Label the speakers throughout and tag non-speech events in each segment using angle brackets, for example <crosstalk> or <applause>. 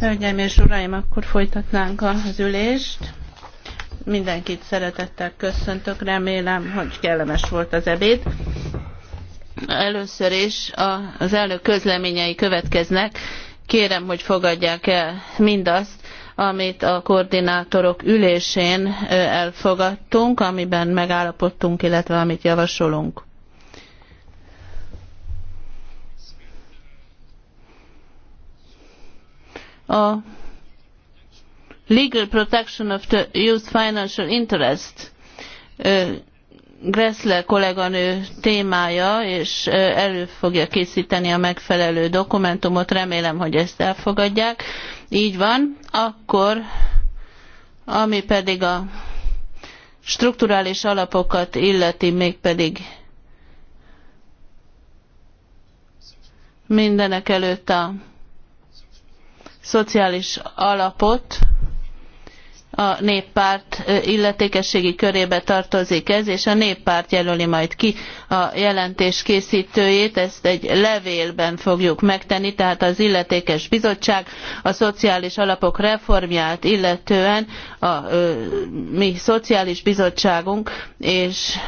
Speaker 1: Hölgyeim és uraim, akkor folytatnánk az ülést. Mindenkit szeretettel köszöntök, remélem, hogy kellemes volt az ebéd. Először is az elnök közleményei következnek. Kérem, hogy fogadják el mindazt, amit a koordinátorok ülésén elfogadtunk, amiben megállapodtunk, illetve amit javasolunk. a Legal Protection of the Youth Financial Interest Gressler kolléganő témája, és elő fogja készíteni a megfelelő dokumentumot, remélem, hogy ezt elfogadják. Így van, akkor ami pedig a strukturális alapokat illeti, még pedig mindenek előtt a szociális alapot a néppárt illetékességi körébe tartozik ez, és a néppárt jelöli majd ki a jelentés készítőjét, ezt egy levélben fogjuk megtenni, tehát az illetékes bizottság a szociális alapok reformját illetően a ö, mi szociális bizottságunk, és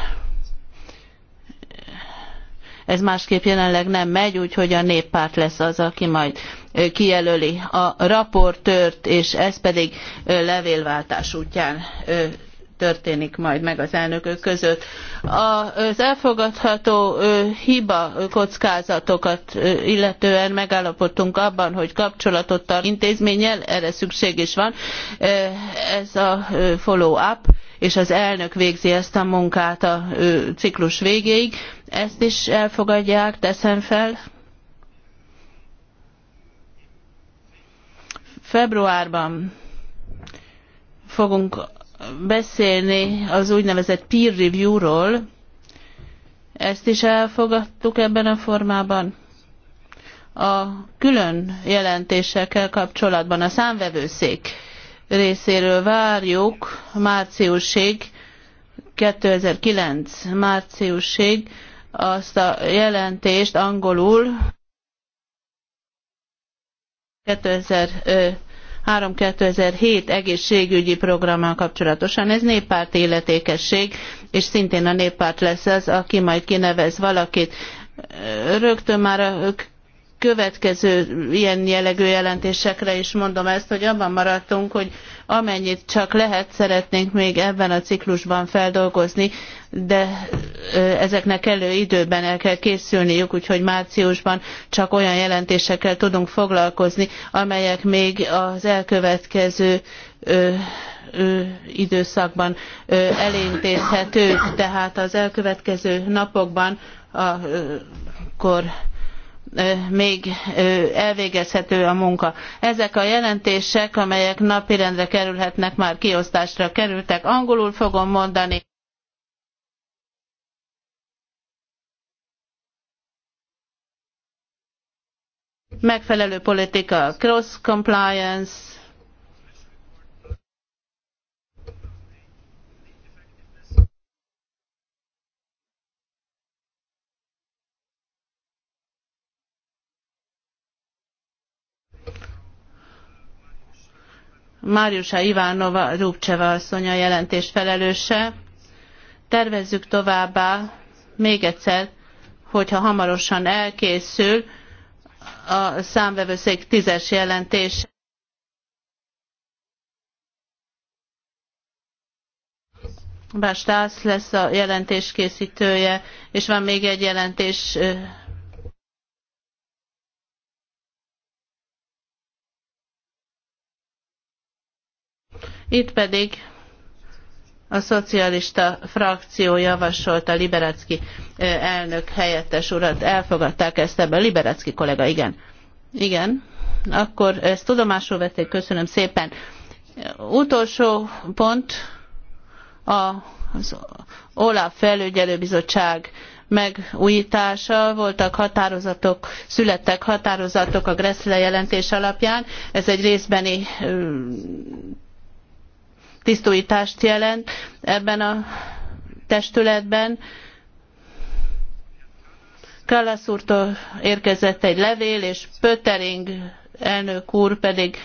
Speaker 1: ez másképp jelenleg nem megy, úgyhogy a néppárt lesz az, aki majd kijelöli a raportőrt, és ez pedig levélváltás útján történik majd meg az elnökök között. Az elfogadható hiba kockázatokat illetően megállapodtunk abban, hogy kapcsolatot tart intézménnyel, erre szükség is van. Ez a follow-up, és az elnök végzi ezt a munkát a ciklus végéig. Ezt is elfogadják, teszem fel. Februárban fogunk beszélni az úgynevezett peer review-ról. Ezt is elfogadtuk ebben a formában. A külön jelentésekkel kapcsolatban a számvevőszék részéről várjuk márciusig, 2009 márciusig azt a jelentést angolul, 2000 3-2007 egészségügyi programmal kapcsolatosan. Ez néppárt életékesség, és szintén a néppárt lesz az, aki majd kinevez valakit. Rögtön már a következő ilyen jellegű jelentésekre is mondom ezt, hogy abban maradtunk, hogy amennyit csak lehet, szeretnénk még ebben a ciklusban feldolgozni, de ezeknek elő időben el kell készülniük, úgyhogy márciusban csak olyan jelentésekkel tudunk foglalkozni, amelyek még az elkövetkező ö, ö, időszakban ö, elintézhetők, tehát az elkövetkező napokban akkor még elvégezhető a munka. Ezek a jelentések, amelyek napirendre kerülhetnek, már kiosztásra kerültek. Angolul fogom mondani. megfelelő politika, cross compliance, Máriusa Ivánova Rúbcseva asszony a jelentés felelőse. Tervezzük továbbá még egyszer, hogyha hamarosan elkészül a számvevőszék tízes jelentése. Bár lesz a jelentés készítője, és van még egy jelentés Itt pedig a szocialista frakció javasolta Liberecki elnök helyettes urat. Elfogadták ezt ebben. Liberecki kollega, igen. Igen. Akkor ezt tudomásul vették. Köszönöm szépen. Utolsó pont az Olaf felügyelőbizottság megújítása. Voltak határozatok, születtek határozatok a Gressle jelentés alapján. Ez egy részbeni tisztújítást jelent ebben a testületben. Kallas úrtól érkezett egy levél, és Pöttering elnök úr pedig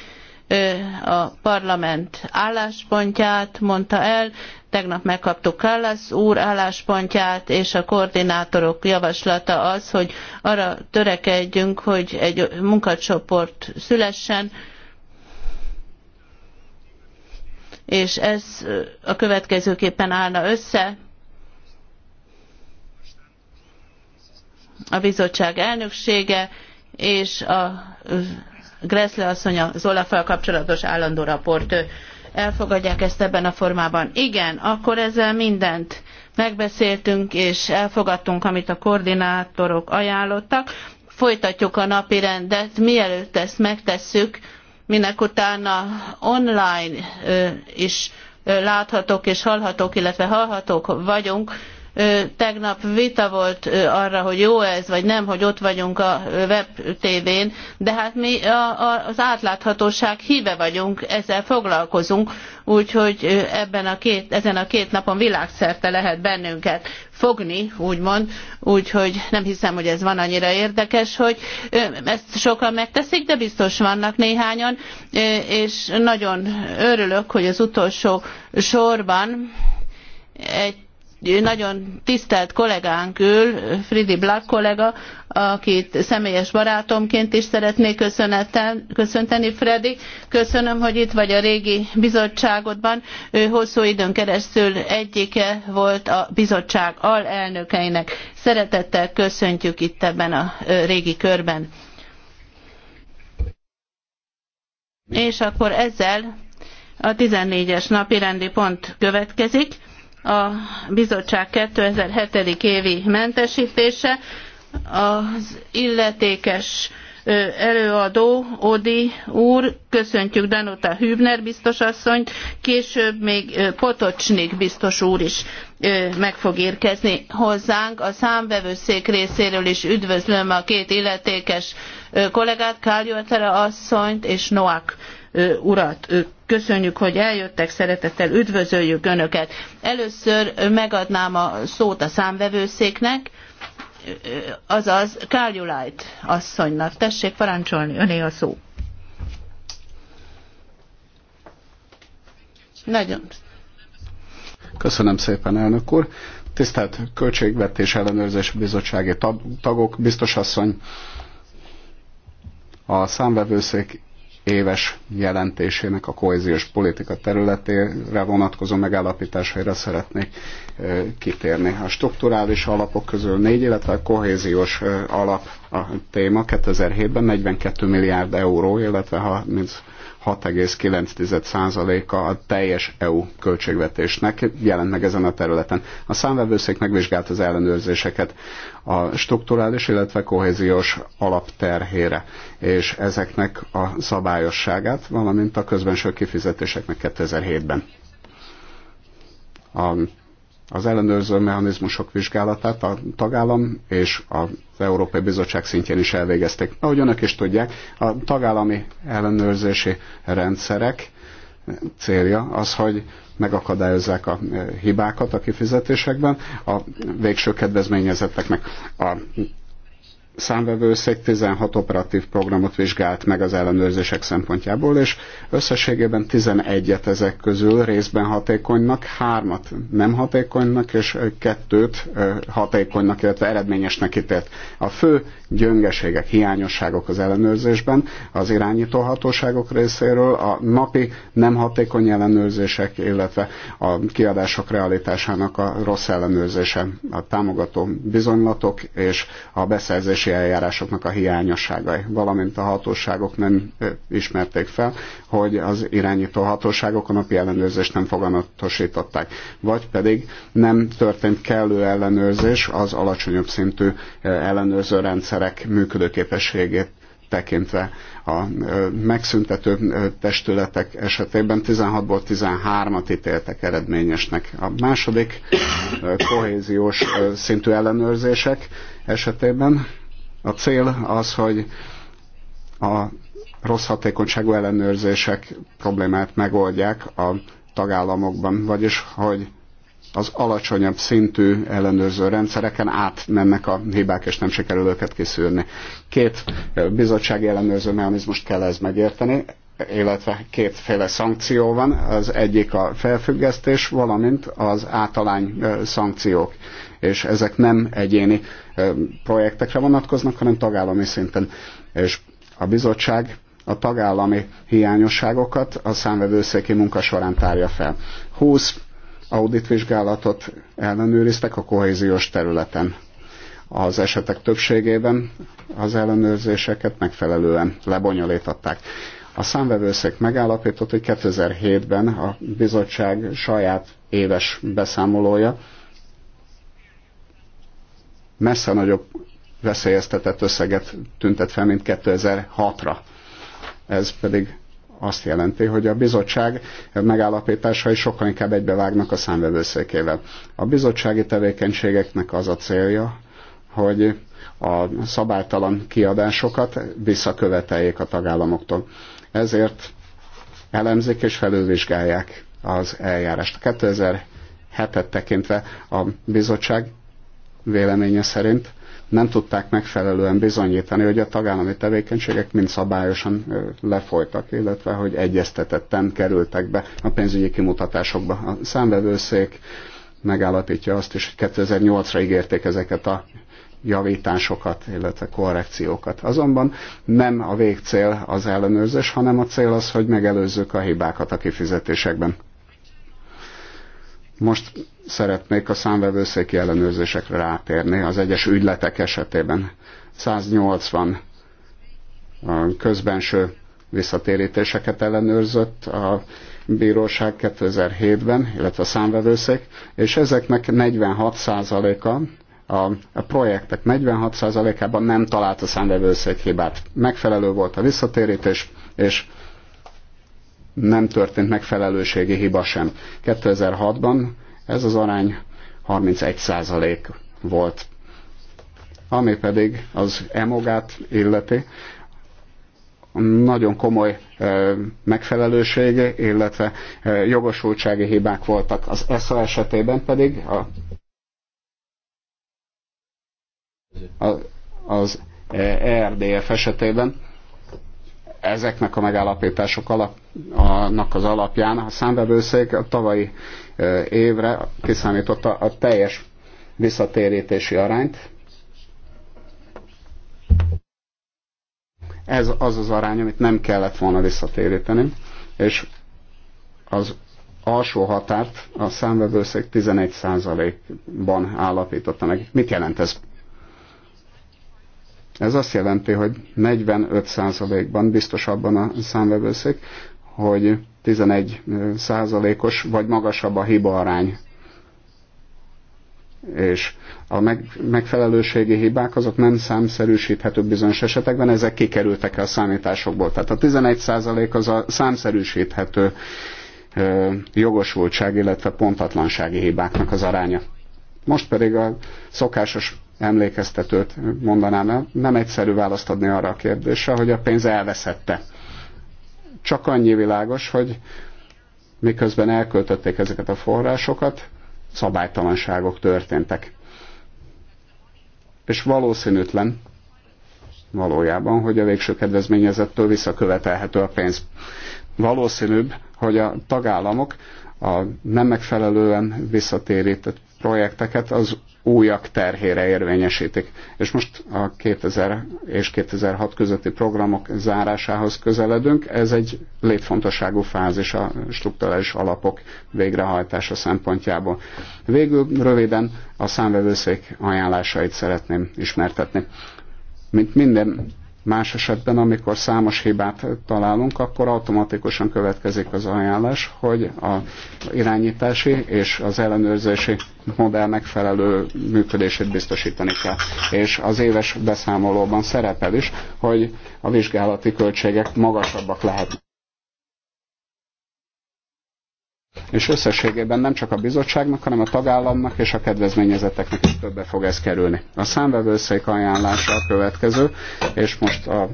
Speaker 1: a parlament álláspontját mondta el. Tegnap megkaptuk Kallas úr álláspontját, és a koordinátorok javaslata az, hogy arra törekedjünk, hogy egy munkacsoport szülessen, és ez a következőképpen állna össze. A bizottság elnöksége és a Gressle asszony az olaf kapcsolatos állandó raportőr. Elfogadják ezt ebben a formában. Igen, akkor ezzel mindent megbeszéltünk és elfogadtunk, amit a koordinátorok ajánlottak. Folytatjuk a napi rendet, mielőtt ezt megtesszük, minek utána online is láthatók és hallhatók, illetve hallhatók vagyunk, tegnap vita volt arra, hogy jó ez, vagy nem, hogy ott vagyunk a web tévén, de hát mi az átláthatóság híve vagyunk, ezzel foglalkozunk, úgyhogy ebben a két, ezen a két napon világszerte lehet bennünket fogni, úgymond, úgyhogy nem hiszem, hogy ez van annyira érdekes, hogy ezt sokan megteszik, de biztos vannak néhányan, és nagyon örülök, hogy az utolsó sorban egy nagyon tisztelt kollégánk ül, Fridi Black kollega, akit személyes barátomként is szeretnék köszönteni, Freddy. Köszönöm, hogy itt vagy a régi bizottságodban. Ő hosszú időn keresztül egyike volt a bizottság alelnökeinek. Szeretettel köszöntjük itt ebben a régi körben. És akkor ezzel a 14-es napi rendi pont következik a bizottság 2007. évi mentesítése. Az illetékes előadó Odi úr, köszöntjük Danuta Hübner biztos asszonyt, később még Potocsnik biztos úr is meg fog érkezni hozzánk. A számvevőszék részéről is üdvözlöm a két illetékes kollégát, Káljótera asszonyt és Noak urat. Köszönjük, hogy eljöttek, szeretettel üdvözöljük Önöket. Először megadnám a szót a számvevőszéknek, azaz Kárgyulájt asszonynak. Tessék parancsolni, öné a szó. Nagyon.
Speaker 2: Köszönöm szépen, elnök úr. Tisztelt Költségvetés Ellenőrzési Bizottsági tagok, asszony, a számvevőszék éves jelentésének a kohéziós politika területére vonatkozó megállapításaira szeretnék kitérni. A strukturális alapok közül négy, illetve a kohéziós alap a téma 2007-ben 42 milliárd euró, illetve 30 6,9%-a a teljes EU költségvetésnek jelent meg ezen a területen. A számvevőszék megvizsgált az ellenőrzéseket a strukturális, illetve kohéziós alapterhére, és ezeknek a szabályosságát, valamint a közbenső kifizetéseknek 2007-ben. A az ellenőrző mechanizmusok vizsgálatát a tagállam és a Európai Bizottság szintjén is elvégezték. Ahogy önök is tudják, a tagállami ellenőrzési rendszerek célja az, hogy megakadályozzák a eh, hibákat a kifizetésekben a végső kedvezményezetteknek. A számvevőszék 16 operatív programot vizsgált meg az ellenőrzések szempontjából, és összességében 11-et ezek közül részben hatékonynak, 3-at nem hatékonynak, és 2-t hatékonynak, illetve eredményesnek ítélt. A fő gyöngeségek, hiányosságok az ellenőrzésben az irányító hatóságok részéről a napi nem hatékony ellenőrzések, illetve a kiadások realitásának a rossz ellenőrzése, a támogató bizonylatok és a beszerzés jogalkotási eljárásoknak a hiányosságai, valamint a hatóságok nem ismerték fel, hogy az irányító hatóságok a napi ellenőrzést nem foganatosították, vagy pedig nem történt kellő ellenőrzés az alacsonyabb szintű ellenőrző rendszerek működőképességét tekintve a megszüntető testületek esetében 16-ból 13-at ítéltek eredményesnek. A második kohéziós szintű ellenőrzések esetében a cél az, hogy a rossz hatékonyságú ellenőrzések problémát megoldják a tagállamokban, vagyis hogy az alacsonyabb szintű ellenőrző rendszereken átmennek a hibák, és nem sikerül őket kiszűrni. Két bizottsági ellenőrző mechanizmust kell ez megérteni, illetve kétféle szankció van, az egyik a felfüggesztés, valamint az általány szankciók és ezek nem egyéni projektekre vonatkoznak, hanem tagállami szinten. És a bizottság a tagállami hiányosságokat a számvevőszéki munka során tárja fel. 20 auditvizsgálatot ellenőriztek a kohéziós területen. Az esetek többségében az ellenőrzéseket megfelelően lebonyolították. A számvevőszék megállapított, hogy 2007-ben a bizottság saját éves beszámolója messze nagyobb veszélyeztetett összeget tüntet fel, mint 2006-ra. Ez pedig azt jelenti, hogy a bizottság megállapításai sokkal inkább egybevágnak a számvevőszékével. A bizottsági tevékenységeknek az a célja, hogy a szabálytalan kiadásokat visszaköveteljék a tagállamoktól. Ezért elemzik és felülvizsgálják az eljárást. 2007-et tekintve a bizottság véleménye szerint nem tudták megfelelően bizonyítani, hogy a tagállami tevékenységek mind szabályosan lefolytak, illetve hogy egyeztetetten kerültek be a pénzügyi kimutatásokba. A számvevőszék megállapítja azt is, hogy 2008-ra ígérték ezeket a javításokat, illetve korrekciókat. Azonban nem a végcél az ellenőrzés, hanem a cél az, hogy megelőzzük a hibákat a kifizetésekben. Most szeretnék a számvevőszéki ellenőrzésekre rátérni az egyes ügyletek esetében. 180 közbenső visszatérítéseket ellenőrzött a bíróság 2007-ben, illetve a számvevőszék, és ezeknek 46%-a, a projektek 46%-ában nem talált a számvevőszék hibát. Megfelelő volt a visszatérítés, és nem történt megfelelőségi hiba sem. 2006-ban ez az arány 31% volt. Ami pedig az emogát illeti, nagyon komoly megfelelősége, illetve jogosultsági hibák voltak. Az ESZA esetében pedig a, a, az ERDF esetében ezeknek a megállapítások alap, az alapján a számbevőszék a tavalyi évre kiszámította a teljes visszatérítési arányt. Ez az az arány, amit nem kellett volna visszatéríteni, és az alsó határt a számvevőszék 11%-ban állapította meg. Mit jelent ez? Ez azt jelenti, hogy 45%-ban biztos abban a számvevőszék, hogy 11 százalékos vagy magasabb a hiba arány. És a meg, megfelelőségi hibák azok nem számszerűsíthetők bizonyos esetekben, ezek kikerültek el a számításokból. Tehát a 11 százalék az a számszerűsíthető ö, jogosultság, illetve pontatlansági hibáknak az aránya. Most pedig a szokásos emlékeztetőt mondanám el. Nem egyszerű választ adni arra a kérdésre, hogy a pénz elveszette csak annyi világos, hogy miközben elköltötték ezeket a forrásokat, szabálytalanságok történtek. És valószínűtlen valójában, hogy a végső kedvezményezettől visszakövetelhető a pénz. Valószínűbb, hogy a tagállamok a nem megfelelően visszatérített projekteket az újak terhére érvényesítik. És most a 2000 és 2006 közötti programok zárásához közeledünk. Ez egy létfontosságú fázis a strukturális alapok végrehajtása szempontjából. Végül röviden a számvevőszék ajánlásait szeretném ismertetni. Mint minden Más esetben, amikor számos hibát találunk, akkor automatikusan következik az ajánlás, hogy a irányítási és az ellenőrzési modell megfelelő működését biztosítani kell. És az éves beszámolóban szerepel is, hogy a vizsgálati költségek magasabbak lehetnek. És összességében nem csak a bizottságnak, hanem a tagállamnak és a kedvezményezeteknek is többe fog ez kerülni. A számvevőszék ajánlása a következő, és most a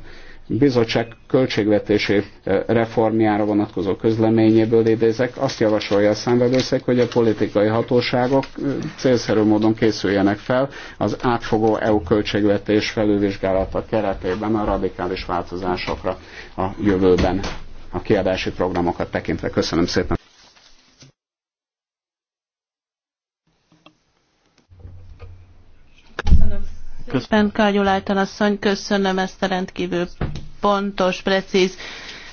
Speaker 2: bizottság költségvetési eh, reformjára vonatkozó közleményéből idézek, azt javasolja a számvevőszék, hogy a politikai hatóságok eh, célszerű módon készüljenek fel az átfogó EU költségvetés felülvizsgálata keretében a radikális változásokra a jövőben a kiadási programokat tekintve. Köszönöm szépen!
Speaker 1: Közben Kágyul asszony, köszönöm ezt a rendkívül pontos, precíz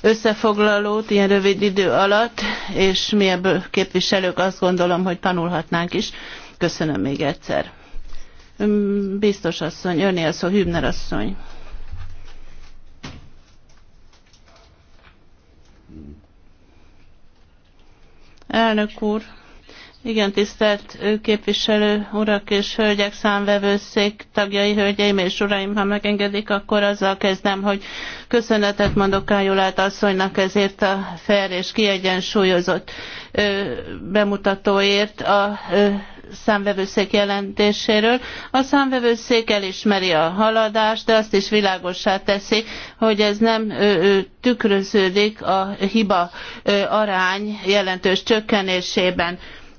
Speaker 1: összefoglalót ilyen rövid idő alatt, és mi ebből képviselők azt gondolom, hogy tanulhatnánk is. Köszönöm még egyszer. Biztos asszony, önél szó, Hübner asszony. Elnök úr, igen, tisztelt képviselő urak és hölgyek, számvevőszék tagjai, hölgyeim és uraim, ha megengedik, akkor azzal kezdem, hogy köszönetet mondok Kájulát asszonynak ezért a fair és kiegyensúlyozott bemutatóért a számvevőszék jelentéséről. A számvevőszék elismeri a haladást, de azt is világossá teszi, hogy ez nem tükröződik a hiba arány jelentős csökkenésében.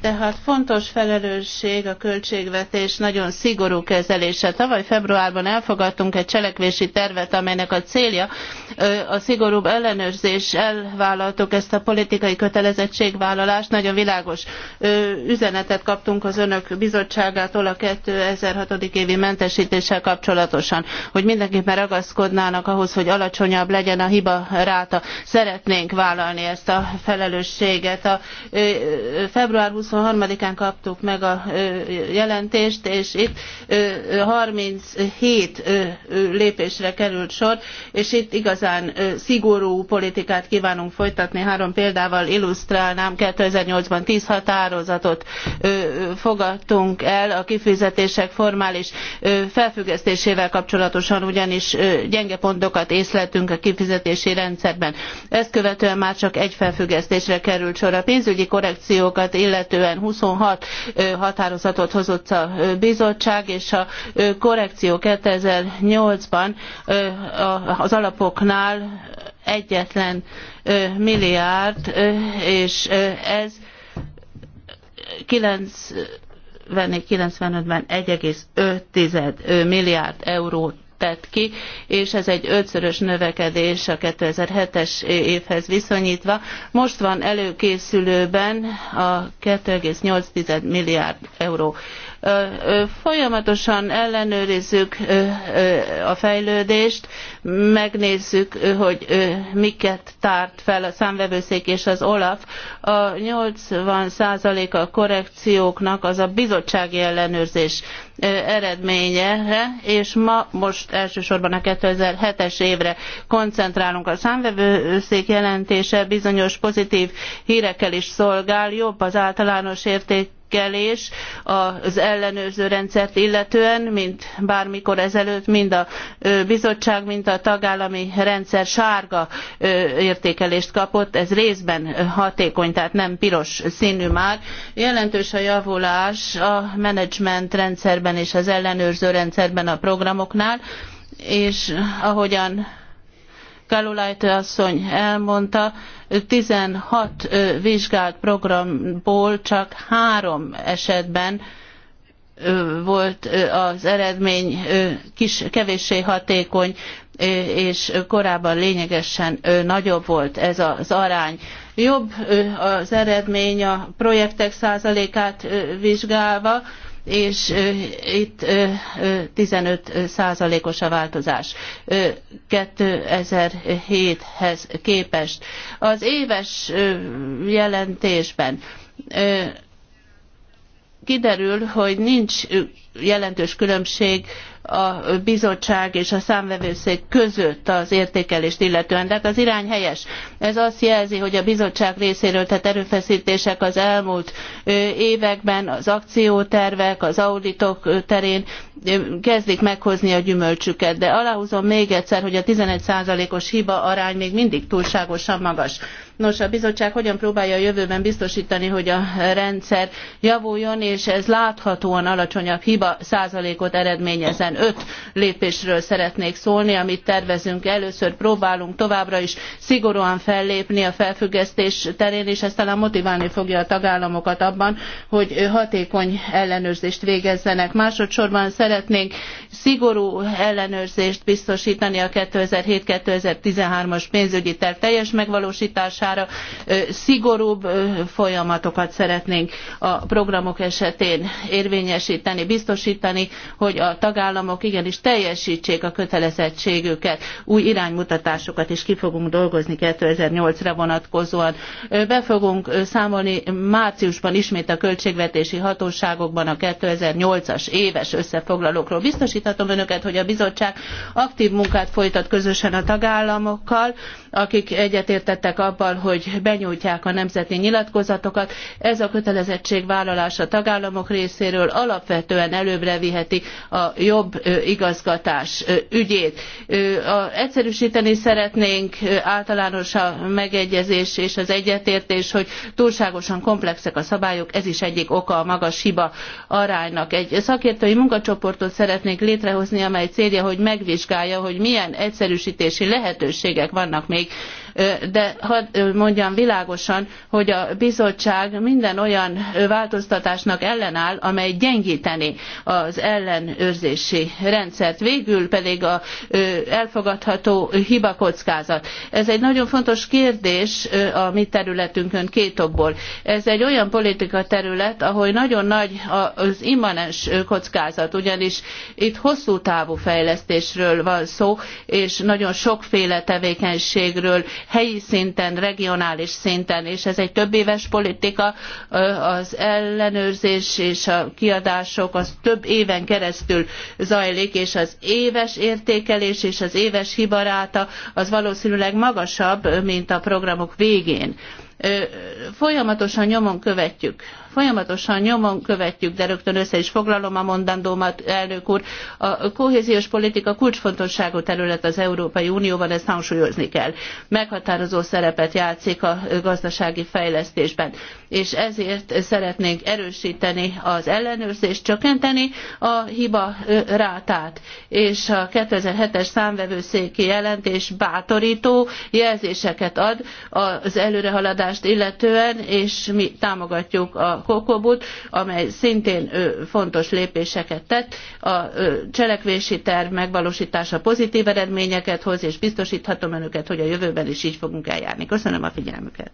Speaker 1: Tehát fontos felelősség a költségvetés nagyon szigorú kezelése. Tavaly februárban elfogadtunk egy cselekvési tervet, amelynek a célja a szigorúbb ellenőrzés. Elvállaltuk ezt a politikai kötelezettségvállalást. Nagyon világos üzenetet kaptunk az önök bizottságától a 2006. évi mentesítéssel kapcsolatosan, hogy mindenképpen ragaszkodnának ahhoz, hogy alacsonyabb legyen a hiba ráta. Szeretnénk vállalni ezt a felelősséget. A február 20 23-án kaptuk meg a jelentést, és itt 37 lépésre került sor, és itt igazán szigorú politikát kívánunk folytatni. Három példával illusztrálnám, 2008-ban 10 határozatot fogadtunk el a kifizetések formális felfüggesztésével kapcsolatosan, ugyanis gyenge pontokat észleltünk a kifizetési rendszerben. Ezt követően már csak egy felfüggesztésre került sor. A pénzügyi korrekciókat illető illetően 26 határozatot hozott a bizottság, és a korrekció 2008-ban az alapoknál egyetlen milliárd, és ez 9 vennék 95-ben 1,5 milliárd eurót tett ki, és ez egy ötszörös növekedés a 2007-es évhez viszonyítva. Most van előkészülőben a 2,8 milliárd euró folyamatosan ellenőrizzük a fejlődést, megnézzük, hogy miket tárt fel a számvevőszék és az OLAF. A 80 a korrekcióknak az a bizottsági ellenőrzés eredményre, és ma most elsősorban a 2007-es évre koncentrálunk. A számvevőszék jelentése bizonyos pozitív hírekkel is szolgál, jobb az általános érték értékelés az ellenőrző rendszert illetően, mint bármikor ezelőtt, mind a bizottság, mind a tagállami rendszer sárga értékelést kapott, ez részben hatékony, tehát nem piros színű már. Jelentős a javulás a menedzsment rendszerben és az ellenőrző rendszerben a programoknál, és ahogyan Kalulajte asszony elmondta, 16 vizsgált programból csak három esetben volt az eredmény kis, kevéssé hatékony, és korábban lényegesen nagyobb volt ez az arány. Jobb az eredmény a projektek százalékát vizsgálva, és itt 15 százalékos a változás 2007-hez képest. Az éves jelentésben kiderül, hogy nincs jelentős különbség a bizottság és a számvevőszék között az értékelést illetően. Tehát az irány helyes. Ez azt jelzi, hogy a bizottság részéről tett erőfeszítések az elmúlt években, az akciótervek, az auditok terén kezdik meghozni a gyümölcsüket. De aláhúzom még egyszer, hogy a 11%-os hiba arány még mindig túlságosan magas Nos, a bizottság hogyan próbálja a jövőben biztosítani, hogy a rendszer javuljon, és ez láthatóan alacsonyabb hiba százalékot eredményezen. Öt lépésről szeretnék szólni, amit tervezünk. Először próbálunk továbbra is szigorúan fellépni a felfüggesztés terén, és ez talán motiválni fogja a tagállamokat abban, hogy hatékony ellenőrzést végezzenek. Másodszorban szeretnénk szigorú ellenőrzést biztosítani a 2007-2013-as pénzügyi terv teljes megvalósítását, sokára szigorúbb folyamatokat szeretnénk a programok esetén érvényesíteni, biztosítani, hogy a tagállamok igenis teljesítsék a kötelezettségüket. Új iránymutatásokat is ki fogunk dolgozni 2008-ra vonatkozóan. Be fogunk számolni márciusban ismét a költségvetési hatóságokban a 2008-as éves összefoglalókról. Biztosíthatom önöket, hogy a bizottság aktív munkát folytat közösen a tagállamokkal, akik egyetértettek abban, hogy benyújtják a nemzeti nyilatkozatokat. Ez a kötelezettségvállalás a tagállamok részéről alapvetően előbbre viheti a jobb igazgatás ügyét. Egyszerűsíteni szeretnénk általános a megegyezés és az egyetértés, hogy túlságosan komplexek a szabályok, ez is egyik oka a magas hiba aránynak. Egy szakértői munkacsoportot szeretnénk létrehozni, amely célja, hogy megvizsgálja, hogy milyen egyszerűsítési lehetőségek vannak még de hadd mondjam világosan, hogy a bizottság minden olyan változtatásnak ellenáll, amely gyengíteni az ellenőrzési rendszert. Végül pedig a elfogadható hibakockázat. Ez egy nagyon fontos kérdés a mi területünkön két okból. Ez egy olyan politika terület, ahol nagyon nagy az immanens kockázat, ugyanis itt hosszú távú fejlesztésről van szó, és nagyon sokféle tevékenységről, helyi szinten, regionális szinten, és ez egy többéves politika, az ellenőrzés és a kiadások az több éven keresztül zajlik, és az éves értékelés és az éves hibaráta az valószínűleg magasabb, mint a programok végén. Folyamatosan nyomon követjük Folyamatosan nyomon követjük, de rögtön össze is foglalom a mondandómat, elnök úr. A kohéziós politika kulcsfontosságú terület az Európai Unióban, ezt hangsúlyozni kell. Meghatározó szerepet játszik a gazdasági fejlesztésben, és ezért szeretnénk erősíteni az ellenőrzést, csökkenteni a hiba rátát. És a 2007-es számvevőszéki jelentés bátorító jelzéseket ad az előrehaladást illetően, és mi támogatjuk a kokobut, amely szintén fontos lépéseket tett. A cselekvési terv megvalósítása pozitív eredményeket hoz, és biztosíthatom önöket, hogy a jövőben is így fogunk eljárni. Köszönöm a figyelmüket.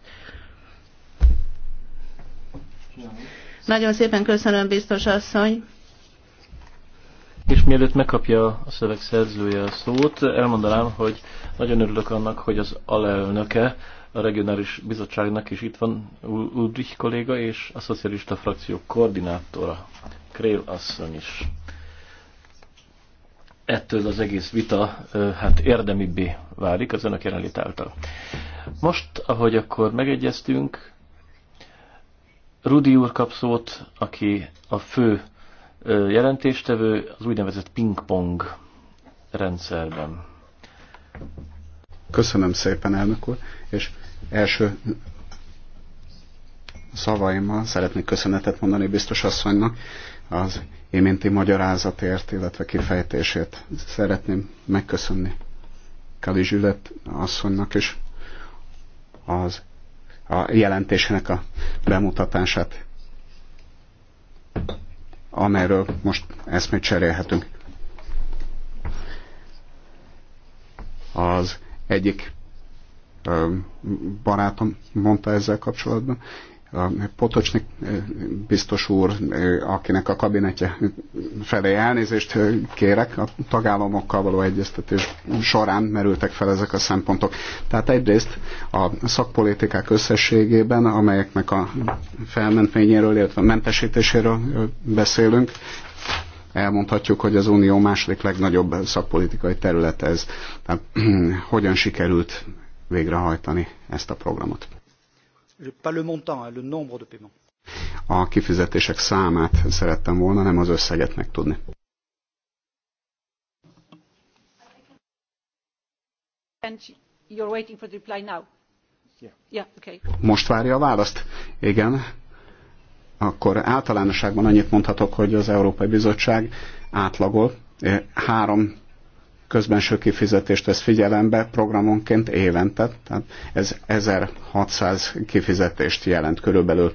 Speaker 1: Nagyon szépen köszönöm, biztos asszony.
Speaker 3: És mielőtt megkapja a szöveg szerzője a szót, elmondanám, hogy nagyon örülök annak, hogy az alelnöke a regionális bizottságnak is itt van Ulrich kolléga, és a szocialista frakció koordinátora, Krél asszony is. Ettől az egész vita hát érdemibbé válik az önök jelenlét által. Most, ahogy akkor megegyeztünk, Rudi úr kap szót, aki a fő jelentéstevő az úgynevezett pingpong rendszerben.
Speaker 2: Köszönöm szépen, elnök úr, és Első szavaimmal szeretnék köszönetet mondani biztos asszonynak az iménti magyarázatért, illetve kifejtését szeretném megköszönni Kali Zsület asszonynak is az a jelentésének a bemutatását, amelyről most eszmét cserélhetünk. Az egyik barátom mondta ezzel kapcsolatban, a Potocsnik biztos úr, akinek a kabinetje felé elnézést kérek, a tagállamokkal való egyeztetés során merültek fel ezek a szempontok. Tehát egyrészt a szakpolitikák összességében, amelyeknek a felmentményéről, illetve mentesítéséről beszélünk, elmondhatjuk, hogy az Unió második legnagyobb szakpolitikai terület ez. Tehát, <clears throat> hogyan sikerült végrehajtani ezt a programot. A kifizetések számát szerettem volna, nem az összeget megtudni. Most várja a választ? Igen. Akkor általánosságban annyit mondhatok, hogy az Európai Bizottság átlagol eh, három közbenső kifizetést vesz figyelembe programonként évente, tehát ez 1600 kifizetést jelent körülbelül,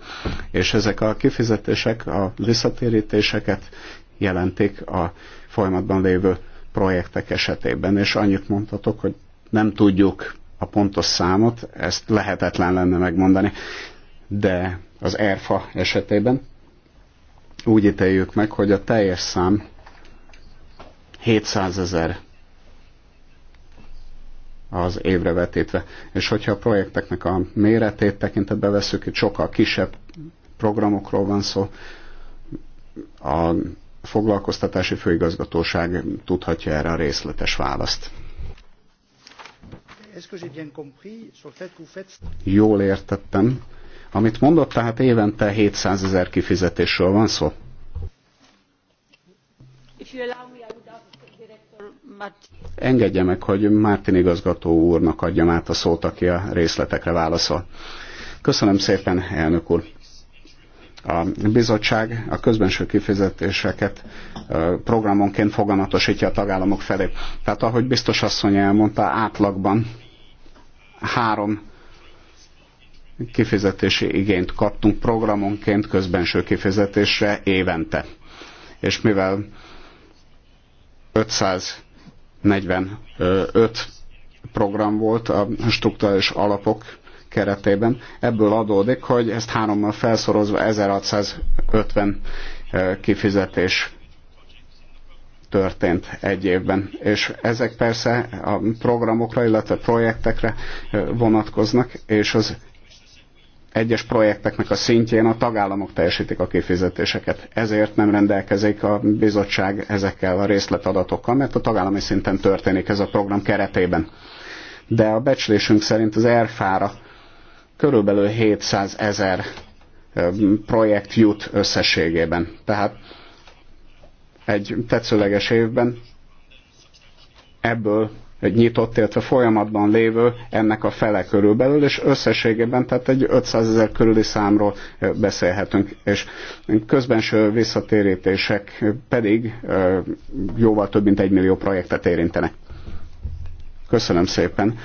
Speaker 2: és ezek a kifizetések a visszatérítéseket jelentik a folyamatban lévő projektek esetében, és annyit mondhatok, hogy nem tudjuk a pontos számot, ezt lehetetlen lenne megmondani, de az ERFA esetében úgy ítéljük meg, hogy a teljes szám 700 ezer az évre vetítve. És hogyha a projekteknek a méretét tekintetbe veszük, itt sokkal kisebb programokról van szó, a foglalkoztatási főigazgatóság tudhatja erre a részletes választ. Jól értettem. Amit mondott, tehát évente 700 ezer kifizetésről van szó.
Speaker 1: If you allow me
Speaker 2: Engedje meg, hogy Mártin igazgató úrnak adjam át a szót, aki a részletekre válaszol. Köszönöm szépen, elnök úr. A bizottság a közbenső kifizetéseket programonként foganatosítja a tagállamok felé. Tehát ahogy biztos asszony elmondta, átlagban három kifizetési igényt kaptunk programonként közbenső kifizetésre évente. És mivel 500 45 program volt a struktúrális alapok keretében. Ebből adódik, hogy ezt hárommal felszorozva 1650 kifizetés történt egy évben. És ezek persze a programokra, illetve projektekre vonatkoznak, és az egyes projekteknek a szintjén a tagállamok teljesítik a kifizetéseket. Ezért nem rendelkezik a bizottság ezekkel a részletadatokkal, mert a tagállami szinten történik ez a program keretében. De a becslésünk szerint az ERFA-ra körülbelül 700 ezer projekt jut összességében. Tehát egy tetszőleges évben ebből nyitott, illetve folyamatban lévő ennek a fele körülbelül, és összességében tehát egy 500 ezer körüli számról beszélhetünk, és közbenső visszatérítések pedig jóval több mint egy millió projektet érintenek. Köszönöm szépen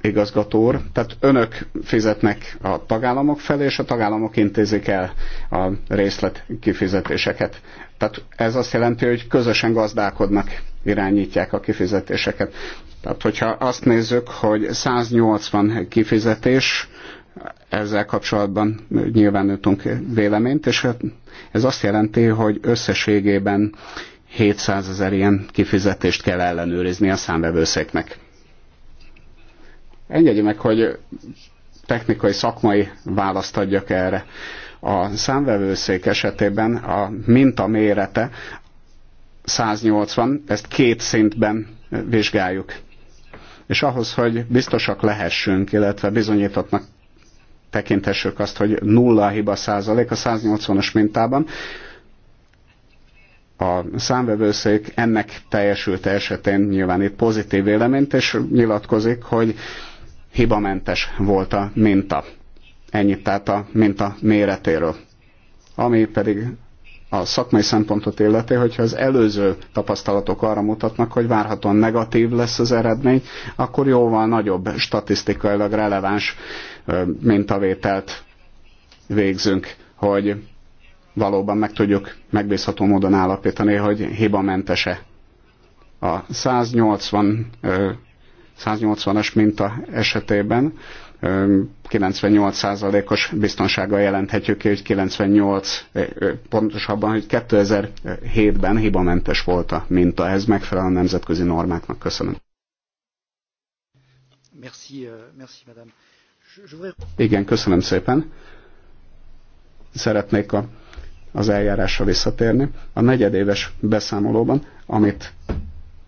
Speaker 2: igazgató úr. Tehát önök fizetnek a tagállamok felé, és a tagállamok intézik el a részlet kifizetéseket. Tehát ez azt jelenti, hogy közösen gazdálkodnak irányítják a kifizetéseket. Tehát, hogyha azt nézzük, hogy 180 kifizetés, ezzel kapcsolatban nyilvánítunk véleményt, és hát ez azt jelenti, hogy összességében 700 ezer ilyen kifizetést kell ellenőrizni a számvevőszéknek. Engedje meg, hogy technikai, szakmai választ adjak erre. A számvevőszék esetében a minta mérete 180, ezt két szintben vizsgáljuk. És ahhoz, hogy biztosak lehessünk, illetve bizonyítottnak tekintessük azt, hogy nulla a hiba százalék a 180-as mintában, a számvevőszék ennek teljesült esetén nyilván itt pozitív véleményt, és nyilatkozik, hogy hibamentes volt a minta. Ennyit tehát a minta méretéről. Ami pedig a szakmai szempontot illeti, hogyha az előző tapasztalatok arra mutatnak, hogy várhatóan negatív lesz az eredmény, akkor jóval nagyobb statisztikailag releváns mintavételt végzünk, hogy valóban meg tudjuk megbízható módon állapítani, hogy hibamentese a 180 180-as minta esetében 98%-os biztonsággal jelenthetjük ki, hogy 98, eh, eh, pontosabban, hogy 2007-ben hibamentes volt a minta. Ez megfelel a nemzetközi normáknak. Köszönöm. Merci, euh, merci, madame. Igen, köszönöm szépen. Szeretnék a, az eljárásra visszatérni. A negyedéves beszámolóban, amit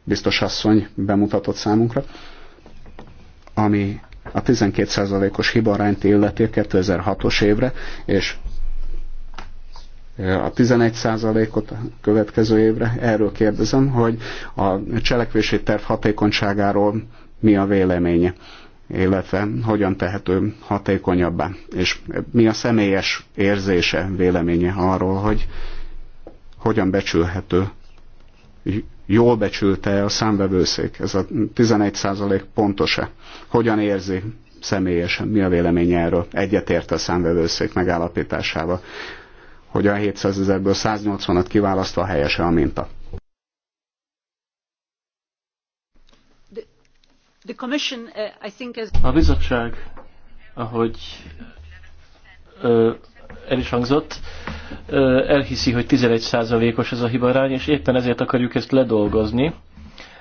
Speaker 2: biztos asszony bemutatott számunkra, ami a 12%-os hibarányt illeti 2006-os évre, és e, a 11%-ot a következő évre. Erről kérdezem, hogy a cselekvési terv hatékonyságáról mi a véleménye, illetve hogyan tehető hatékonyabbá, és mi a személyes érzése, véleménye arról, hogy hogyan becsülhető jól becsülte a számbevőszék, ez a 11% pontos-e? Hogyan érzi személyesen, mi a véleménye erről? Egyetért a számbevőszék megállapításával, hogy a 700 ezerből 180-at kiválasztva helyese a minta. Uh, a
Speaker 3: bizottság, ahogy el is hangzott, elhiszi, hogy 11%-os ez a hibarány, és éppen ezért akarjuk ezt ledolgozni.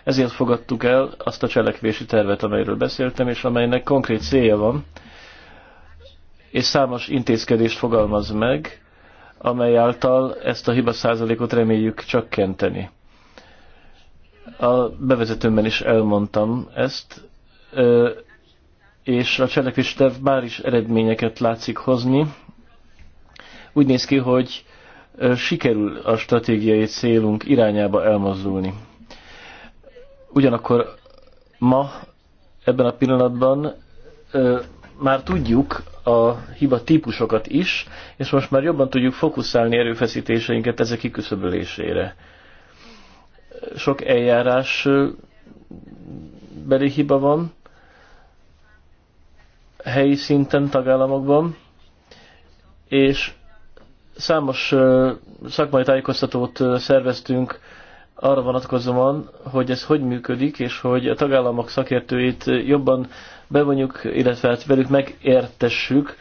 Speaker 3: Ezért fogadtuk el azt a cselekvési tervet, amelyről beszéltem, és amelynek konkrét célja van, és számos intézkedést fogalmaz meg, amely által ezt a hiba százalékot reméljük csökkenteni. A bevezetőmben is elmondtam ezt, és a cselekvés terv már is eredményeket látszik hozni, úgy néz ki, hogy sikerül a stratégiai célunk irányába elmozdulni. Ugyanakkor ma, ebben a pillanatban már tudjuk a hiba típusokat is, és most már jobban tudjuk fókuszálni erőfeszítéseinket ezek kiküszöbölésére. Sok eljárás beli hiba van, helyi szinten, tagállamokban, és Számos szakmai tájékoztatót szerveztünk arra vonatkozóan, hogy ez hogy működik, és hogy a tagállamok szakértőit jobban bevonjuk, illetve hát velük megértessük,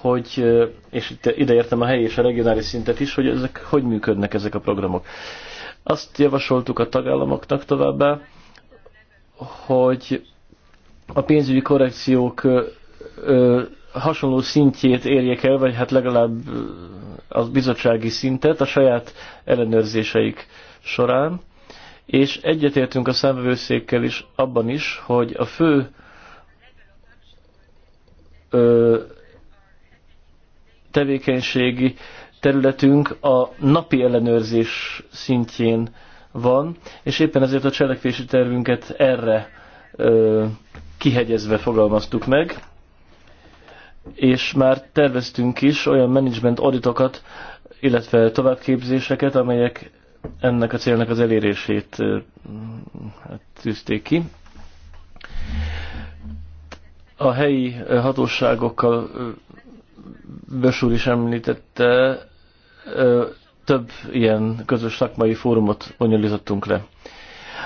Speaker 3: hogy, és itt ideértem a helyi és a regionális szintet is, hogy ezek hogy működnek ezek a programok. Azt javasoltuk a tagállamoknak továbbá, hogy a pénzügyi korrekciók hasonló szintjét érjék el, vagy hát legalább a bizottsági szintet a saját ellenőrzéseik során. És egyetértünk a számvevőszékkel is abban is, hogy a fő ö, tevékenységi területünk a napi ellenőrzés szintjén van, és éppen ezért a cselekvési tervünket erre ö, kihegyezve fogalmaztuk meg és már terveztünk is olyan management auditokat, illetve továbbképzéseket, amelyek ennek a célnak az elérését hát tűzték ki. A helyi hatóságokkal Bösúr is említette, több ilyen közös szakmai fórumot bonyolítottunk le.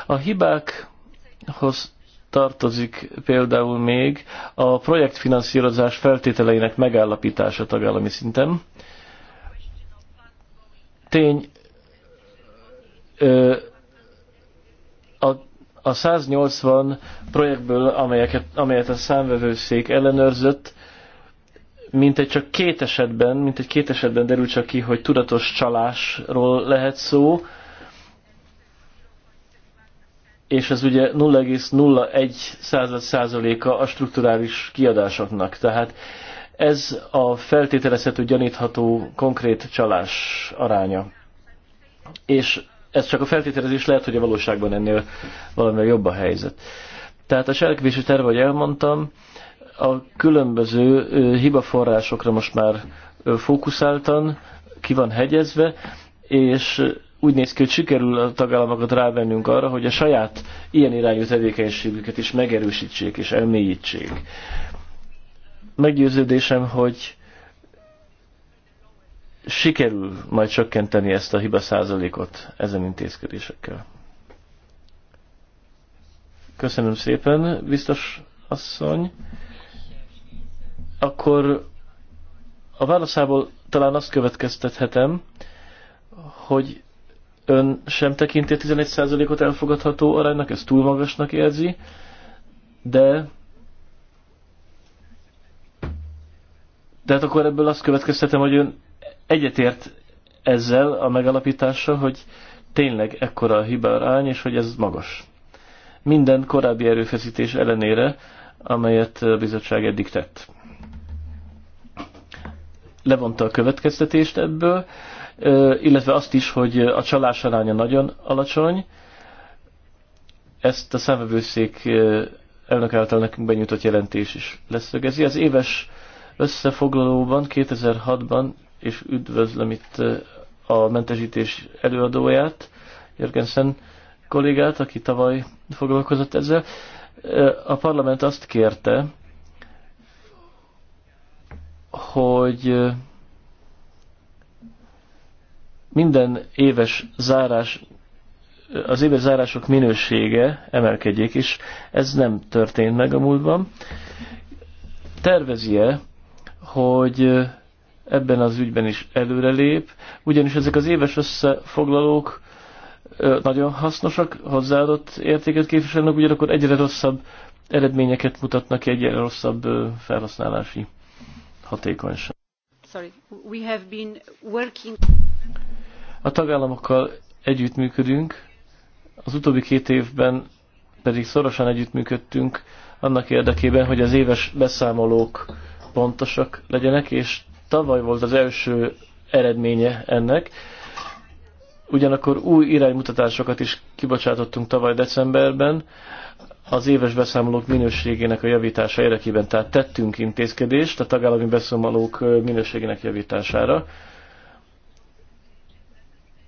Speaker 3: A hibákhoz tartozik például még a projektfinanszírozás feltételeinek megállapítása tagállami szinten. Tény, a, a 180 projektből, amelyeket, amelyet a számvevőszék ellenőrzött, mintegy csak két esetben, mintegy két esetben derül csak ki, hogy tudatos csalásról lehet szó, és ez ugye 0,01 százaléka a strukturális kiadásoknak. Tehát ez a feltételezhető, gyanítható, konkrét csalás aránya. És ez csak a feltételezés, lehet, hogy a valóságban ennél valamivel jobb a helyzet. Tehát a cselekvési terv, ahogy elmondtam, a különböző hibaforrásokra most már fókuszáltan, ki van hegyezve, és úgy néz ki, hogy sikerül a tagállamokat rávennünk arra, hogy a saját ilyen irányú tevékenységüket is megerősítsék és elmélyítsék. Meggyőződésem, hogy sikerül majd csökkenteni ezt a hiba százalékot ezen intézkedésekkel. Köszönöm szépen, biztos asszony. Akkor a válaszából talán azt következtethetem, hogy ön sem tekinti 11%-ot elfogadható aránynak, ez túl magasnak érzi, de de hát akkor ebből azt következtetem, hogy ön egyetért ezzel a megalapítással, hogy tényleg ekkora a arány, és hogy ez magas. Minden korábbi erőfeszítés ellenére, amelyet a bizottság eddig tett. Levonta a következtetést ebből, illetve azt is, hogy a csalás aránya nagyon alacsony. Ezt a számvevőszék elnök által nekünk benyújtott jelentés is leszögezi. Az éves összefoglalóban 2006-ban, és üdvözlöm itt a mentesítés előadóját, Jörgensen kollégát, aki tavaly foglalkozott ezzel, a parlament azt kérte, hogy minden éves zárás, az éves zárások minősége emelkedjék is, ez nem történt meg a múltban. Tervezi-e, hogy ebben az ügyben is előrelép, ugyanis ezek az éves összefoglalók nagyon hasznosak, hozzáadott értéket képviselnek, ugyanakkor egyre rosszabb eredményeket mutatnak, egyre rosszabb felhasználási hatékonyság.
Speaker 2: Sorry, we
Speaker 1: have been working...
Speaker 3: A tagállamokkal együttműködünk, az utóbbi két évben pedig szorosan együttműködtünk annak érdekében, hogy az éves beszámolók pontosak legyenek, és tavaly volt az első eredménye ennek. Ugyanakkor új iránymutatásokat is kibocsátottunk tavaly decemberben az éves beszámolók minőségének a javítása érdekében, tehát tettünk intézkedést a tagállami beszámolók minőségének javítására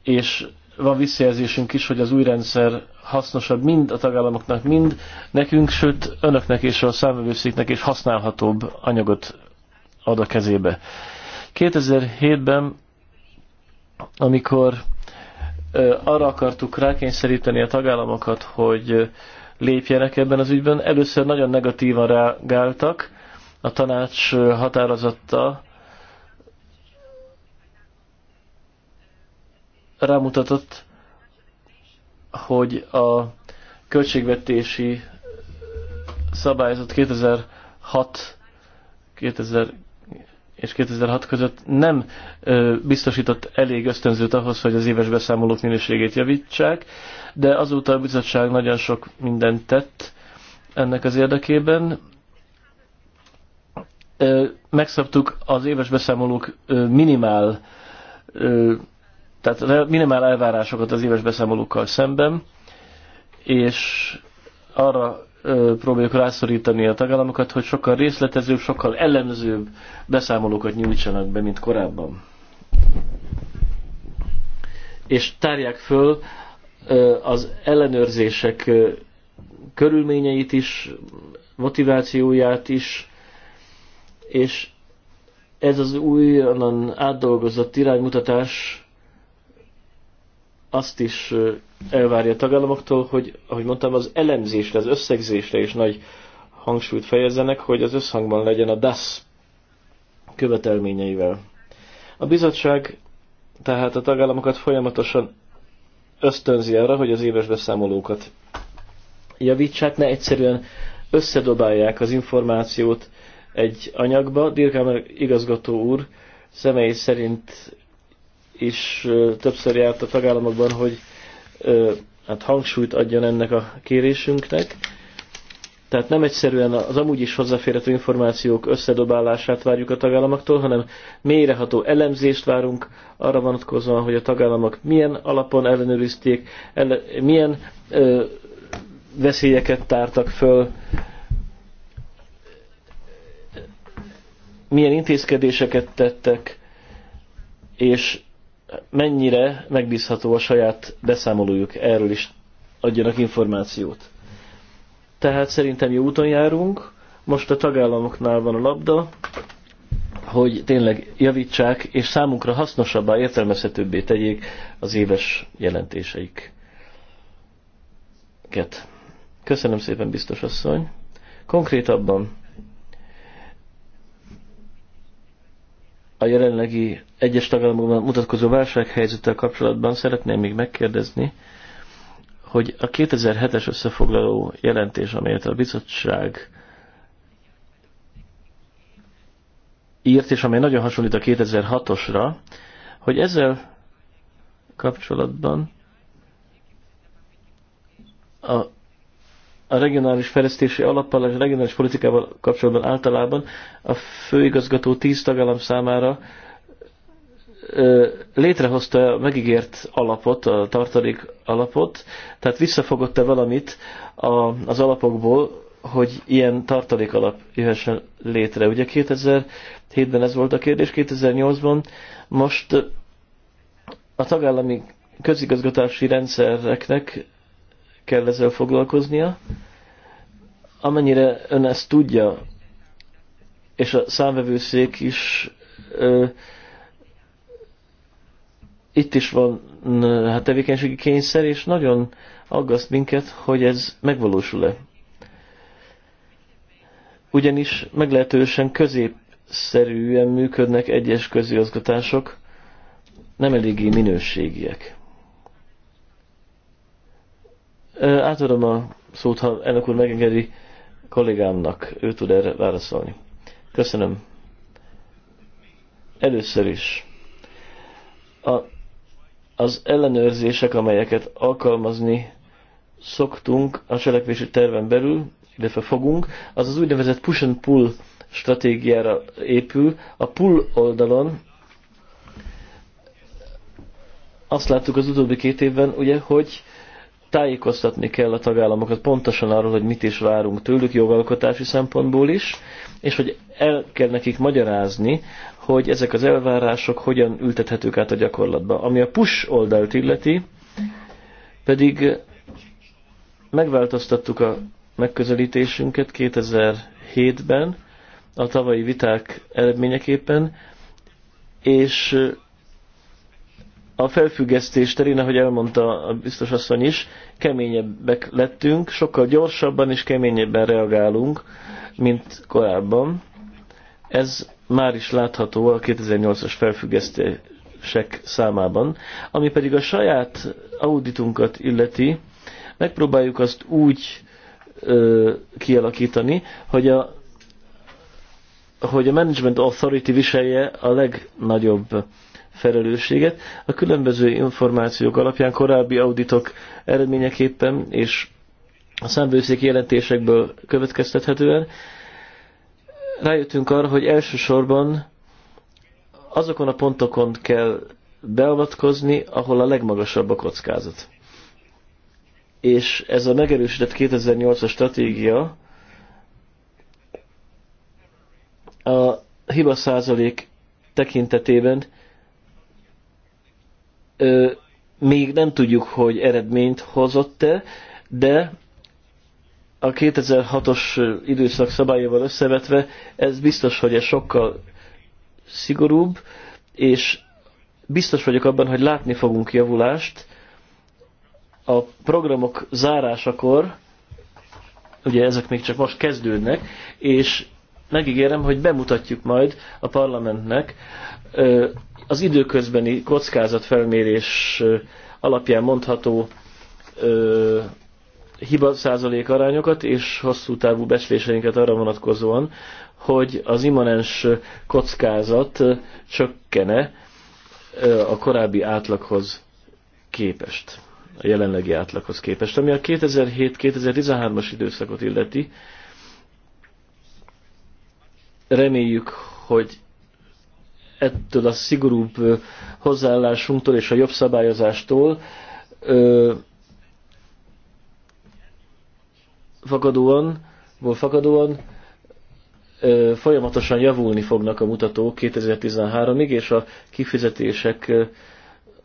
Speaker 3: és van visszajelzésünk is, hogy az új rendszer hasznosabb mind a tagállamoknak, mind nekünk, sőt önöknek és a számvevőszéknek is használhatóbb anyagot ad a kezébe. 2007-ben, amikor arra akartuk rákényszeríteni a tagállamokat, hogy lépjenek ebben az ügyben, először nagyon negatívan reagáltak a tanács határozattal, rámutatott, hogy a költségvetési szabályzat 2006 2000 és 2006 között nem ö, biztosított elég ösztönzőt ahhoz, hogy az éves beszámolók minőségét javítsák, de azóta a bizottság nagyon sok mindent tett ennek az érdekében. Ö, megszabtuk az éves beszámolók ö, minimál ö, tehát minimál elvárásokat az éves beszámolókkal szemben, és arra ö, próbáljuk rászorítani a tagállamokat, hogy sokkal részletezőbb, sokkal ellenzőbb beszámolókat nyújtsanak be, mint korábban. És tárják föl ö, az ellenőrzések ö, körülményeit is, motivációját is, és ez az újonnan átdolgozott iránymutatás azt is elvárja a tagállamoktól, hogy, ahogy mondtam, az elemzésre, az összegzésre is nagy hangsúlyt fejezzenek, hogy az összhangban legyen a DAS követelményeivel. A bizottság tehát a tagállamokat folyamatosan ösztönzi arra, hogy az éves beszámolókat javítsák, ne egyszerűen összedobálják az információt egy anyagba. Dirkámer igazgató úr személy szerint is többször járt a tagállamokban, hogy hát hangsúlyt adjon ennek a kérésünknek. Tehát nem egyszerűen az amúgy is hozzáférhető információk összedobálását várjuk a tagállamoktól, hanem mélyreható elemzést várunk arra vonatkozóan, hogy a tagállamok milyen alapon ellenőrizték, ele, milyen ö, veszélyeket tártak föl, milyen intézkedéseket tettek, és mennyire megbízható a saját beszámolójuk, erről is adjanak információt. Tehát szerintem jó úton járunk, most a tagállamoknál van a labda, hogy tényleg javítsák, és számunkra hasznosabbá, értelmezhetőbbé tegyék az éves jelentéseiket. Köszönöm szépen, biztos asszony. Konkrétabban a jelenlegi egyes tagállamokban mutatkozó válsághelyzettel kapcsolatban szeretném még megkérdezni, hogy a 2007-es összefoglaló jelentés, amelyet a bizottság írt, és amely nagyon hasonlít a 2006-osra, hogy ezzel kapcsolatban a a regionális fejlesztési alappal és a regionális politikával kapcsolatban általában a főigazgató tíz tagállam számára létrehozta a megígért alapot, a tartalék alapot, tehát visszafogotta valamit az alapokból, hogy ilyen tartalék alap jöhessen létre. Ugye 2007-ben ez volt a kérdés, 2008-ban most a tagállami közigazgatási rendszereknek kell ezzel foglalkoznia. Amennyire ön ezt tudja, és a számvevőszék is ö, itt is van hát tevékenységi kényszer, és nagyon aggaszt minket, hogy ez megvalósul-e. Ugyanis meglehetősen középszerűen működnek egyes közigazgatások, nem eléggé minőségiek. Átadom a szót, ha elnök úr megengedi kollégámnak, ő tud erre válaszolni. Köszönöm. Először is. A, az ellenőrzések, amelyeket alkalmazni szoktunk a cselekvési terven belül, illetve fogunk, az az úgynevezett push and pull stratégiára épül. A pull oldalon azt láttuk az utóbbi két évben, ugye, hogy tájékoztatni kell a tagállamokat pontosan arról, hogy mit is várunk tőlük jogalkotási szempontból is, és hogy el kell nekik magyarázni, hogy ezek az elvárások hogyan ültethetők át a gyakorlatba. Ami a push oldalt illeti, pedig megváltoztattuk a megközelítésünket 2007-ben, a tavalyi viták eredményeképpen, és a felfüggesztés terén, ahogy elmondta a biztos asszony is, keményebbek lettünk, sokkal gyorsabban és keményebben reagálunk, mint korábban. Ez már is látható a 2008-as felfüggesztések számában. Ami pedig a saját auditunkat illeti, megpróbáljuk azt úgy ö, kialakítani, hogy a, hogy a Management Authority viselje a legnagyobb felelősséget. A különböző információk alapján korábbi auditok eredményeképpen és a számbőszéki jelentésekből következtethetően rájöttünk arra, hogy elsősorban azokon a pontokon kell beavatkozni, ahol a legmagasabb a kockázat. És ez a megerősített 2008-as stratégia a hiba százalék tekintetében még nem tudjuk, hogy eredményt hozott-e, de a 2006-os időszak szabályával összevetve ez biztos, hogy ez sokkal szigorúbb, és biztos vagyok abban, hogy látni fogunk javulást. A programok zárásakor, ugye ezek még csak most kezdődnek, és megígérem, hogy bemutatjuk majd a parlamentnek az időközbeni kockázatfelmérés alapján mondható hiba százalék arányokat és hosszú távú becsléseinket arra vonatkozóan, hogy az immanens kockázat csökkene a korábbi átlaghoz képest, a jelenlegi átlaghoz képest. Ami a 2007-2013-as időszakot illeti, reméljük, hogy ettől a szigorúbb hozzáállásunktól és a jobb szabályozástól ö, fakadóan, volt fakadóan ö, folyamatosan javulni fognak a mutatók 2013-ig, és a kifizetések ö,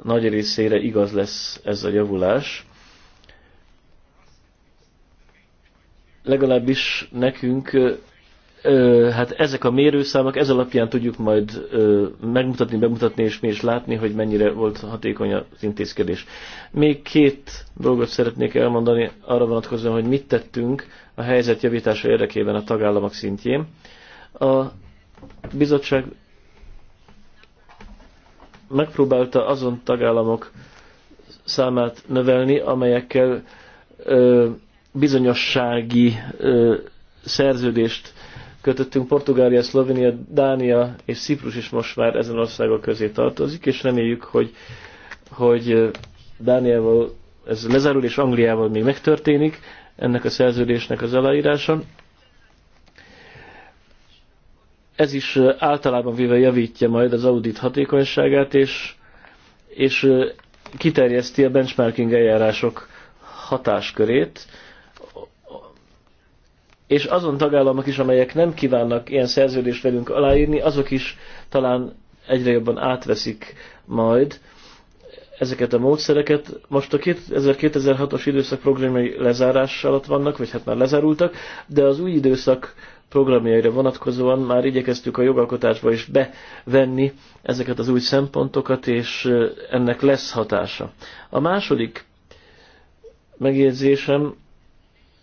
Speaker 3: nagy részére igaz lesz ez a javulás. Legalábbis nekünk hát ezek a mérőszámok, ez alapján tudjuk majd megmutatni, bemutatni és mi is látni, hogy mennyire volt hatékony az intézkedés. Még két dolgot szeretnék elmondani arra vonatkozóan, hogy mit tettünk a helyzet javítása érdekében a tagállamok szintjén. A bizottság megpróbálta azon tagállamok számát növelni, amelyekkel ö, bizonyossági ö, szerződést kötöttünk, Portugália, Szlovénia, Dánia és Ciprus is most már ezen országok közé tartozik, és reméljük, hogy, hogy Dániával ez lezárul, és Angliával még megtörténik ennek a szerződésnek az aláírása. Ez is általában véve javítja majd az audit hatékonyságát, és, és kiterjeszti a benchmarking eljárások hatáskörét és azon tagállamok is, amelyek nem kívánnak ilyen szerződést velünk aláírni, azok is talán egyre jobban átveszik majd ezeket a módszereket. Most a 2006-os időszak programjai lezárás alatt vannak, vagy hát már lezárultak, de az új időszak programjaira vonatkozóan már igyekeztük a jogalkotásba is bevenni ezeket az új szempontokat, és ennek lesz hatása. A második megjegyzésem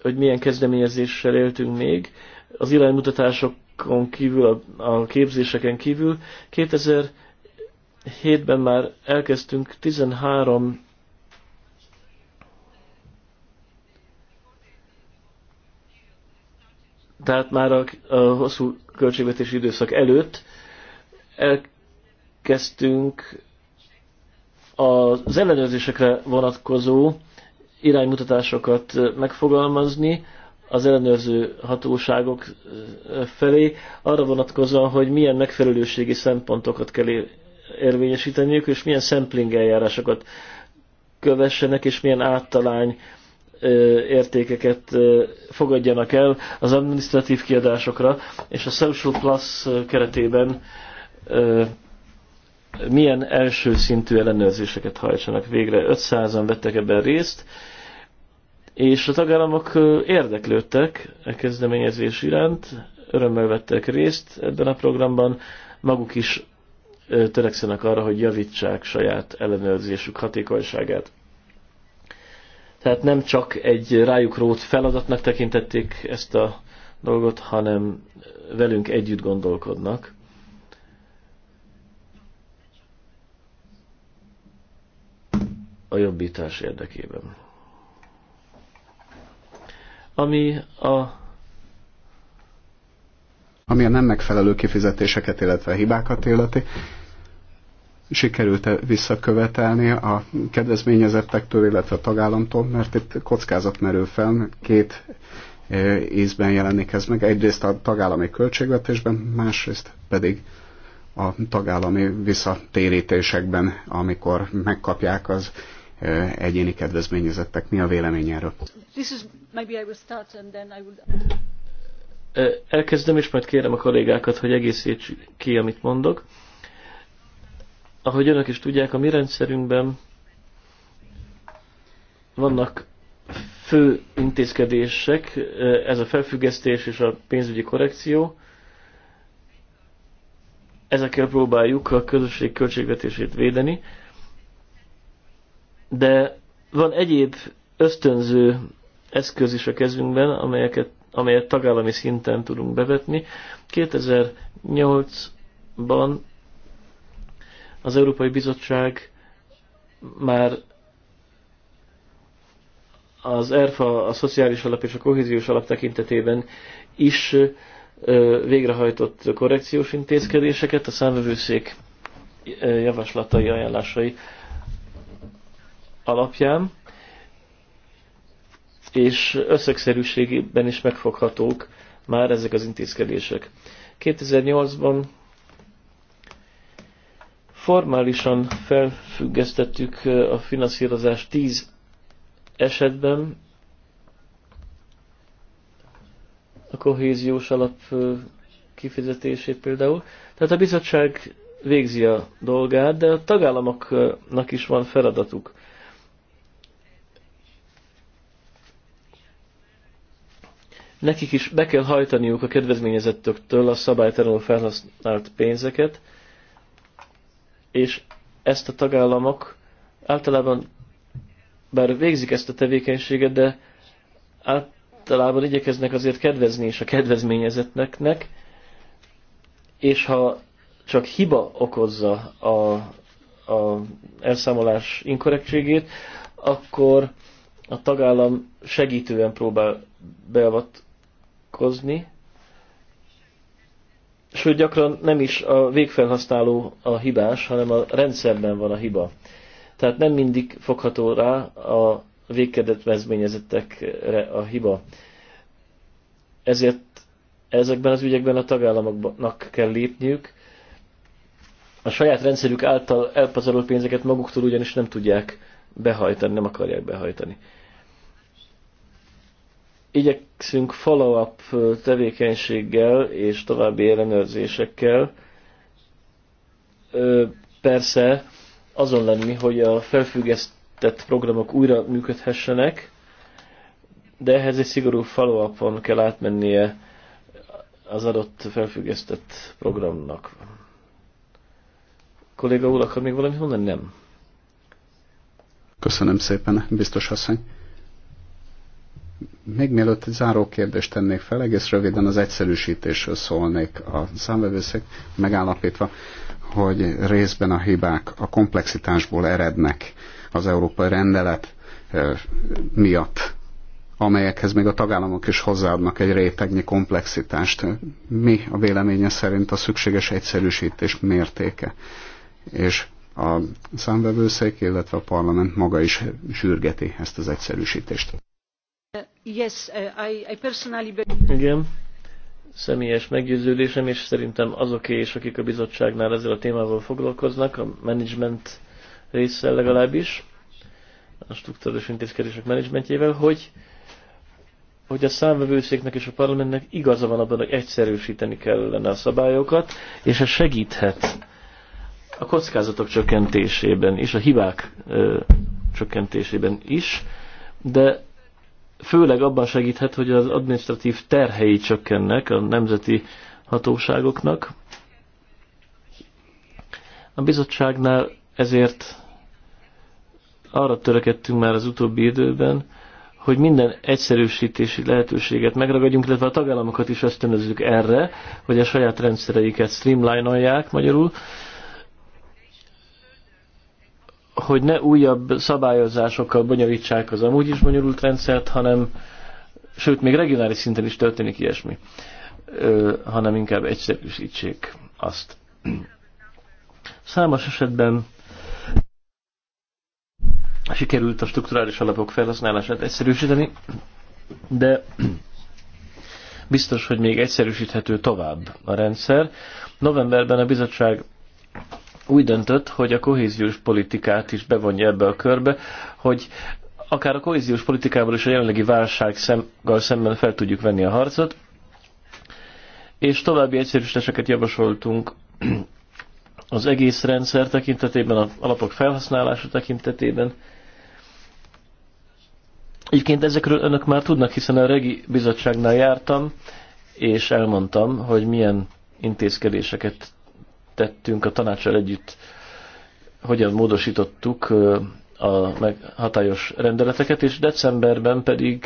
Speaker 3: hogy milyen kezdeményezéssel éltünk még, az iránymutatásokon kívül, a, a képzéseken kívül. 2007-ben már elkezdtünk 13 tehát már a, a hosszú költségvetési időszak előtt elkezdtünk az ellenőrzésekre vonatkozó iránymutatásokat megfogalmazni az ellenőrző hatóságok felé, arra vonatkozóan, hogy milyen megfelelőségi szempontokat kell érvényesíteniük, és milyen sampling eljárásokat kövessenek, és milyen általány értékeket fogadjanak el az administratív kiadásokra, és a Social Plus keretében milyen első szintű ellenőrzéseket hajtsanak végre. 500-an vettek ebben részt, és a tagállamok érdeklődtek a e kezdeményezés iránt, örömmel vettek részt ebben a programban, maguk is törekszenek arra, hogy javítsák saját ellenőrzésük hatékonyságát. Tehát nem csak egy rájuk rót feladatnak tekintették ezt a dolgot, hanem velünk együtt gondolkodnak. a jobbítás érdekében ami a
Speaker 2: ami a nem megfelelő kifizetéseket, illetve a hibákat illeti, sikerült-e visszakövetelni a kedvezményezettektől, illetve a tagállamtól, mert itt kockázat merül fel, két e, ízben jelenik ez meg. Egyrészt a tagállami költségvetésben, másrészt pedig a tagállami visszatérítésekben, amikor megkapják az egyéni kedvezményezettek. Mi a vélemény
Speaker 3: erről? Elkezdem, és majd kérem a kollégákat, hogy egészítsük ki, amit mondok. Ahogy önök is tudják, a mi rendszerünkben vannak fő intézkedések, ez a felfüggesztés és a pénzügyi korrekció. Ezekkel próbáljuk a közösség költségvetését védeni de van egyéb ösztönző eszköz is a kezünkben, amelyeket, amelyet tagállami szinten tudunk bevetni. 2008-ban az Európai Bizottság már az ERFA, a Szociális Alap és a Kohéziós Alap tekintetében is végrehajtott korrekciós intézkedéseket, a számvevőszék javaslatai, ajánlásai alapján, és összegszerűségében is megfoghatók már ezek az intézkedések. 2008-ban formálisan felfüggesztettük a finanszírozást 10 esetben, a kohéziós alap kifizetését például. Tehát a bizottság végzi a dolgát, de a tagállamoknak is van feladatuk. nekik is be kell hajtaniuk a kedvezményezettöktől a szabálytalanul felhasznált pénzeket, és ezt a tagállamok általában, bár végzik ezt a tevékenységet, de általában igyekeznek azért kedvezni is a kedvezményezetteknek, és ha csak hiba okozza a, a elszámolás inkorrektségét, akkor a tagállam segítően próbál beavat, találkozni, sőt gyakran nem is a végfelhasználó a hibás, hanem a rendszerben van a hiba. Tehát nem mindig fogható rá a vezményezettekre a hiba. Ezért ezekben az ügyekben a tagállamoknak kell lépniük. A saját rendszerük által elpazarolt pénzeket maguktól ugyanis nem tudják behajtani, nem akarják behajtani igyekszünk follow-up tevékenységgel és további ellenőrzésekkel persze azon lenni, hogy a felfüggesztett programok újra működhessenek, de ehhez egy szigorú follow-upon kell átmennie az adott felfüggesztett programnak. Kolléga úr, akar még valamit mondani? Nem.
Speaker 2: Köszönöm szépen, biztos asszony még mielőtt záró kérdést tennék fel, egész röviden az egyszerűsítésről szólnék a számvevőszék, megállapítva, hogy részben a hibák a komplexitásból erednek az európai rendelet miatt, amelyekhez még a tagállamok is hozzáadnak egy rétegnyi komplexitást. Mi a véleménye szerint a szükséges egyszerűsítés mértéke? És a számvevőszék, illetve a parlament maga is sürgeti ezt az egyszerűsítést. Uh,
Speaker 3: Igen, személyes meggyőződésem, és szerintem azoké is, akik a bizottságnál ezzel a témával foglalkoznak, a management résszel legalábbis, a struktúrális intézkedések menedzsmentjével, hogy, hogy a számvevőszéknek és a parlamentnek igaza van abban, hogy egyszerűsíteni kellene a szabályokat, és ez segíthet a kockázatok csökkentésében is, a hibák ö, csökkentésében is, de főleg abban segíthet, hogy az administratív terhei csökkennek a nemzeti hatóságoknak. A bizottságnál ezért arra törekedtünk már az utóbbi időben, hogy minden egyszerűsítési lehetőséget megragadjunk, illetve a tagállamokat is ösztönözzük erre, hogy a saját rendszereiket streamline-olják magyarul, hogy ne újabb szabályozásokkal bonyolítsák az amúgy is bonyolult rendszert, hanem sőt, még regionális szinten is történik ilyesmi, ö, hanem inkább egyszerűsítsék azt. Számos esetben sikerült a strukturális alapok felhasználását egyszerűsíteni, de biztos, hogy még egyszerűsíthető tovább a rendszer. Novemberben a bizottság úgy döntött, hogy a kohéziós politikát is bevonja ebbe a körbe, hogy akár a kohéziós politikával is a jelenlegi válsággal szemben fel tudjuk venni a harcot, és további egyszerűsítéseket javasoltunk <clears throat> az egész rendszer tekintetében, az alapok felhasználása tekintetében. Egyébként ezekről önök már tudnak, hiszen a Regi Bizottságnál jártam, és elmondtam, hogy milyen intézkedéseket tettünk a tanácsal együtt, hogyan módosítottuk a hatályos rendeleteket, és decemberben pedig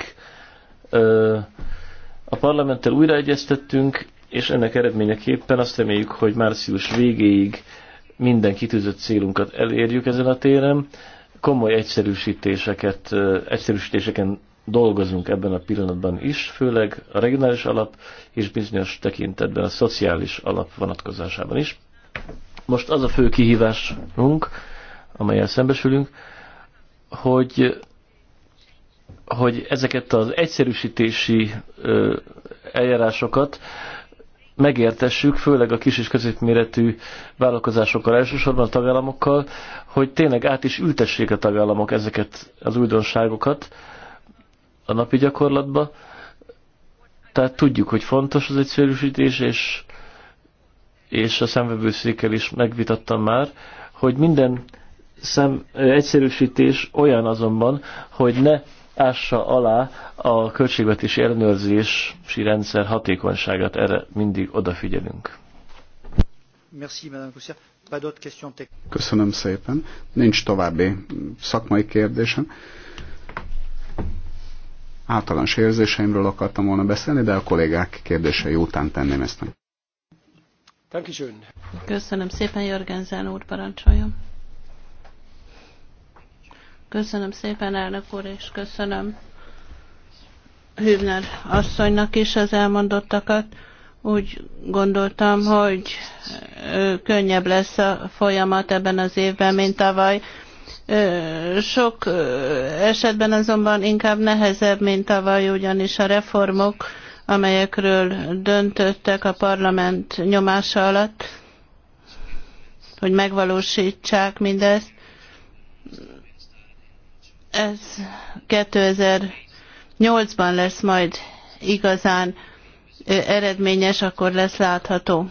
Speaker 3: a parlamenttel újraegyeztettünk, és ennek eredményeképpen azt reméljük, hogy március végéig minden kitűzött célunkat elérjük ezen a téren. Komoly egyszerűsítéseket, egyszerűsítéseken dolgozunk ebben a pillanatban is, főleg a regionális alap és bizonyos tekintetben a szociális alap vonatkozásában is. Most az a fő kihívásunk, amelyen szembesülünk, hogy, hogy ezeket az egyszerűsítési eljárásokat megértessük, főleg a kis és középméretű vállalkozásokkal, elsősorban a tagállamokkal, hogy tényleg át is ültessék a tagállamok ezeket az újdonságokat a napi gyakorlatba. Tehát tudjuk, hogy fontos az egyszerűsítés, és és a szemvevőszékkel is megvitattam már, hogy minden szem egyszerűsítés olyan azonban, hogy ne ássa alá a költségvetési ellenőrzési rendszer hatékonyságát, erre mindig odafigyelünk. Köszönöm
Speaker 2: szépen. Nincs további szakmai kérdésem. Általános érzéseimről akartam volna beszélni, de a kollégák kérdései után tenném ezt meg.
Speaker 1: Köszönöm szépen, Jörgenzen úr, parancsoljon. Köszönöm szépen, elnök úr, és köszönöm Hübner asszonynak is az elmondottakat. Úgy gondoltam, hogy könnyebb lesz a folyamat ebben az évben, mint tavaly. Sok esetben azonban inkább nehezebb, mint tavaly, ugyanis a reformok amelyekről döntöttek a parlament nyomása alatt, hogy megvalósítsák mindezt. Ez 2008-ban lesz majd igazán eredményes, akkor lesz látható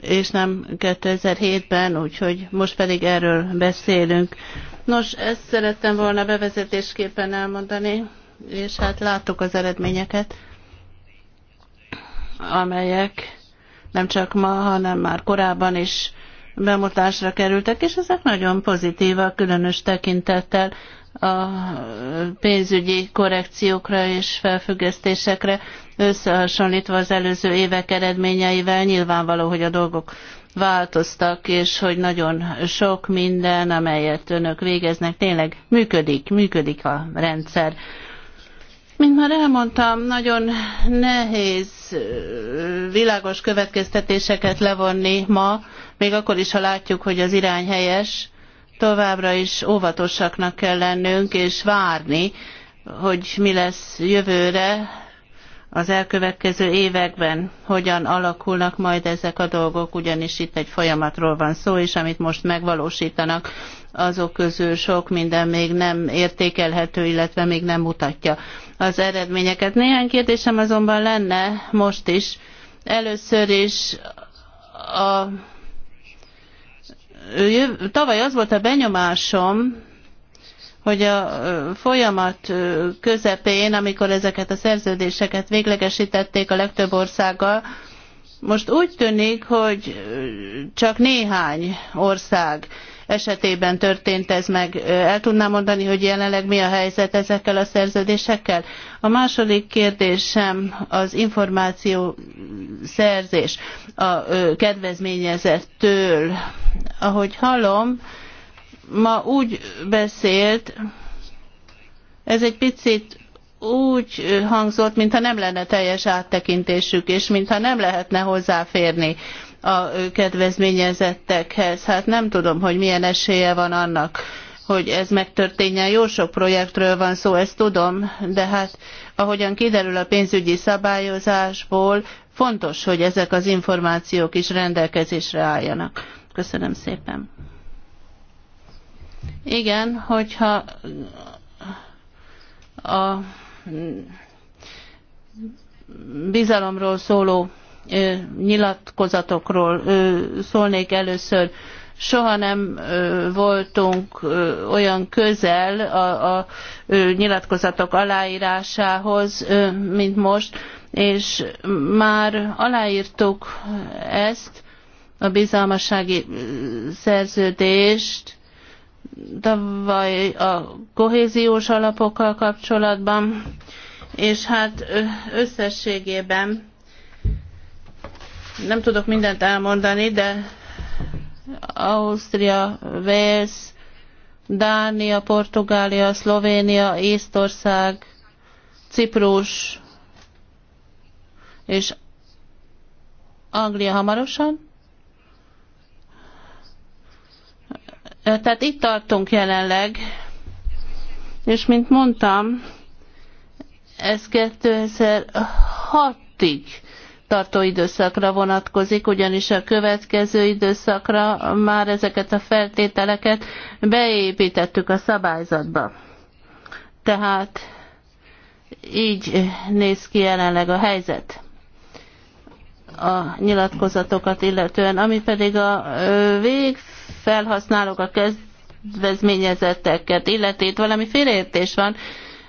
Speaker 1: és nem 2007-ben, úgyhogy most pedig erről beszélünk. Nos, ezt szerettem volna bevezetésképpen elmondani, és hát láttuk az eredményeket amelyek nem csak ma, hanem már korábban is bemutásra kerültek, és ezek nagyon pozitívak, különös tekintettel a pénzügyi korrekciókra és felfüggesztésekre összehasonlítva az előző évek eredményeivel nyilvánvaló, hogy a dolgok változtak, és hogy nagyon sok minden, amelyet önök végeznek, tényleg működik, működik a rendszer. Mint már elmondtam, nagyon nehéz világos következtetéseket levonni ma, még akkor is, ha látjuk, hogy az irány helyes, továbbra is óvatosaknak kell lennünk, és várni, hogy mi lesz jövőre, az elkövetkező években hogyan alakulnak majd ezek a dolgok, ugyanis itt egy folyamatról van szó, és amit most megvalósítanak, azok közül sok minden még nem értékelhető, illetve még nem mutatja az eredményeket. Néhány kérdésem azonban lenne most is. Először is a tavaly az volt a benyomásom, hogy a folyamat közepén, amikor ezeket a szerződéseket véglegesítették a legtöbb országgal, most úgy tűnik, hogy csak néhány ország esetében történt ez meg. El tudná mondani, hogy jelenleg mi a helyzet ezekkel a szerződésekkel? A második kérdésem az információ szerzés a kedvezményezettől. Ahogy hallom, ma úgy beszélt, ez egy picit úgy hangzott, mintha nem lenne teljes áttekintésük, és mintha nem lehetne hozzáférni a kedvezményezettekhez. Hát nem tudom, hogy milyen esélye van annak, hogy ez megtörténjen. Jó sok projektről van szó, ezt tudom, de hát ahogyan kiderül a pénzügyi szabályozásból, fontos, hogy ezek az információk is rendelkezésre álljanak. Köszönöm szépen. Igen, hogyha a bizalomról szóló nyilatkozatokról szólnék először. Soha nem voltunk olyan közel a, a nyilatkozatok aláírásához, mint most, és már aláírtuk ezt, a bizalmassági szerződést tavaly a kohéziós alapokkal kapcsolatban, és hát összességében nem tudok mindent elmondani, de Ausztria, Wales, Dánia, Portugália, Szlovénia, Észtország, Ciprus és Anglia hamarosan. Tehát itt tartunk jelenleg, és mint mondtam, ez 2006-ig tartó időszakra vonatkozik, ugyanis a következő időszakra már ezeket a feltételeket beépítettük a szabályzatba. Tehát így néz ki jelenleg a helyzet a nyilatkozatokat illetően, ami pedig a végfelhasználók, a kezdvezményezetteket illetét valami félértés van.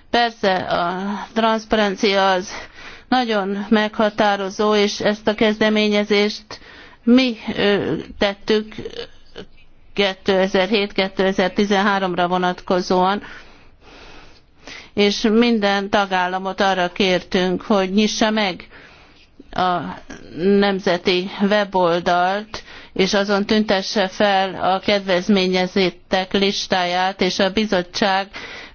Speaker 1: Persze a transzparencia az nagyon meghatározó, és ezt a kezdeményezést mi tettük 2007-2013-ra vonatkozóan, és minden tagállamot arra kértünk, hogy nyissa meg a nemzeti weboldalt, és azon tüntesse fel a kedvezményezettek listáját, és a bizottság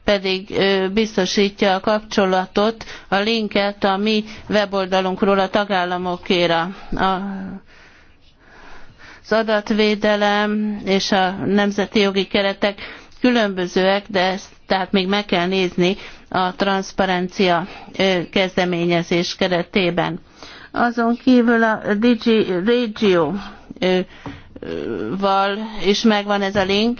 Speaker 1: pedig biztosítja a kapcsolatot, a linket a mi weboldalunkról a tagállamokéra. A az adatvédelem és a nemzeti jogi keretek különbözőek, de ezt tehát még meg kell nézni a transzparencia kezdeményezés keretében. Azon kívül a Digi Regio val is megvan ez a link,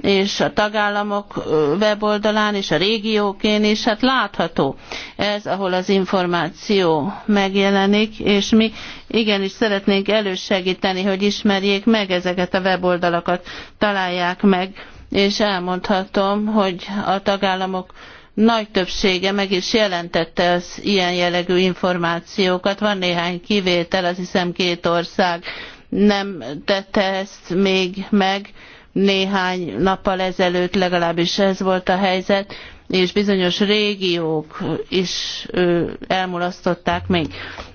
Speaker 1: és a tagállamok weboldalán és a régiókén is, hát látható ez, ahol az információ megjelenik, és mi igenis szeretnénk elősegíteni, hogy ismerjék meg ezeket a weboldalakat, találják meg, és elmondhatom, hogy a tagállamok nagy többsége meg is jelentette az ilyen jellegű információkat. Van néhány kivétel, azt hiszem két ország nem tette ezt még meg, néhány nappal ezelőtt legalábbis ez volt a helyzet, és bizonyos régiók is elmulasztották még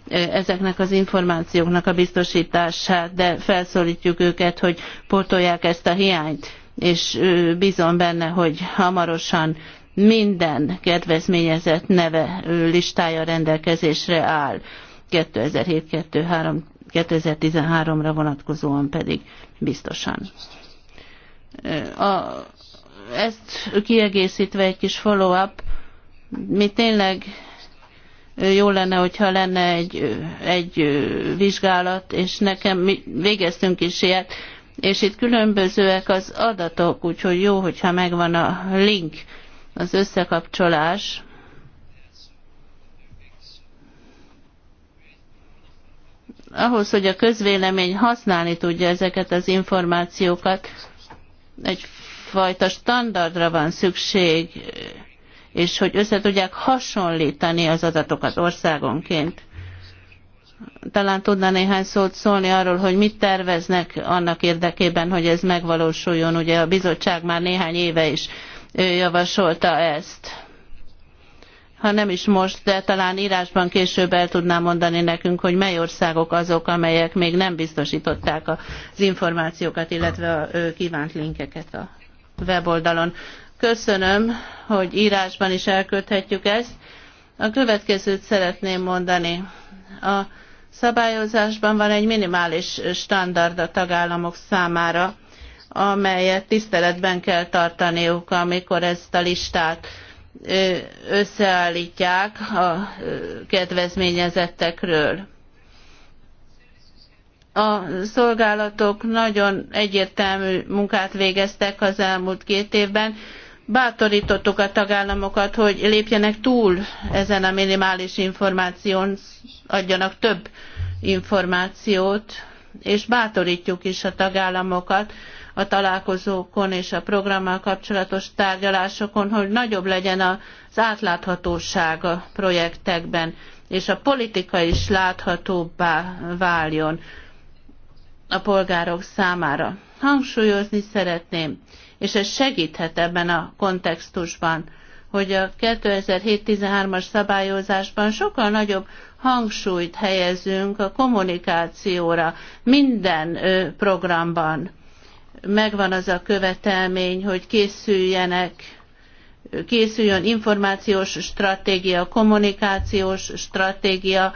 Speaker 1: ezeknek az információknak a biztosítását, de felszólítjuk őket, hogy pótolják ezt a hiányt, és bízom benne, hogy hamarosan minden kedvezményezett neve listája rendelkezésre áll 2007-2013-ra vonatkozóan pedig biztosan. A, ezt kiegészítve egy kis follow-up, mi tényleg jó lenne, hogyha lenne egy, egy vizsgálat, és nekem mi végeztünk is ilyet, és itt különbözőek az adatok, úgyhogy jó, hogyha megvan a link, az összekapcsolás. Ahhoz, hogy a közvélemény használni tudja ezeket az információkat, egyfajta standardra van szükség, és hogy össze tudják hasonlítani az adatokat országonként. Talán tudna néhány szót szólni arról, hogy mit terveznek annak érdekében, hogy ez megvalósuljon. Ugye a bizottság már néhány éve is javasolta ezt ha nem is most, de talán írásban később el tudná mondani nekünk, hogy mely országok azok, amelyek még nem biztosították az információkat, illetve a kívánt linkeket a weboldalon. Köszönöm, hogy írásban is elköthetjük ezt. A következőt szeretném mondani. A szabályozásban van egy minimális standard a tagállamok számára, amelyet tiszteletben kell tartaniuk, amikor ezt a listát összeállítják a kedvezményezettekről. A szolgálatok nagyon egyértelmű munkát végeztek az elmúlt két évben. Bátorítottuk a tagállamokat, hogy lépjenek túl ezen a minimális információn, adjanak több információt, és bátorítjuk is a tagállamokat, a találkozókon és a programmal kapcsolatos tárgyalásokon, hogy nagyobb legyen az átláthatóság a projektekben, és a politika is láthatóbbá váljon a polgárok számára. Hangsúlyozni szeretném, és ez segíthet ebben a kontextusban, hogy a 2007-13-as szabályozásban sokkal nagyobb hangsúlyt helyezünk a kommunikációra minden programban megvan az a követelmény, hogy készüljenek készüljön információs stratégia, kommunikációs stratégia,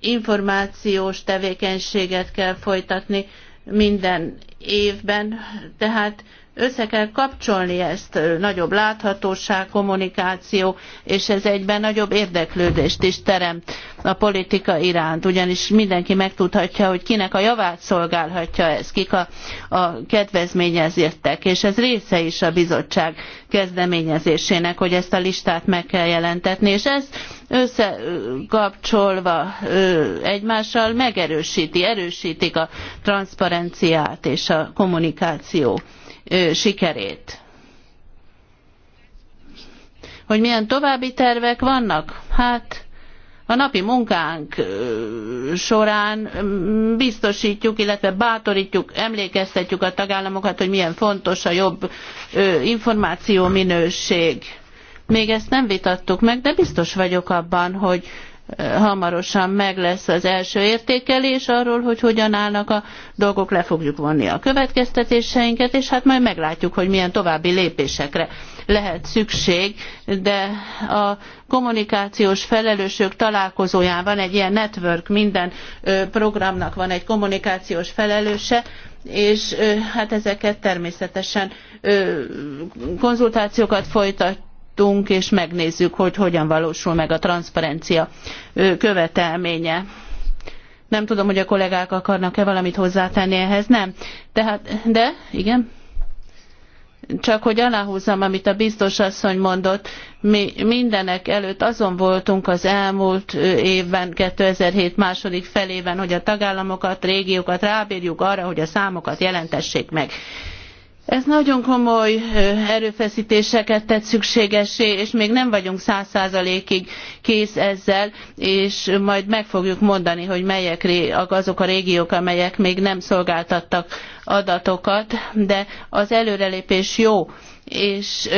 Speaker 1: információs tevékenységet kell folytatni minden évben, tehát össze kell kapcsolni ezt, nagyobb láthatóság, kommunikáció, és ez egyben nagyobb érdeklődést is teremt a politika iránt, ugyanis mindenki megtudhatja, hogy kinek a javát szolgálhatja ez, kik a, a kedvezményezértek, és ez része is a bizottság kezdeményezésének, hogy ezt a listát meg kell jelentetni, és ez összekapcsolva egymással megerősíti, erősítik a transzparenciát és a kommunikációt sikerét. Hogy milyen további tervek vannak? Hát a napi munkánk során biztosítjuk, illetve bátorítjuk, emlékeztetjük a tagállamokat, hogy milyen fontos a jobb információ minőség. Még ezt nem vitattuk meg, de biztos vagyok abban, hogy hamarosan meg lesz az első értékelés arról, hogy hogyan állnak a dolgok, le fogjuk vonni a következtetéseinket, és hát majd meglátjuk, hogy milyen további lépésekre lehet szükség, de a kommunikációs felelősök találkozóján van egy ilyen network, minden programnak van egy kommunikációs felelőse, és hát ezeket természetesen konzultációkat folytat láttunk, és megnézzük, hogy hogyan valósul meg a transzparencia követelménye. Nem tudom, hogy a kollégák akarnak-e valamit hozzátenni ehhez, nem? Tehát, de, igen? Csak hogy aláhúzzam, amit a biztos asszony mondott, mi mindenek előtt azon voltunk az elmúlt évben, 2007 második felében, hogy a tagállamokat, régiókat rábírjuk arra, hogy a számokat jelentessék meg ez nagyon komoly erőfeszítéseket tett szükségessé, és még nem vagyunk száz százalékig kész ezzel, és majd meg fogjuk mondani, hogy melyek azok a régiók, amelyek még nem szolgáltattak adatokat, de az előrelépés jó, és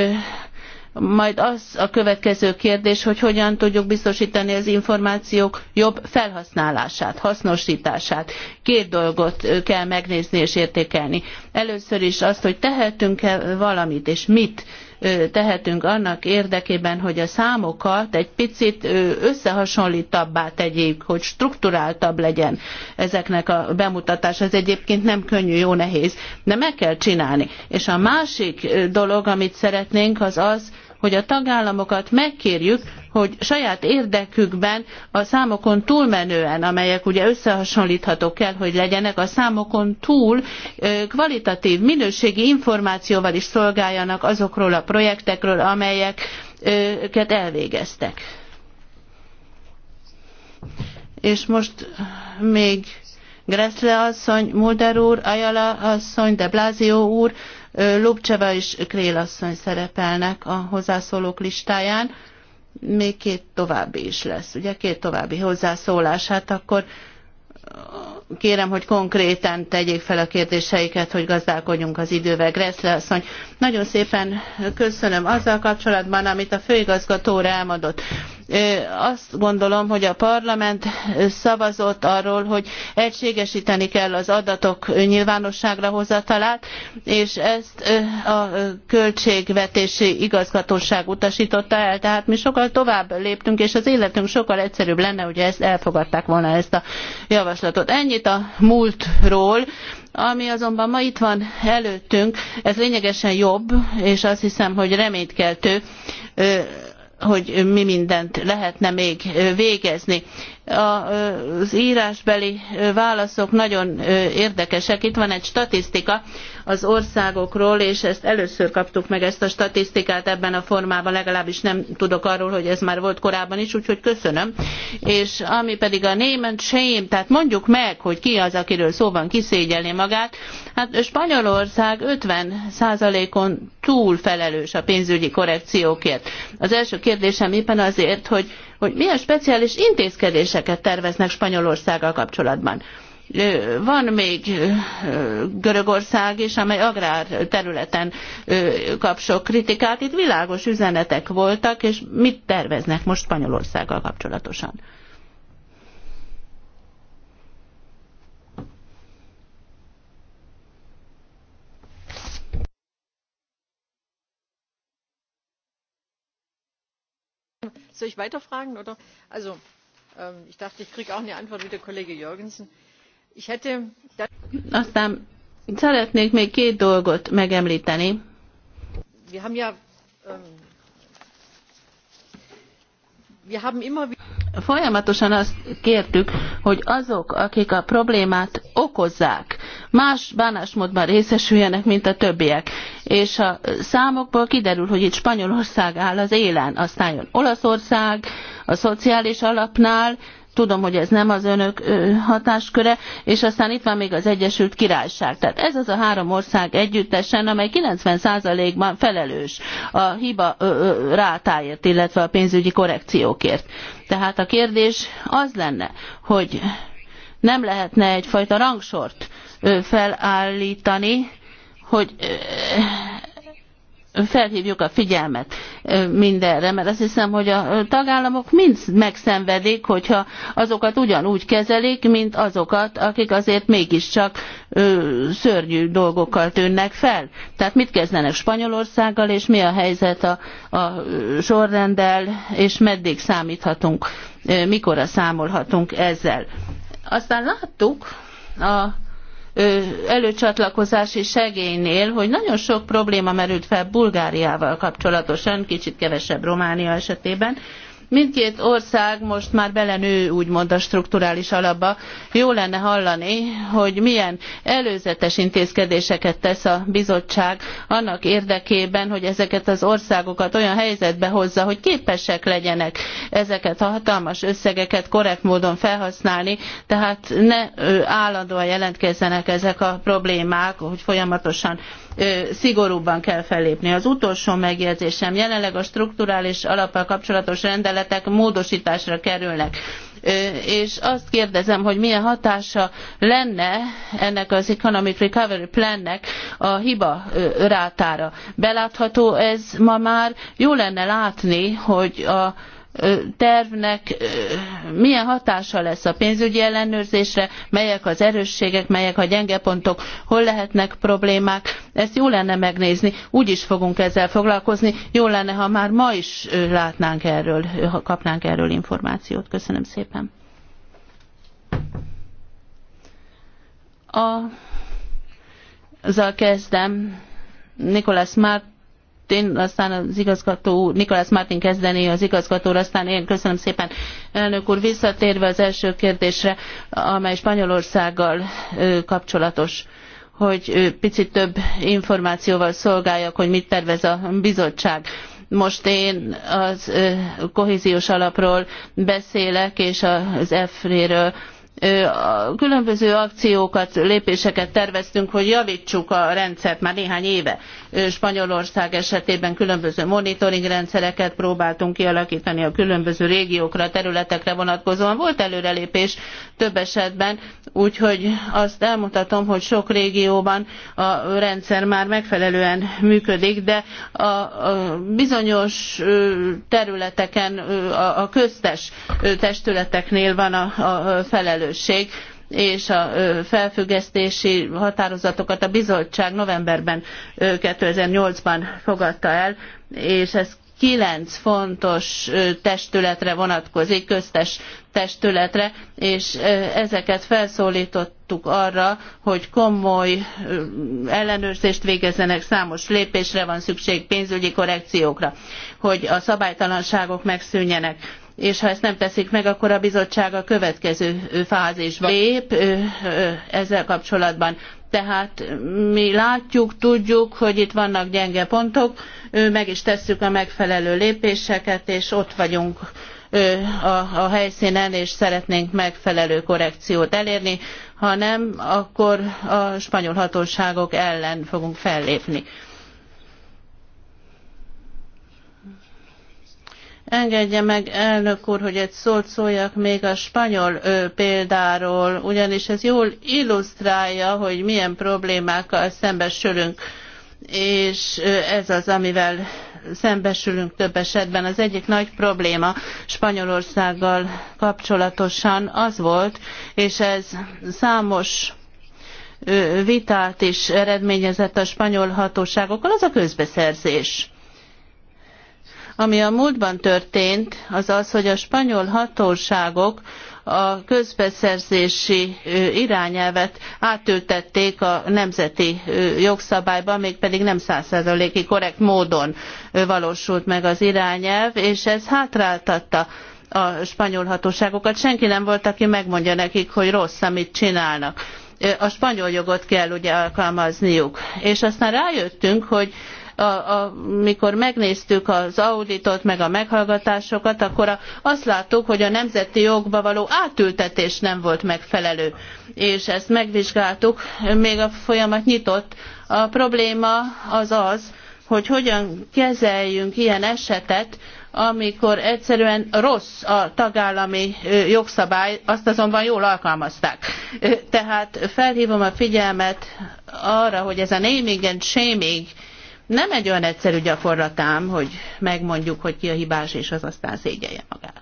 Speaker 1: majd az a következő kérdés, hogy hogyan tudjuk biztosítani az információk jobb felhasználását, hasznosítását. Két dolgot kell megnézni és értékelni. Először is azt, hogy tehetünk-e valamit, és mit tehetünk annak érdekében, hogy a számokat egy picit összehasonlítabbá tegyék, hogy strukturáltabb legyen ezeknek a bemutatása. Ez egyébként nem könnyű, jó nehéz, de meg kell csinálni. És a másik dolog, amit szeretnénk, az az, hogy a tagállamokat megkérjük, hogy saját érdekükben a számokon túlmenően, amelyek ugye összehasonlíthatók kell, hogy legyenek, a számokon túl kvalitatív, minőségi információval is szolgáljanak azokról a projektekről, amelyeket elvégeztek. És most még Gressle asszony, Mulder úr, Ayala asszony, de Blázió úr, Lobcseva és Krél asszony szerepelnek a hozzászólók listáján. Még két további is lesz, ugye? Két további hozzászólás. Hát akkor kérem, hogy konkrétan tegyék fel a kérdéseiket, hogy gazdálkodjunk az idővel. Greszle asszony, nagyon szépen köszönöm azzal kapcsolatban, amit a főigazgató elmondott. Azt gondolom, hogy a parlament szavazott arról, hogy egységesíteni kell az adatok nyilvánosságra hozatalát, és ezt a költségvetési igazgatóság utasította el, tehát mi sokkal tovább léptünk, és az életünk sokkal egyszerűbb lenne, hogy ezt elfogadták volna ezt a javaslatot. Ennyit a múltról, ami azonban ma itt van előttünk, ez lényegesen jobb, és azt hiszem, hogy reménykeltő hogy mi mindent lehetne még végezni. Az írásbeli válaszok nagyon érdekesek. Itt van egy statisztika, az országokról, és ezt először kaptuk meg ezt a statisztikát ebben a formában, legalábbis nem tudok arról, hogy ez már volt korábban is, úgyhogy köszönöm. És ami pedig a name and shame, tehát mondjuk meg, hogy ki az, akiről szó van, kiszégyelni magát. Hát Spanyolország 50%-on túl felelős a pénzügyi korrekciókért. Az első kérdésem éppen azért, hogy, hogy milyen speciális intézkedéseket terveznek Spanyolországgal kapcsolatban. Van még Görögország is, amely agrár területen kap sok kritikát. Itt világos üzenetek voltak, és mit terveznek most Spanyolországgal kapcsolatosan?
Speaker 3: soll ich weiterfragen? Also, ähm, ich dachte ich kriege auch eine antwort wie der kollege
Speaker 1: jürgensen. Aztán szeretnék még két dolgot megemlíteni. Ähm, Folyamatosan azt kértük, hogy azok, akik a problémát okozzák, más bánásmódban részesüljenek, mint a többiek. És a számokból kiderül, hogy itt Spanyolország áll az élen, aztán jön Olaszország, a szociális alapnál Tudom, hogy ez nem az önök hatásköre, és aztán itt van még az Egyesült Királyság. Tehát ez az a három ország együttesen, amely 90%-ban felelős a hiba rátáért, illetve a pénzügyi korrekciókért. Tehát a kérdés az lenne, hogy nem lehetne egyfajta rangsort felállítani, hogy felhívjuk a figyelmet mindenre, mert azt hiszem, hogy a tagállamok mind megszenvedik, hogyha azokat ugyanúgy kezelik, mint azokat, akik azért mégiscsak szörnyű dolgokkal tűnnek fel. Tehát mit kezdenek Spanyolországgal, és mi a helyzet a, a sorrendel, és meddig számíthatunk, mikorra számolhatunk ezzel. Aztán láttuk a előcsatlakozási segélynél, hogy nagyon sok probléma merült fel Bulgáriával kapcsolatosan, kicsit kevesebb Románia esetében, Mindkét ország most már belenő úgymond a strukturális alapba. Jó lenne hallani, hogy milyen előzetes intézkedéseket tesz a bizottság annak érdekében, hogy ezeket az országokat olyan helyzetbe hozza, hogy képesek legyenek ezeket a hatalmas összegeket korrekt módon felhasználni, tehát ne állandóan jelentkezzenek ezek a problémák, hogy folyamatosan szigorúbban kell fellépni. Az utolsó megjegyzésem, jelenleg a strukturális alappal kapcsolatos rendeletek módosításra kerülnek és azt kérdezem, hogy milyen hatása lenne ennek az Economic Recovery Plannek a hiba rátára. Belátható ez ma már, jó lenne látni, hogy a tervnek milyen hatása lesz a pénzügyi ellenőrzésre, melyek az erősségek, melyek a gyenge pontok, hol lehetnek problémák. Ezt jó lenne megnézni, úgy is fogunk ezzel foglalkozni. Jó lenne, ha már ma is látnánk erről, ha kapnánk erről információt. Köszönöm szépen. A, azzal kezdem, Nikolás Márk Martin, aztán az igazgató, Nikolász Martin kezdeni az igazgatóra, aztán én köszönöm szépen. Elnök úr, visszatérve az első kérdésre, amely Spanyolországgal kapcsolatos hogy picit több információval szolgáljak, hogy mit tervez a bizottság. Most én az kohéziós alapról beszélek, és az EFRE-ről különböző akciókat, lépéseket terveztünk, hogy javítsuk a rendszert már néhány éve. Spanyolország esetében különböző monitoring rendszereket próbáltunk kialakítani a különböző régiókra, területekre vonatkozóan. Volt előrelépés több esetben, úgyhogy azt elmutatom, hogy sok régióban a rendszer már megfelelően működik, de a, bizonyos területeken a, köztes testületeknél van a, a felelősség, és a felfüggesztési határozatokat a bizottság novemberben 2008-ban fogadta el, és ez kilenc fontos testületre vonatkozik, köztes testületre, és ezeket felszólítottuk arra, hogy komoly ellenőrzést végezzenek, számos lépésre van szükség, pénzügyi korrekciókra, hogy a szabálytalanságok megszűnjenek és ha ezt nem teszik meg, akkor a bizottság a következő fázisba lép ezzel kapcsolatban. Tehát mi látjuk, tudjuk, hogy itt vannak gyenge pontok, meg is tesszük a megfelelő lépéseket, és ott vagyunk a, a helyszínen, és szeretnénk megfelelő korrekciót elérni, ha nem, akkor a spanyol hatóságok ellen fogunk fellépni. Engedje meg, elnök úr, hogy egy szót szóljak még a spanyol ö, példáról, ugyanis ez jól illusztrálja, hogy milyen problémákkal szembesülünk, és ez az, amivel szembesülünk több esetben. Az egyik nagy probléma Spanyolországgal kapcsolatosan az volt, és ez számos vitát is eredményezett a spanyol hatóságokkal, az a közbeszerzés ami a múltban történt, az az, hogy a spanyol hatóságok a közbeszerzési irányelvet átültették a nemzeti jogszabályba, mégpedig nem százszerzaléki korrekt módon valósult meg az irányelv, és ez hátráltatta a spanyol hatóságokat. Senki nem volt, aki megmondja nekik, hogy rossz, amit csinálnak a spanyol jogot kell ugye alkalmazniuk. És aztán rájöttünk, hogy amikor megnéztük az auditot, meg a meghallgatásokat, akkor azt láttuk, hogy a nemzeti jogba való átültetés nem volt megfelelő. És ezt megvizsgáltuk, még a folyamat nyitott. A probléma az az, hogy hogyan kezeljünk ilyen esetet, amikor egyszerűen rossz a tagállami jogszabály, azt azonban jól alkalmazták. Tehát felhívom a figyelmet arra, hogy ez a naming and shaming nem egy olyan egyszerű gyakorlatám, hogy megmondjuk, hogy ki a hibás, és az aztán szégyelje magát.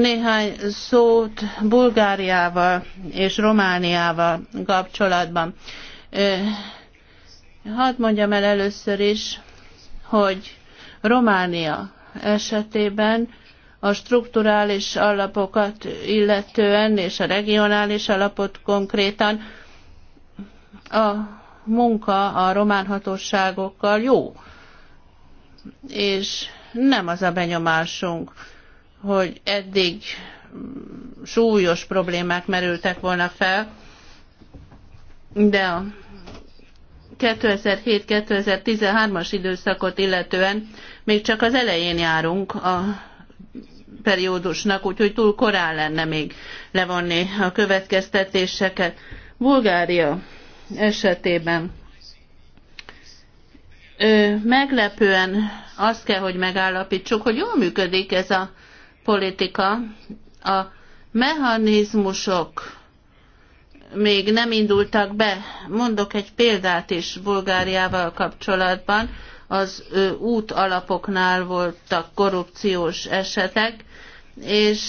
Speaker 1: Néhány szót Bulgáriával és Romániával kapcsolatban. Hadd mondjam el először is, hogy Románia esetében a strukturális alapokat illetően és a regionális alapot konkrétan a munka a román hatóságokkal jó, és nem az a benyomásunk, hogy eddig súlyos problémák merültek volna fel, de a 2007-2013-as időszakot illetően még csak az elején járunk a periódusnak, úgyhogy túl korán lenne még levonni a következtetéseket. Bulgária esetében. Ö, meglepően azt kell, hogy megállapítsuk, hogy jól működik ez a politika. A mechanizmusok még nem indultak be. Mondok egy példát is Bulgáriával kapcsolatban. Az ö, út alapoknál voltak korrupciós esetek, és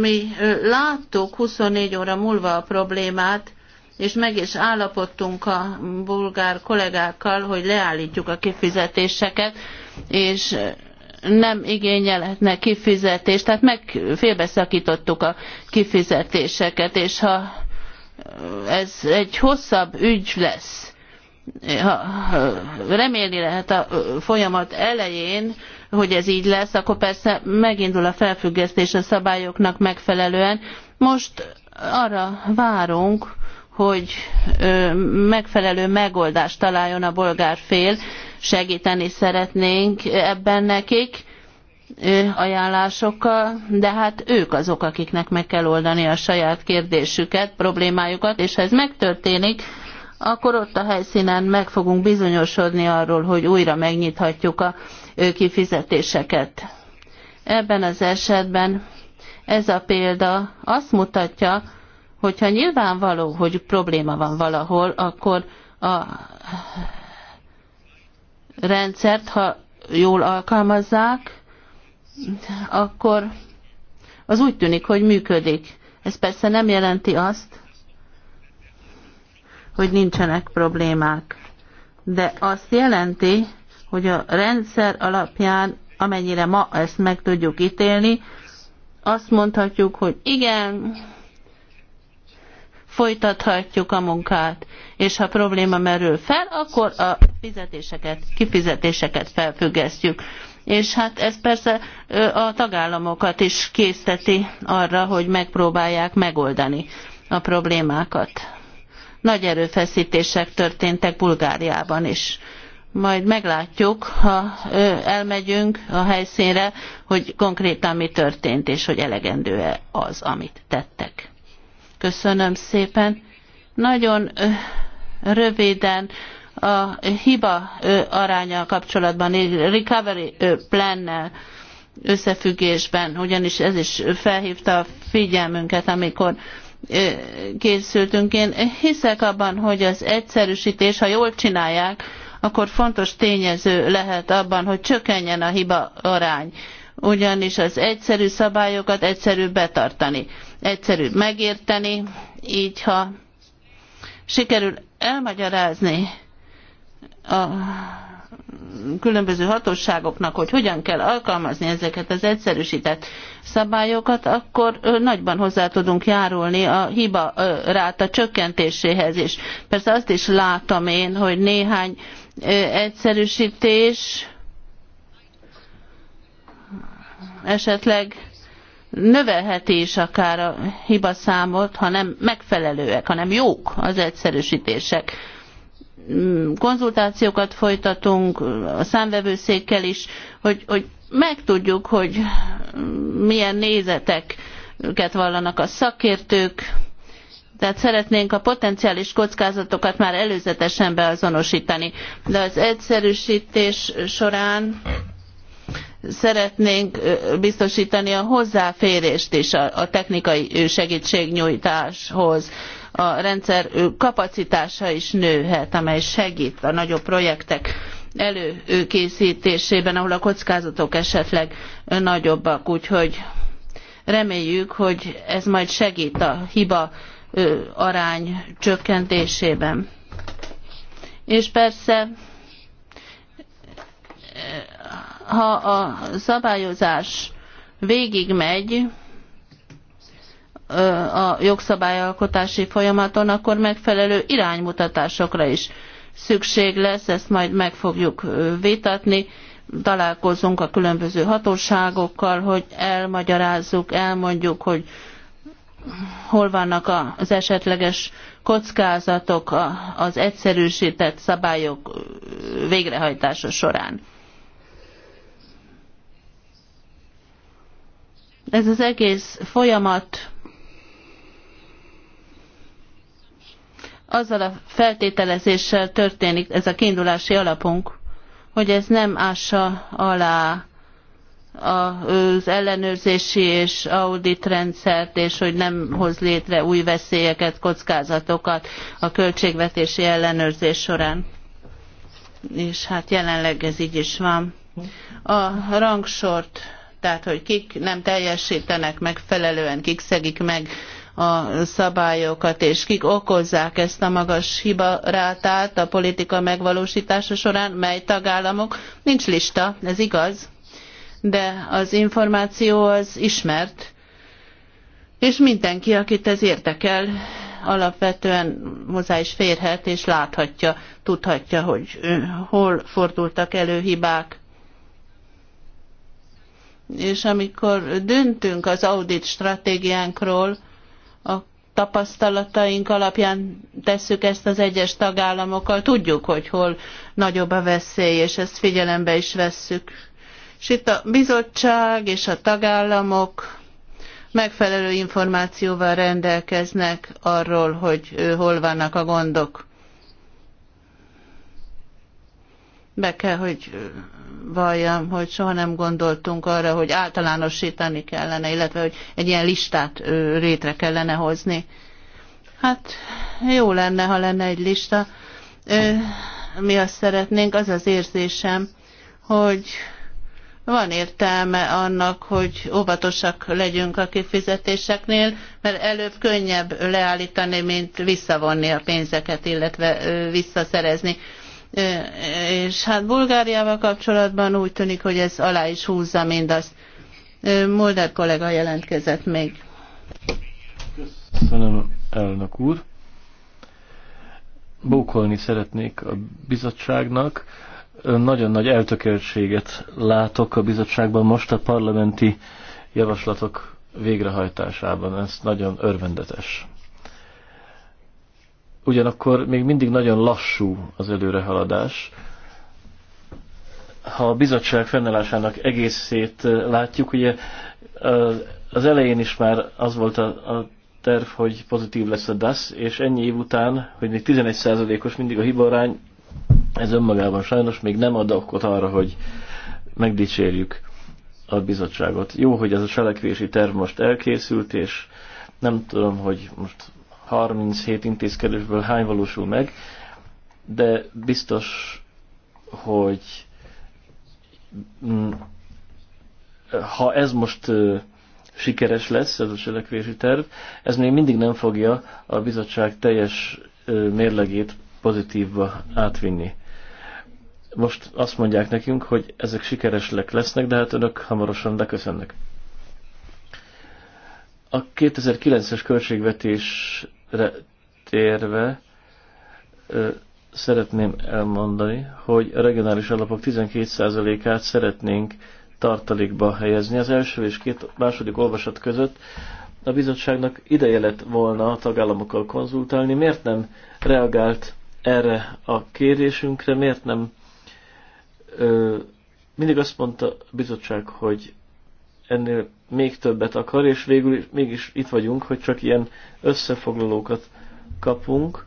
Speaker 1: mi láttuk 24 óra múlva a problémát, és meg is állapodtunk a bulgár kollégákkal, hogy leállítjuk a kifizetéseket, és nem igényelhetne kifizetést, tehát meg félbeszakítottuk a kifizetéseket, és ha ez egy hosszabb ügy lesz, ha remélni lehet a folyamat elején, hogy ez így lesz, akkor persze megindul a felfüggesztés a szabályoknak megfelelően. Most arra várunk, hogy megfelelő megoldást találjon a bolgár fél, segíteni szeretnénk ebben nekik ajánlásokkal, de hát ők azok, akiknek meg kell oldani a saját kérdésüket, problémájukat, és ha ez megtörténik, akkor ott a helyszínen meg fogunk bizonyosodni arról, hogy újra megnyithatjuk a kifizetéseket. Ebben az esetben ez a példa azt mutatja, hogyha nyilvánvaló, hogy probléma van valahol, akkor a rendszert, ha jól alkalmazzák, akkor az úgy tűnik, hogy működik. Ez persze nem jelenti azt, hogy nincsenek problémák, de azt jelenti, hogy a rendszer alapján, amennyire ma ezt meg tudjuk ítélni, azt mondhatjuk, hogy igen, folytathatjuk a munkát, és ha probléma merül fel, akkor a fizetéseket, kifizetéseket felfüggesztjük. És hát ez persze a tagállamokat is készteti arra, hogy megpróbálják megoldani a problémákat. Nagy erőfeszítések történtek Bulgáriában is majd meglátjuk, ha elmegyünk a helyszínre, hogy konkrétan mi történt, és hogy elegendő-e az, amit tettek. Köszönöm szépen. Nagyon röviden a hiba aránya kapcsolatban, recovery plannel összefüggésben, ugyanis ez is felhívta a figyelmünket, amikor készültünk. Én hiszek abban, hogy az egyszerűsítés, ha jól csinálják, akkor fontos tényező lehet abban, hogy csökkenjen a hiba arány ugyanis az egyszerű szabályokat egyszerű betartani, egyszerű megérteni, így ha sikerül elmagyarázni a különböző hatóságoknak, hogy hogyan kell alkalmazni ezeket az egyszerűsített szabályokat, akkor nagyban hozzá tudunk járulni a hiba ráta csökkentéséhez is. Persze azt is látom én, hogy néhány egyszerűsítés esetleg növelheti is akár a hibaszámot, ha nem megfelelőek, hanem jók az egyszerűsítések. Mm, konzultációkat folytatunk a számvevőszékkel is, hogy, hogy megtudjuk, hogy milyen nézeteket vallanak a szakértők, tehát szeretnénk a potenciális kockázatokat már előzetesen beazonosítani. De az egyszerűsítés során szeretnénk biztosítani a hozzáférést is a technikai segítségnyújtáshoz. A rendszer kapacitása is nőhet, amely segít a nagyobb projektek előkészítésében, ahol a kockázatok esetleg nagyobbak. Úgyhogy reméljük, hogy ez majd segít a hiba arány csökkentésében. És persze ha a szabályozás végigmegy a jogszabályalkotási folyamaton, akkor megfelelő iránymutatásokra is szükség lesz, ezt majd meg fogjuk vitatni, találkozunk a különböző hatóságokkal, hogy elmagyarázzuk, elmondjuk, hogy hol vannak az esetleges kockázatok az egyszerűsített szabályok végrehajtása során. ez az egész folyamat azzal a feltételezéssel történik, ez a kiindulási alapunk, hogy ez nem ássa alá az ellenőrzési és rendszert, és hogy nem hoz létre új veszélyeket, kockázatokat a költségvetési ellenőrzés során. És hát jelenleg ez így is van. A rangsort tehát hogy kik nem teljesítenek megfelelően, kik szegik meg a szabályokat, és kik okozzák ezt a magas hibarátát a politika megvalósítása során, mely tagállamok. Nincs lista, ez igaz, de az információ az ismert, és mindenki, akit ez érdekel, alapvetően hozzá is férhet, és láthatja, tudhatja, hogy hol fordultak elő hibák és amikor döntünk az audit stratégiánkról, a tapasztalataink alapján tesszük ezt az egyes tagállamokkal, tudjuk, hogy hol nagyobb a veszély, és ezt figyelembe is vesszük. És itt a bizottság és a tagállamok megfelelő információval rendelkeznek arról, hogy hol vannak a gondok. be kell, hogy valljam, hogy soha nem gondoltunk arra, hogy általánosítani kellene, illetve hogy egy ilyen listát rétre kellene hozni. Hát jó lenne, ha lenne egy lista. Mi azt szeretnénk, az az érzésem, hogy van értelme annak, hogy óvatosak legyünk a kifizetéseknél, mert előbb könnyebb leállítani, mint visszavonni a pénzeket, illetve visszaszerezni. És hát Bulgáriával kapcsolatban úgy tűnik, hogy ez alá is húzza mindazt. Molder kollega jelentkezett még.
Speaker 3: Köszönöm, elnök úr. Bókolni szeretnék a bizottságnak. Nagyon nagy eltökéltséget látok a bizottságban most a parlamenti javaslatok végrehajtásában. Ez nagyon örvendetes ugyanakkor még mindig nagyon lassú az előrehaladás. Ha a bizottság fennállásának egészét eh, látjuk, ugye eh, az elején is már az volt a, a terv, hogy pozitív lesz a DASZ, és ennyi év után, hogy még 11%-os mindig a hibarány, ez önmagában sajnos még nem ad okot arra, hogy megdicsérjük a bizottságot. Jó, hogy ez a selekvési terv most elkészült, és nem tudom, hogy most 37 intézkedésből hány valósul meg, de biztos, hogy mm, ha ez most sikeres lesz, ez a cselekvési terv, ez még mindig nem fogja a bizottság teljes mérlegét pozitívba átvinni. Most azt mondják nekünk, hogy ezek sikeresek lesznek, de hát önök hamarosan beköszönnek. A 2009-es költségvetés térve szeretném elmondani, hogy a regionális alapok 12%-át szeretnénk tartalékba helyezni. Az első és két második olvasat között a bizottságnak ideje lett volna a tagállamokkal konzultálni. Miért nem reagált erre a kérésünkre, miért nem ö, mindig azt mondta a bizottság, hogy ennél még többet akar, és végül is, mégis itt vagyunk, hogy csak ilyen összefoglalókat kapunk.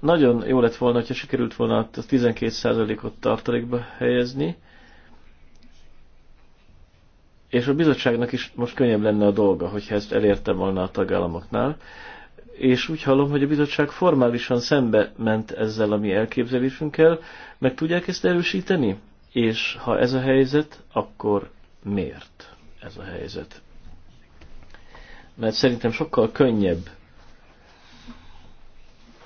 Speaker 3: Nagyon jó lett volna, hogyha sikerült volna a 12%-ot tartalékba helyezni, és a bizottságnak is most könnyebb lenne a dolga, hogyha ezt elérte volna a tagállamoknál. És úgy hallom, hogy a bizottság formálisan szembe ment ezzel a mi elképzelésünkkel, meg tudják ezt erősíteni? És ha ez a helyzet, akkor miért ez a helyzet. Mert szerintem sokkal könnyebb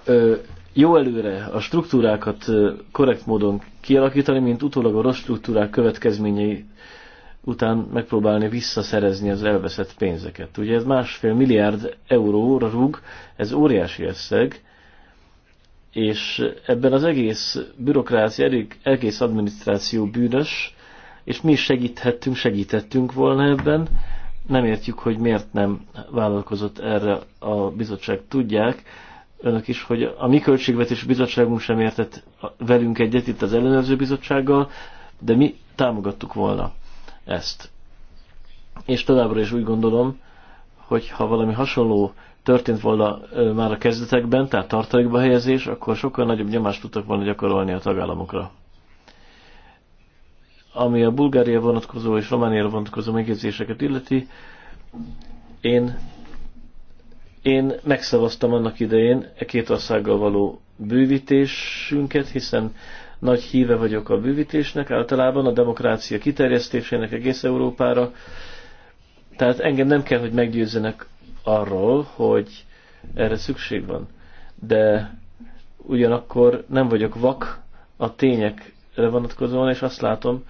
Speaker 3: ö, jó előre a struktúrákat korrekt módon kialakítani, mint utólag a rossz struktúrák következményei után megpróbálni visszaszerezni az elveszett pénzeket. Ugye ez másfél milliárd euróra rúg, ez óriási összeg, és ebben az egész bürokrácia, egész adminisztráció bűnös, és mi is segíthettünk, segítettünk volna ebben. Nem értjük, hogy miért nem vállalkozott erre a bizottság. Tudják önök is, hogy a mi költségvetési bizottságunk sem értett velünk egyet itt az ellenőrző bizottsággal, de mi támogattuk volna ezt. És továbbra is úgy gondolom, hogy ha valami hasonló történt volna már a kezdetekben, tehát tartalékba helyezés, akkor sokkal nagyobb nyomást tudtak volna gyakorolni a tagállamokra. Ami a Bulgária vonatkozó és Romániára vonatkozó megjegyzéseket illeti, én, én megszavaztam annak idején e két országgal való bővítésünket, hiszen nagy híve vagyok a bővítésnek, általában a demokrácia kiterjesztésének egész Európára. Tehát engem nem kell, hogy meggyőzzenek arról, hogy erre szükség van. De ugyanakkor nem vagyok vak a tények vonatkozóan, és azt látom,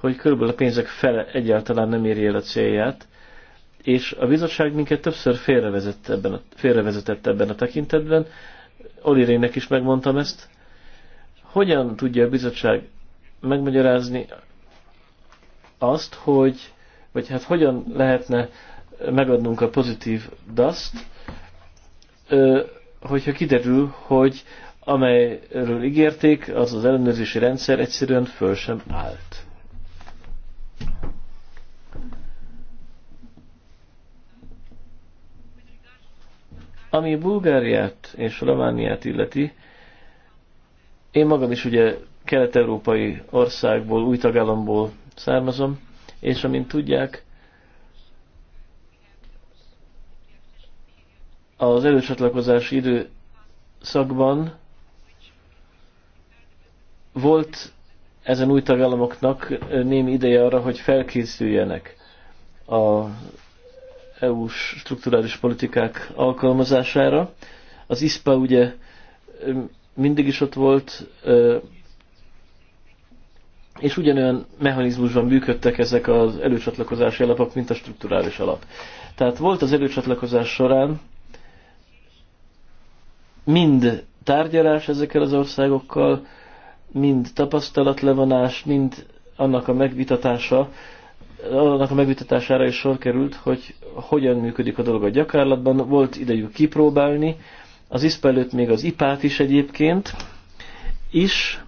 Speaker 3: hogy körülbelül a pénzek fele egyáltalán nem éri el a célját, és a bizottság minket többször félrevezett ebben a, félrevezetett ebben a tekintetben, Olirének is megmondtam ezt. Hogyan tudja a bizottság megmagyarázni azt, hogy, vagy hát hogyan lehetne megadnunk a pozitív daszt, hogyha kiderül, hogy amelyről ígérték, az az ellenőrzési rendszer egyszerűen föl sem állt. Ami Bulgáriát és Romániát illeti, én magam is ugye kelet-európai országból, új tagállamból származom, és amint tudják, az előcsatlakozási időszakban volt ezen új tagállamoknak némi ideje arra, hogy felkészüljenek a EU-s strukturális politikák alkalmazására. Az ISPA ugye mindig is ott volt, és ugyanolyan mechanizmusban működtek ezek az előcsatlakozási alapok, mint a strukturális alap. Tehát volt az előcsatlakozás során mind tárgyalás ezekkel az országokkal, mind tapasztalatlevonás, mind annak a megvitatása, annak a megvitatására is sor került, hogy hogyan működik a dolog a gyakorlatban. Volt idejük kipróbálni, az ISPA előtt még az IPÁT is egyébként, is,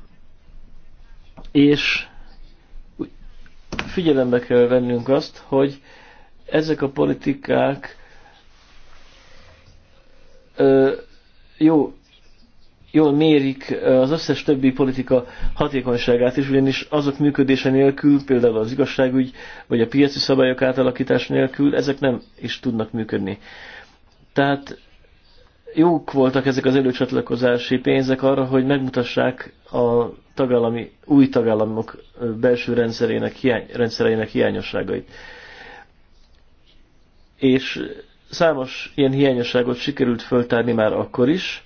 Speaker 3: és figyelembe kell vennünk azt, hogy ezek a politikák ö, jó jól mérik eh, az összes többi politika hatékonyságát is, ugyanis azok működése nélkül, például az igazságügy vagy a piaci szabályok átalakítás nélkül, ezek nem is tudnak működni. Tehát jók voltak ezek az előcsatlakozási pénzek arra, hogy megmutassák a tagállami, új tagállamok eh, belső rendszerének, hiány, rendszereinek hiányosságait. És számos ilyen hiányosságot sikerült föltárni már akkor is,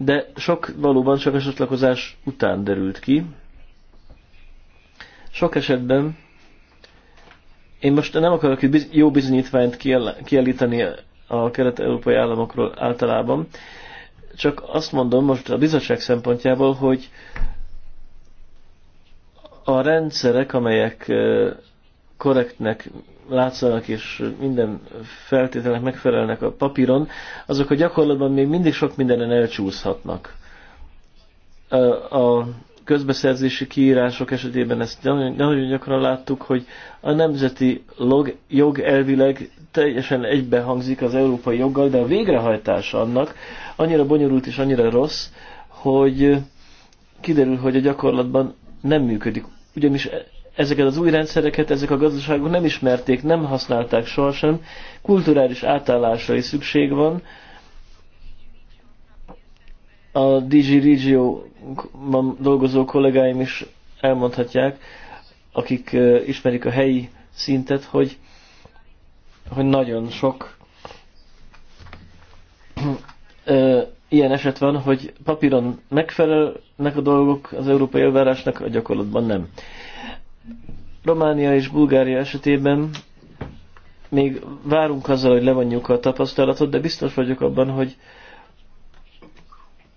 Speaker 3: de sok valóban csak a csatlakozás után derült ki. Sok esetben én most nem akarok egy jó bizonyítványt kiállítani a kelet-európai államokról általában, csak azt mondom most a bizottság szempontjából, hogy a rendszerek, amelyek korrektnek látszanak és minden feltételnek megfelelnek a papíron, azok a gyakorlatban még mindig sok mindenen elcsúszhatnak. A közbeszerzési kiírások esetében ezt nagyon gyakran láttuk, hogy a nemzeti log, jog elvileg teljesen egybehangzik az európai joggal, de a végrehajtása annak annyira bonyolult és annyira rossz, hogy kiderül, hogy a gyakorlatban nem működik. Ugyanis ezeket az új rendszereket ezek a gazdaságok nem ismerték, nem használták sohasem. Kulturális átállásra is szükség van. A DG regio dolgozó kollégáim is elmondhatják, akik ismerik a helyi szintet, hogy, hogy nagyon sok ilyen eset van, hogy papíron megfelelnek a dolgok az európai elvárásnak, a gyakorlatban nem. Románia és Bulgária esetében még várunk azzal, hogy levonjuk a tapasztalatot, de biztos vagyok abban, hogy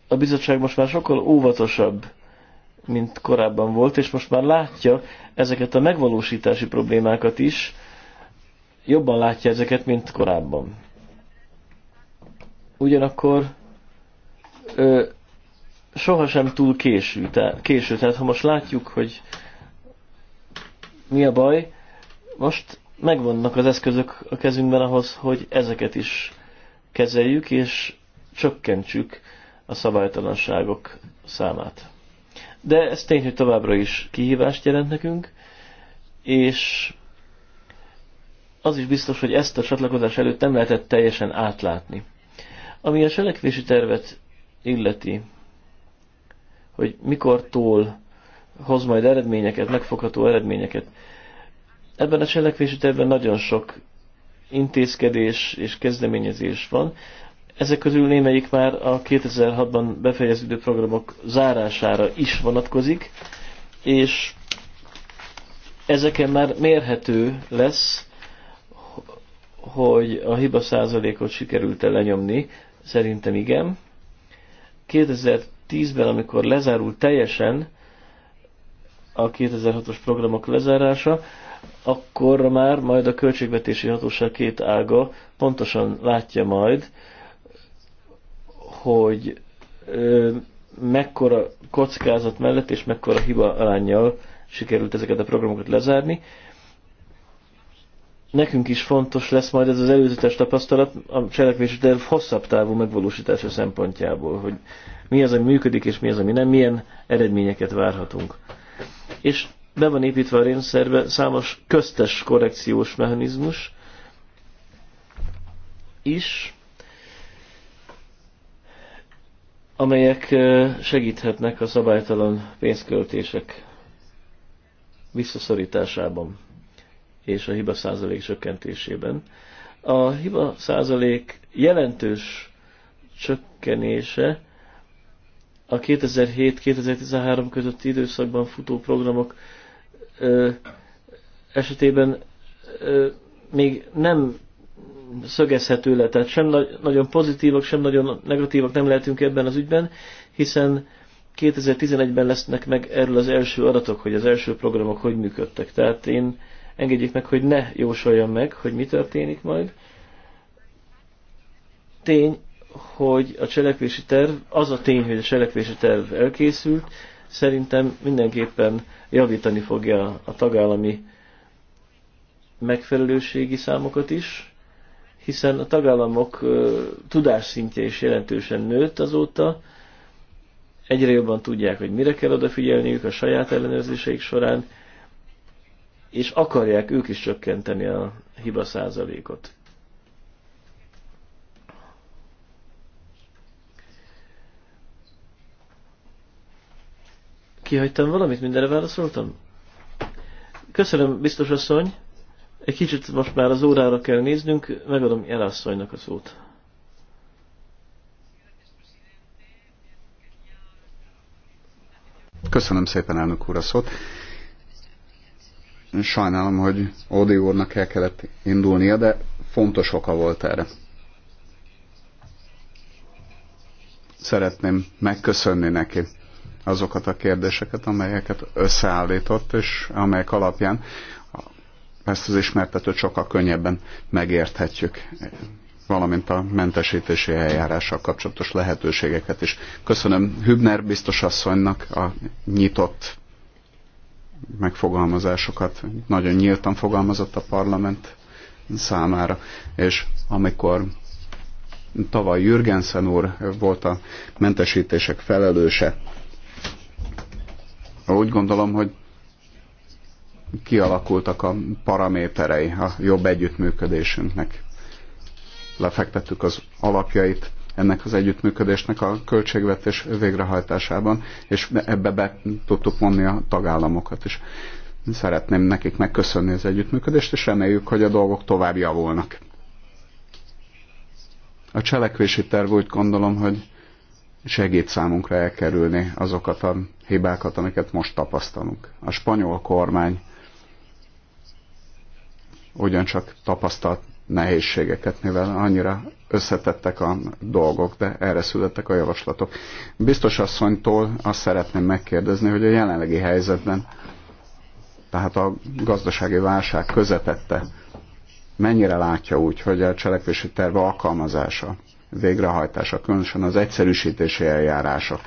Speaker 3: a bizottság most már sokkal óvatosabb, mint korábban volt, és most már látja ezeket a megvalósítási problémákat is, jobban látja ezeket, mint korábban. Ugyanakkor ö, sohasem túl késő, tehát, késő, tehát ha most látjuk, hogy mi a baj? Most megvannak az eszközök a kezünkben ahhoz, hogy ezeket is kezeljük, és csökkentsük a szabálytalanságok számát. De ez tény, hogy továbbra is kihívást jelent nekünk, és az is biztos, hogy ezt a csatlakozás előtt nem lehetett teljesen átlátni. Ami a cselekvési tervet illeti, hogy mikortól hoz majd eredményeket, megfogható eredményeket. Ebben a cselekvési tervben nagyon sok intézkedés és kezdeményezés van. Ezek közül némelyik már a 2006-ban befejeződő programok zárására is vonatkozik, és ezeken már mérhető lesz, hogy a hiba százalékot sikerült-e lenyomni. Szerintem igen. 2010-ben, amikor lezárul teljesen a 2006-os programok lezárása, akkor már majd a költségvetési hatóság két ága pontosan látja majd, hogy ö, mekkora kockázat mellett és mekkora hiba arányjal sikerült ezeket a programokat lezárni. Nekünk is fontos lesz majd ez az előzetes tapasztalat a cselekvési terv hosszabb távú megvalósítása szempontjából, hogy mi az, ami működik és mi az, ami nem, milyen eredményeket várhatunk és be van építve a rendszerbe számos köztes korrekciós mechanizmus is, amelyek segíthetnek a szabálytalan pénzköltések visszaszorításában és a hiba százalék csökkentésében. A hiba százalék jelentős csökkenése a 2007-2013 közötti időszakban futó programok ö, esetében ö, még nem szögezhető le, tehát sem na- nagyon pozitívak, sem nagyon negatívak nem lehetünk ebben az ügyben, hiszen 2011-ben lesznek meg erről az első adatok, hogy az első programok hogy működtek. Tehát én engedjék meg, hogy ne jósoljam meg, hogy mi történik majd. Tény, hogy a cselekvési terv, az a tény, hogy a cselekvési terv elkészült, szerintem mindenképpen javítani fogja a tagállami megfelelőségi számokat is, hiszen a tagállamok tudásszintje is jelentősen nőtt azóta, egyre jobban tudják, hogy mire kell odafigyelniük a saját ellenőrzéseik során, és akarják ők is csökkenteni a hiba százalékot. Kihagytam valamit? Mindenre válaszoltam? Köszönöm, biztos asszony. Egy kicsit most már az órára kell néznünk, megadom Elasszonynak a szót.
Speaker 2: Köszönöm szépen, elnök úr, a szót. Sajnálom, hogy Odi úrnak el kellett indulnia, de fontos oka volt erre. Szeretném megköszönni neki azokat a kérdéseket, amelyeket összeállított, és amelyek alapján ezt az ismertetőt sokkal könnyebben megérthetjük, valamint a mentesítési eljárással kapcsolatos lehetőségeket is. Köszönöm Hübner biztosasszonynak a nyitott megfogalmazásokat, nagyon nyíltan fogalmazott a parlament számára, és amikor tavaly Jürgensen úr volt a mentesítések felelőse, úgy gondolom, hogy kialakultak a paraméterei a jobb együttműködésünknek. Lefektettük az alapjait ennek az együttműködésnek a költségvetés végrehajtásában, és ebbe be tudtuk vonni a tagállamokat is. Szeretném nekik megköszönni az együttműködést, és reméljük, hogy a dolgok tovább javulnak. A cselekvési terv úgy gondolom, hogy segít számunkra elkerülni azokat a hibákat, amiket most tapasztalunk. A spanyol kormány ugyancsak tapasztalt nehézségeket, mivel annyira összetettek a dolgok, de erre születtek a javaslatok. Biztos asszonytól azt szeretném megkérdezni, hogy a jelenlegi helyzetben, tehát a gazdasági válság közepette, mennyire látja úgy, hogy a cselekvési terve alkalmazása végrehajtása, különösen az egyszerűsítési eljárása.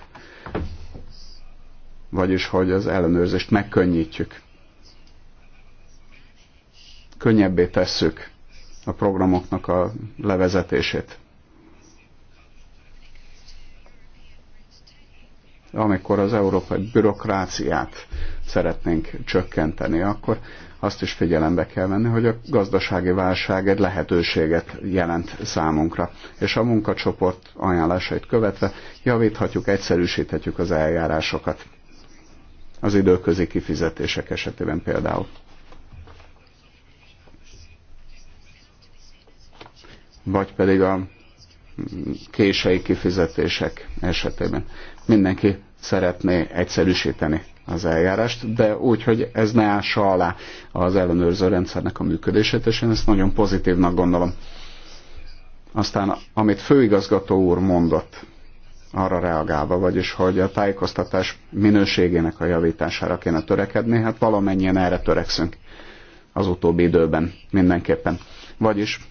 Speaker 2: Vagyis, hogy az ellenőrzést megkönnyítjük. Könnyebbé tesszük a programoknak a levezetését. Amikor az európai bürokráciát szeretnénk csökkenteni, akkor azt is figyelembe kell venni, hogy a gazdasági válság egy lehetőséget jelent számunkra. És a munkacsoport ajánlásait követve javíthatjuk, egyszerűsíthetjük az eljárásokat. Az időközi kifizetések esetében például. Vagy pedig a kései kifizetések esetében. Mindenki szeretné egyszerűsíteni az eljárást, de úgy, hogy ez ne ássa alá az ellenőrző rendszernek a működését, és én ezt nagyon pozitívnak gondolom. Aztán, amit főigazgató úr mondott, arra reagálva, vagyis hogy a tájékoztatás minőségének a javítására kéne törekedni, hát valamennyien erre törekszünk az utóbbi időben mindenképpen. Vagyis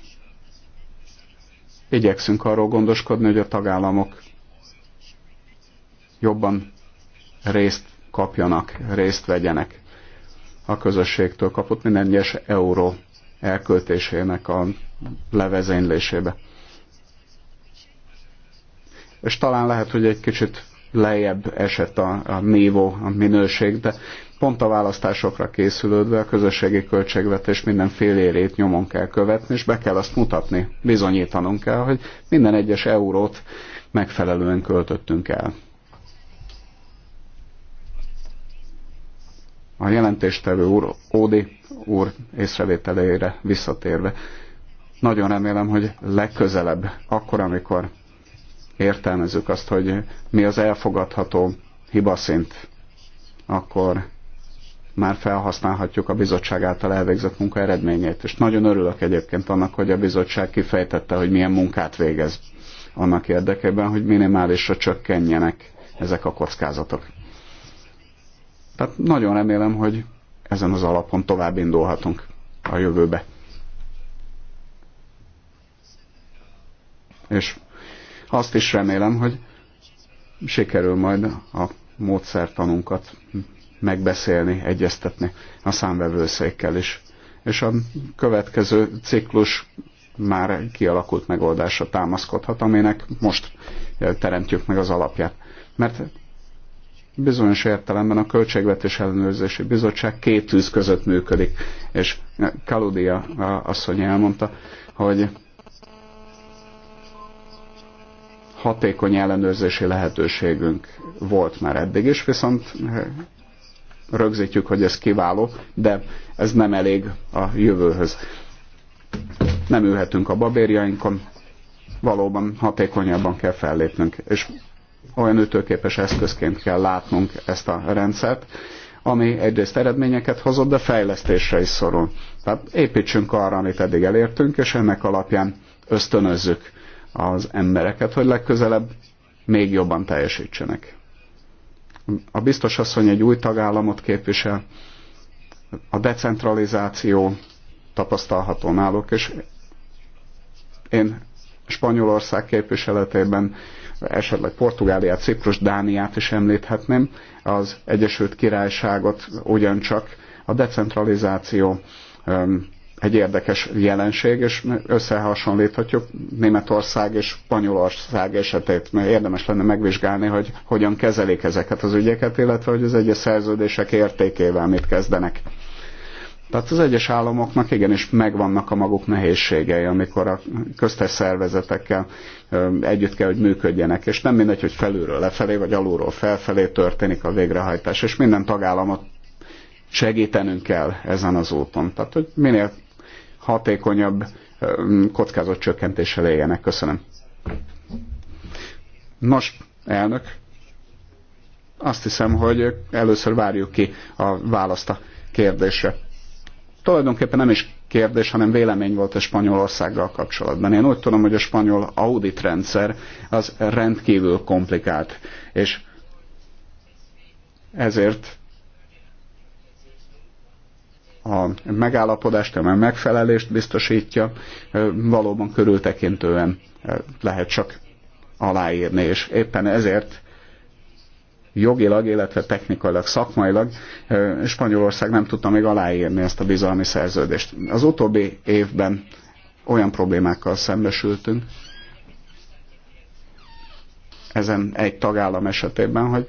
Speaker 2: igyekszünk arról gondoskodni, hogy a tagállamok jobban részt kapjanak, részt vegyenek a közösségtől kapott minden egyes euró elköltésének a levezénylésébe. És talán lehet, hogy egy kicsit lejjebb esett a, a nívó, a minőség, de pont a választásokra készülődve a közösségi költségvetés minden érét nyomon kell követni, és be kell azt mutatni, bizonyítanunk kell, hogy minden egyes eurót megfelelően költöttünk el. A jelentéstevő úr, Ódi úr észrevételére visszatérve, nagyon remélem, hogy legközelebb, akkor, amikor értelmezzük azt, hogy mi az elfogadható hibaszint, akkor már felhasználhatjuk a bizottság által elvégzett munka eredményét. És nagyon örülök egyébként annak, hogy a bizottság kifejtette, hogy milyen munkát végez annak érdekében, hogy minimálisra csökkenjenek ezek a kockázatok. Tehát nagyon remélem, hogy ezen az alapon tovább indulhatunk a jövőbe. És azt is remélem, hogy sikerül majd a módszertanunkat megbeszélni, egyeztetni a számvevőszékkel is. És a következő ciklus már kialakult megoldásra támaszkodhat, aminek most teremtjük meg az alapját. Mert bizonyos értelemben a Költségvetés Ellenőrzési Bizottság két tűz között működik, és Kaludia asszony elmondta, hogy hatékony ellenőrzési lehetőségünk volt már eddig is, viszont rögzítjük, hogy ez kiváló, de ez nem elég a jövőhöz. Nem ülhetünk a babérjainkon, valóban hatékonyabban kell fellépnünk. És olyan ütőképes eszközként kell látnunk ezt a rendszert, ami egyrészt eredményeket hozott, de fejlesztésre is szorul. Tehát építsünk arra, amit eddig elértünk, és ennek alapján ösztönözzük az embereket, hogy legközelebb még jobban teljesítsenek. A biztos asszony egy új tagállamot képvisel, a decentralizáció tapasztalható náluk, és én Spanyolország képviseletében esetleg Portugáliát, Ciprus, Dániát is említhetném, az Egyesült Királyságot ugyancsak a decentralizáció egy érdekes jelenség, és összehasonlíthatjuk Németország és Spanyolország esetét, mert érdemes lenne megvizsgálni, hogy hogyan kezelik ezeket az ügyeket, illetve hogy az egyes szerződések értékével mit kezdenek. Tehát az egyes államoknak igenis megvannak a maguk nehézségei, amikor a köztes szervezetekkel együtt kell, hogy működjenek, és nem mindegy, hogy felülről lefelé, vagy alulról felfelé történik a végrehajtás, és minden tagállamot segítenünk kell ezen az úton. Tehát, hogy minél hatékonyabb kockázatcsökkentéssel éljenek. Köszönöm. Nos, elnök, azt hiszem, hogy először várjuk ki a választ a kérdésre. Tulajdonképpen nem is kérdés, hanem vélemény volt a Spanyolországgal kapcsolatban. Én úgy tudom, hogy a spanyol auditrendszer az rendkívül komplikált, és ezért a megállapodást, a megfelelést biztosítja, valóban körültekintően lehet csak aláírni, és éppen ezért jogilag, illetve technikailag, szakmailag Spanyolország nem tudta még aláírni ezt a bizalmi szerződést. Az utóbbi évben olyan problémákkal szembesültünk, ezen egy tagállam esetében, hogy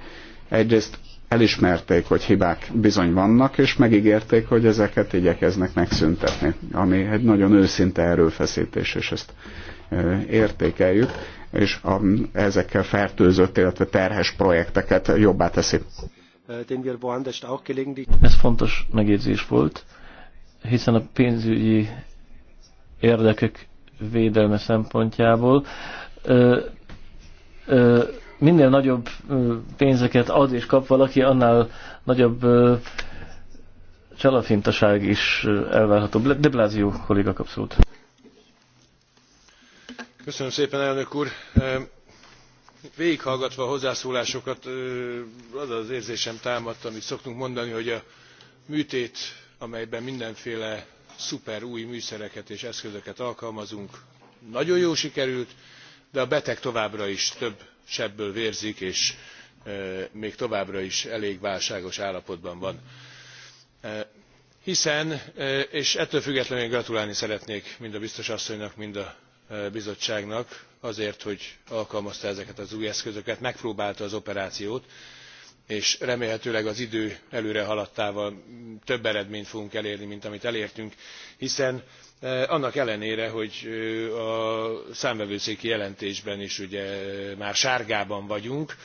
Speaker 2: egyrészt elismerték, hogy hibák bizony vannak, és megígérték, hogy ezeket igyekeznek megszüntetni, ami egy nagyon őszinte erőfeszítés, és ezt értékeljük és a, ezekkel fertőzött, illetve terhes projekteket jobbá teszi.
Speaker 3: Ez fontos megjegyzés volt, hiszen a pénzügyi érdekek védelme szempontjából ö, ö, minél nagyobb pénzeket ad és kap valaki, annál nagyobb ö, csalafintaság is elvárható. De Blázió kolléga kap szót.
Speaker 4: Köszönöm szépen, elnök úr! végighallgatva a hozzászólásokat az az érzésem támadt amit szoktunk mondani hogy a műtét amelyben mindenféle szuper új műszereket és eszközöket alkalmazunk nagyon jól sikerült de a beteg továbbra is több sebből vérzik és még továbbra is elég válságos állapotban van hiszen és ettől függetlenül gratulálni szeretnék mind a biztos asszonynak mind a bizottságnak azért hogy alkalmazta ezeket az új eszközöket megpróbálta az operációt és remélhetőleg az idő előrehaladtával több eredményt fogunk elérni mint amit elértünk hiszen annak ellenére hogy a számvevőszéki jelentésben is ugye már sárgában vagyunk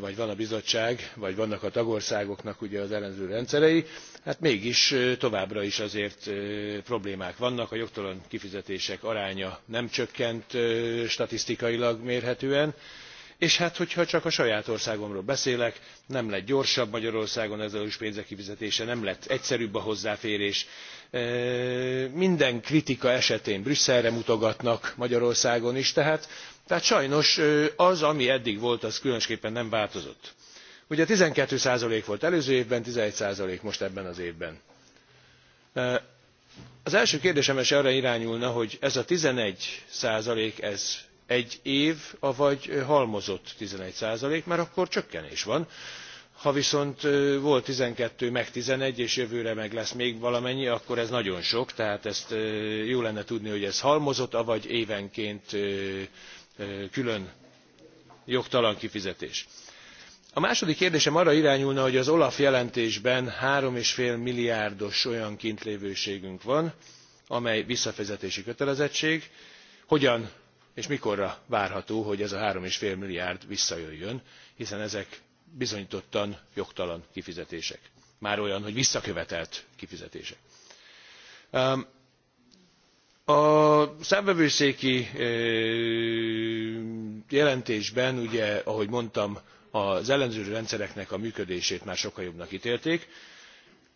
Speaker 4: vagy van a bizottság vagy vannak a tagországoknak ugye az ellenőrző rendszerei hát mégis továbbra is azért problémák vannak a jogtalan kifizetések aránya nem csökkent statisztikailag mérhetően és hát hogyha csak a saját országomról beszélek nem lett gyorsabb magyarországon az s pénzek kifizetése nem lett egyszerűbb a hozzáférés minden kritika esetén brüsszelre mutogatnak magyarországon is tehát, tehát sajnos az ami eddig volt az különösképpen nem változott ugye twelve volt előző évben eleven most ebben az évben. az első kérdésem is arra irányulna hogy ez a eleven ez egy év avagy halmozott eleven mert akkor csökkenés van ha viszont volt twelve meg eleven és jövőre meg lesz még valamennyi akkor ez nagyon sok tehát ezt jó lenne tudni hogy ez halmozott avagy évenként külön jogtalan kifizetés a második kérdésem arra irányulna hogy az olaf jelentésben three five milliárdos olyan kintlévőségünk van amely visszafizetési kötelezettség hogyan és mikorra várható hogy ez a three five milliárd visszajöjjön hiszen ezek bizonytottan jogtalan kifizetések már olyan hogy visszakövetelt kifizetések. a számvevőszéki jelentésben ugye ahogy mondtam az ellenőrző rendszereknek a működését már sokkal jobbnak télték.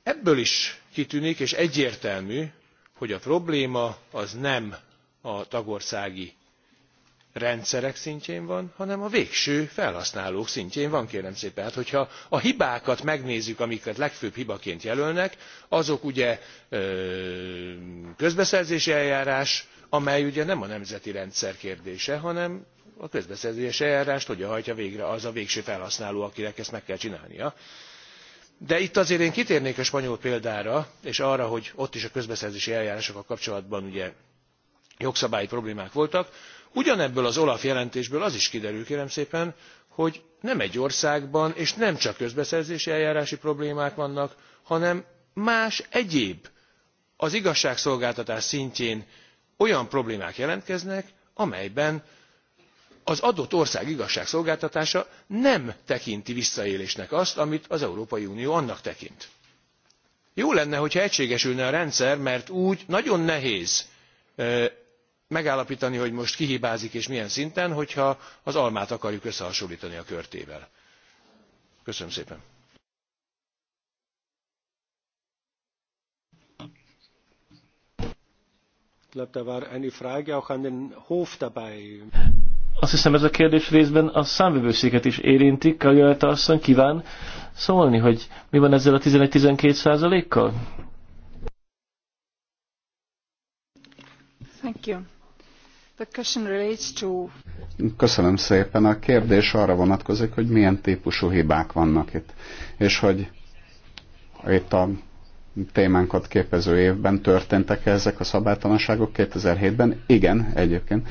Speaker 4: ebből is kitűnik és egyértelmű hogy a probléma az nem a tagországi rendszerek szintjén van hanem a végső felhasználók szintjén van kérem szépen. hát hogyha a hibákat megnézzük amiket legfőbb hibaként jelölnek azok ugye közbeszerzési eljárás amely ugye nem a nemzeti rendszer kérdése hanem a közbeszerzési eljárást hogyan hajtja végre az a végső felhasználó akinek ezt meg kell csinálnia. de itt azért én kitérnék a spanyol példára és arra hogy ott is a közbeszerzési eljárásokkal kapcsolatban ugye jogszabályi problémák voltak. ugyanebből az olaf jelentésből az is kiderül kérem szépen hogy nem egy országban és nem csak közbeszerzési eljárási problémák vannak hanem más egyéb az igazságszolgáltatás szintjén olyan problémák jelentkeznek amelyben az adott ország igazságszolgáltatása nem tekinti visszaélésnek azt amit az európai unió annak tekint. jó lenne hogyha egységesülne a rendszer mert úgy nagyon nehéz megállaptani hogy most ki hibázik és milyen szinten hogyha az almát akarjuk összehasonltani a körtével. köszönöm szépen! Ich glaube, da war eine Frage auch an den Hof dabei.
Speaker 3: Azt hiszem ez a kérdés részben a számvevőszéket is érinti. Kajolta asszony kíván szólni, hogy mi van ezzel a 11-12 százalékkal?
Speaker 1: Thank you. The question relates to...
Speaker 2: Köszönöm szépen. A kérdés arra vonatkozik, hogy milyen típusú hibák vannak itt, és hogy itt a témánkat képező évben történtek -e ezek a szabálytalanságok 2007-ben? Igen, egyébként,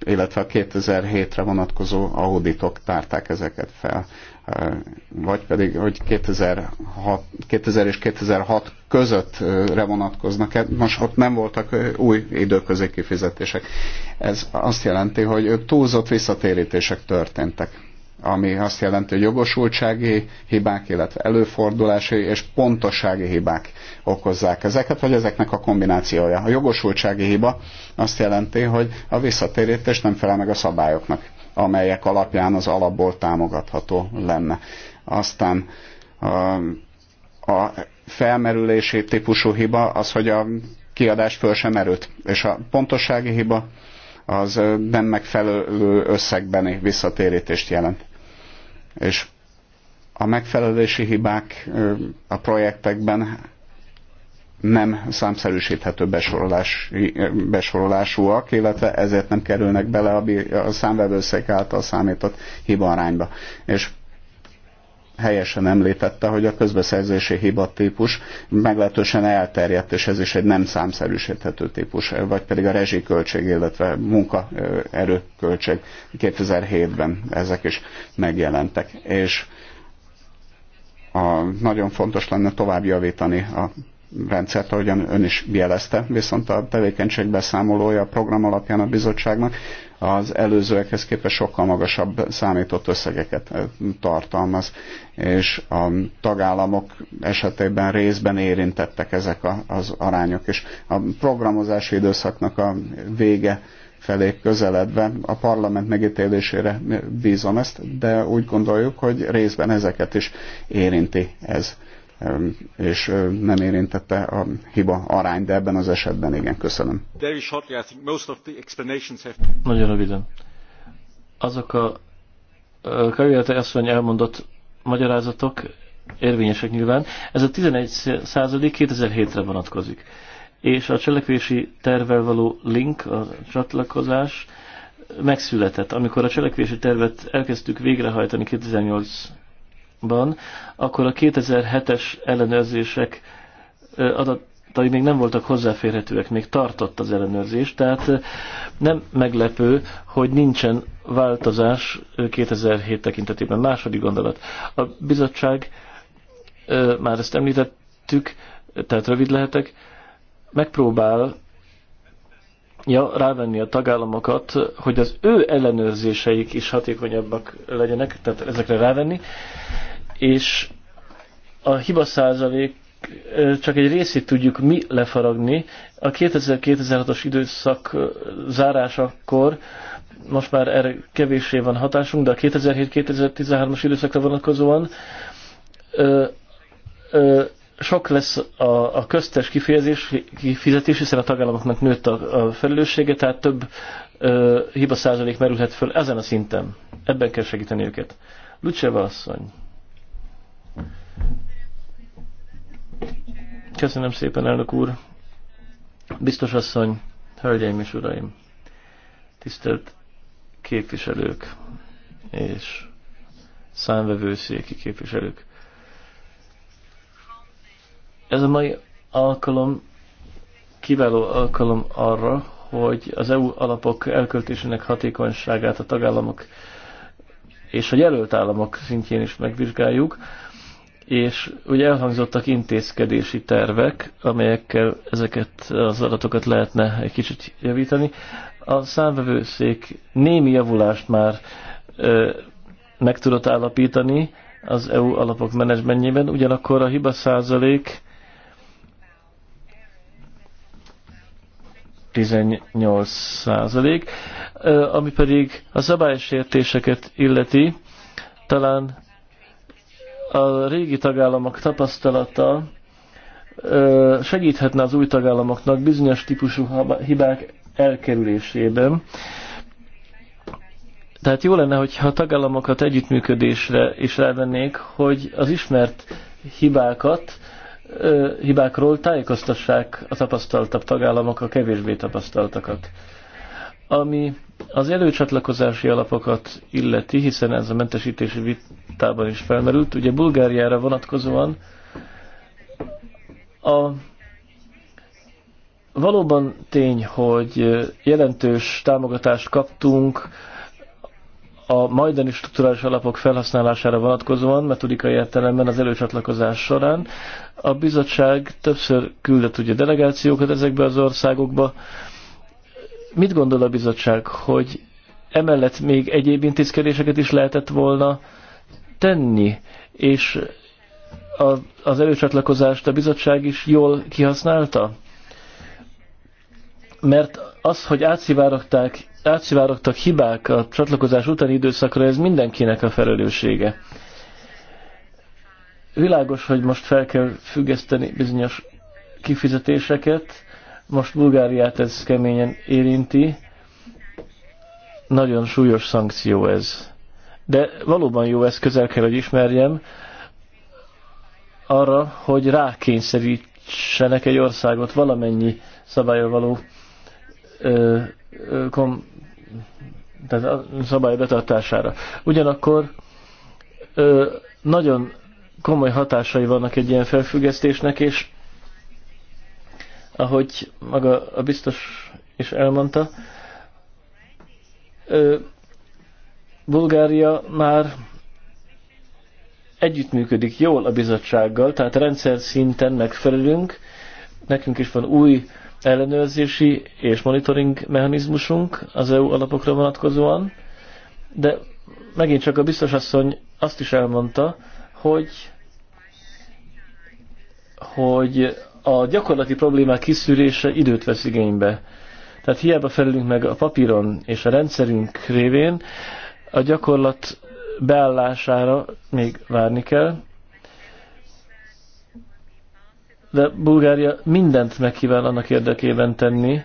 Speaker 2: illetve a 2007-re vonatkozó auditok tárták ezeket fel. Vagy pedig, hogy 2006, 2000 és 2006 közöttre vonatkoznak, most ott nem voltak új időközi kifizetések. Ez azt jelenti, hogy túlzott visszatérítések történtek ami azt jelenti, hogy jogosultsági hibák, illetve előfordulási és pontossági hibák okozzák ezeket, vagy ezeknek a kombinációja. A jogosultsági hiba azt jelenti, hogy a visszatérítés nem felel meg a szabályoknak, amelyek alapján az alapból támogatható lenne. Aztán a, um, a felmerülési típusú hiba az, hogy a kiadás föl sem erőt, és a pontossági hiba az nem megfelelő összegbeni visszatérítést jelent és a megfelelési hibák a projektekben nem számszerűsíthető besorolásúak, illetve ezért nem kerülnek bele a számvevőszék által számított hibaarányba. És helyesen említette, hogy a közbeszerzési hiba típus meglehetősen elterjedt, és ez is egy nem számszerűsíthető típus, vagy pedig a rezsiköltség, illetve munkaerőköltség 2007-ben ezek is megjelentek. És a, nagyon fontos lenne tovább javítani a rendszert, ahogyan ön is jelezte, viszont a tevékenység beszámolója a program alapján a bizottságnak az előzőekhez képest sokkal magasabb számított összegeket tartalmaz, és a tagállamok esetében részben érintettek ezek az arányok, és a programozási időszaknak a vége felé közeledve a parlament megítélésére bízom ezt, de úgy gondoljuk, hogy részben ezeket is érinti ez és nem érintette a hiba arány, de ebben az esetben igen, köszönöm.
Speaker 3: Nagyon röviden. Azok a Kaviata asszony elmondott magyarázatok érvényesek nyilván. Ez a 11 százalék 2007-re vonatkozik. És a cselekvési tervvel való link, a csatlakozás megszületett. Amikor a cselekvési tervet elkezdtük végrehajtani 2008 ban, akkor a 2007-es ellenőrzések adatai még nem voltak hozzáférhetőek, még tartott az ellenőrzés, tehát nem meglepő, hogy nincsen változás 2007 tekintetében. Második gondolat. A bizottság, már ezt említettük, tehát rövid lehetek, megpróbál ja, rávenni a tagállamokat, hogy az ő ellenőrzéseik is hatékonyabbak legyenek, tehát ezekre rávenni, és a hiba százalék csak egy részét tudjuk mi lefaragni. A 2000-2006-os időszak zárásakor most már erre kevéssé van hatásunk, de a 2007-2013-as időszakra vonatkozóan ö, ö, sok lesz a, a köztes kifejezés, kifizetés, hiszen a tagállamoknak nőtt a, a felelőssége, tehát több ö, hiba százalék merülhet föl ezen a szinten. Ebben kell segíteni őket. Lucseva asszony. Köszönöm szépen, elnök úr. Biztos asszony, hölgyeim és uraim, tisztelt képviselők és számvevőszéki képviselők. Ez a mai alkalom kiváló alkalom arra, hogy az EU alapok elköltésének hatékonyságát a tagállamok és a jelölt államok szintjén is megvizsgáljuk, és ugye elhangzottak intézkedési tervek, amelyekkel ezeket az adatokat lehetne egy kicsit javítani. A számvevőszék némi javulást már ö, meg tudott állapítani az EU alapok menedzsmentjében, ugyanakkor a hiba százalék 18 százalék. Ami pedig a szabálysértéseket illeti, talán a régi tagállamok tapasztalata segíthetne az új tagállamoknak bizonyos típusú hibák elkerülésében. Tehát jó lenne, hogyha a tagállamokat együttműködésre is rávennék, hogy az ismert hibákat hibákról tájékoztassák a tapasztaltabb tagállamok a kevésbé tapasztaltakat. Ami az előcsatlakozási alapokat illeti, hiszen ez a mentesítési vitában is felmerült, ugye Bulgáriára vonatkozóan a valóban tény, hogy jelentős támogatást kaptunk a majdani strukturális alapok felhasználására vonatkozóan, metodikai értelemben az előcsatlakozás során a bizottság többször küldött ugye delegációkat ezekbe az országokba. Mit gondol a bizottság, hogy emellett még egyéb intézkedéseket is lehetett volna tenni, és a, az előcsatlakozást a bizottság is jól kihasználta? Mert az, hogy átszivárogták átszivárogtak hibák a csatlakozás utáni időszakra, ez mindenkinek a felelőssége. Világos, hogy most fel kell függeszteni bizonyos kifizetéseket, most Bulgáriát ez keményen érinti, nagyon súlyos szankció ez. De valóban jó közel kell, hogy ismerjem arra, hogy rákényszerítsenek egy országot valamennyi szabályra való ö, kom, tehát a szabály betartására. Ugyanakkor ö, nagyon komoly hatásai vannak egy ilyen felfüggesztésnek, és ahogy maga a biztos is elmondta, ö, Bulgária már együttműködik jól a bizottsággal, tehát rendszer szinten megfelelünk, nekünk is van új ellenőrzési és monitoring mechanizmusunk az EU alapokra vonatkozóan, de megint csak a biztosasszony azt is elmondta, hogy, hogy a gyakorlati problémák kiszűrése időt vesz igénybe. Tehát hiába felülünk meg a papíron és a rendszerünk révén, a gyakorlat beállására még várni kell, de Bulgária mindent megkíván annak érdekében tenni,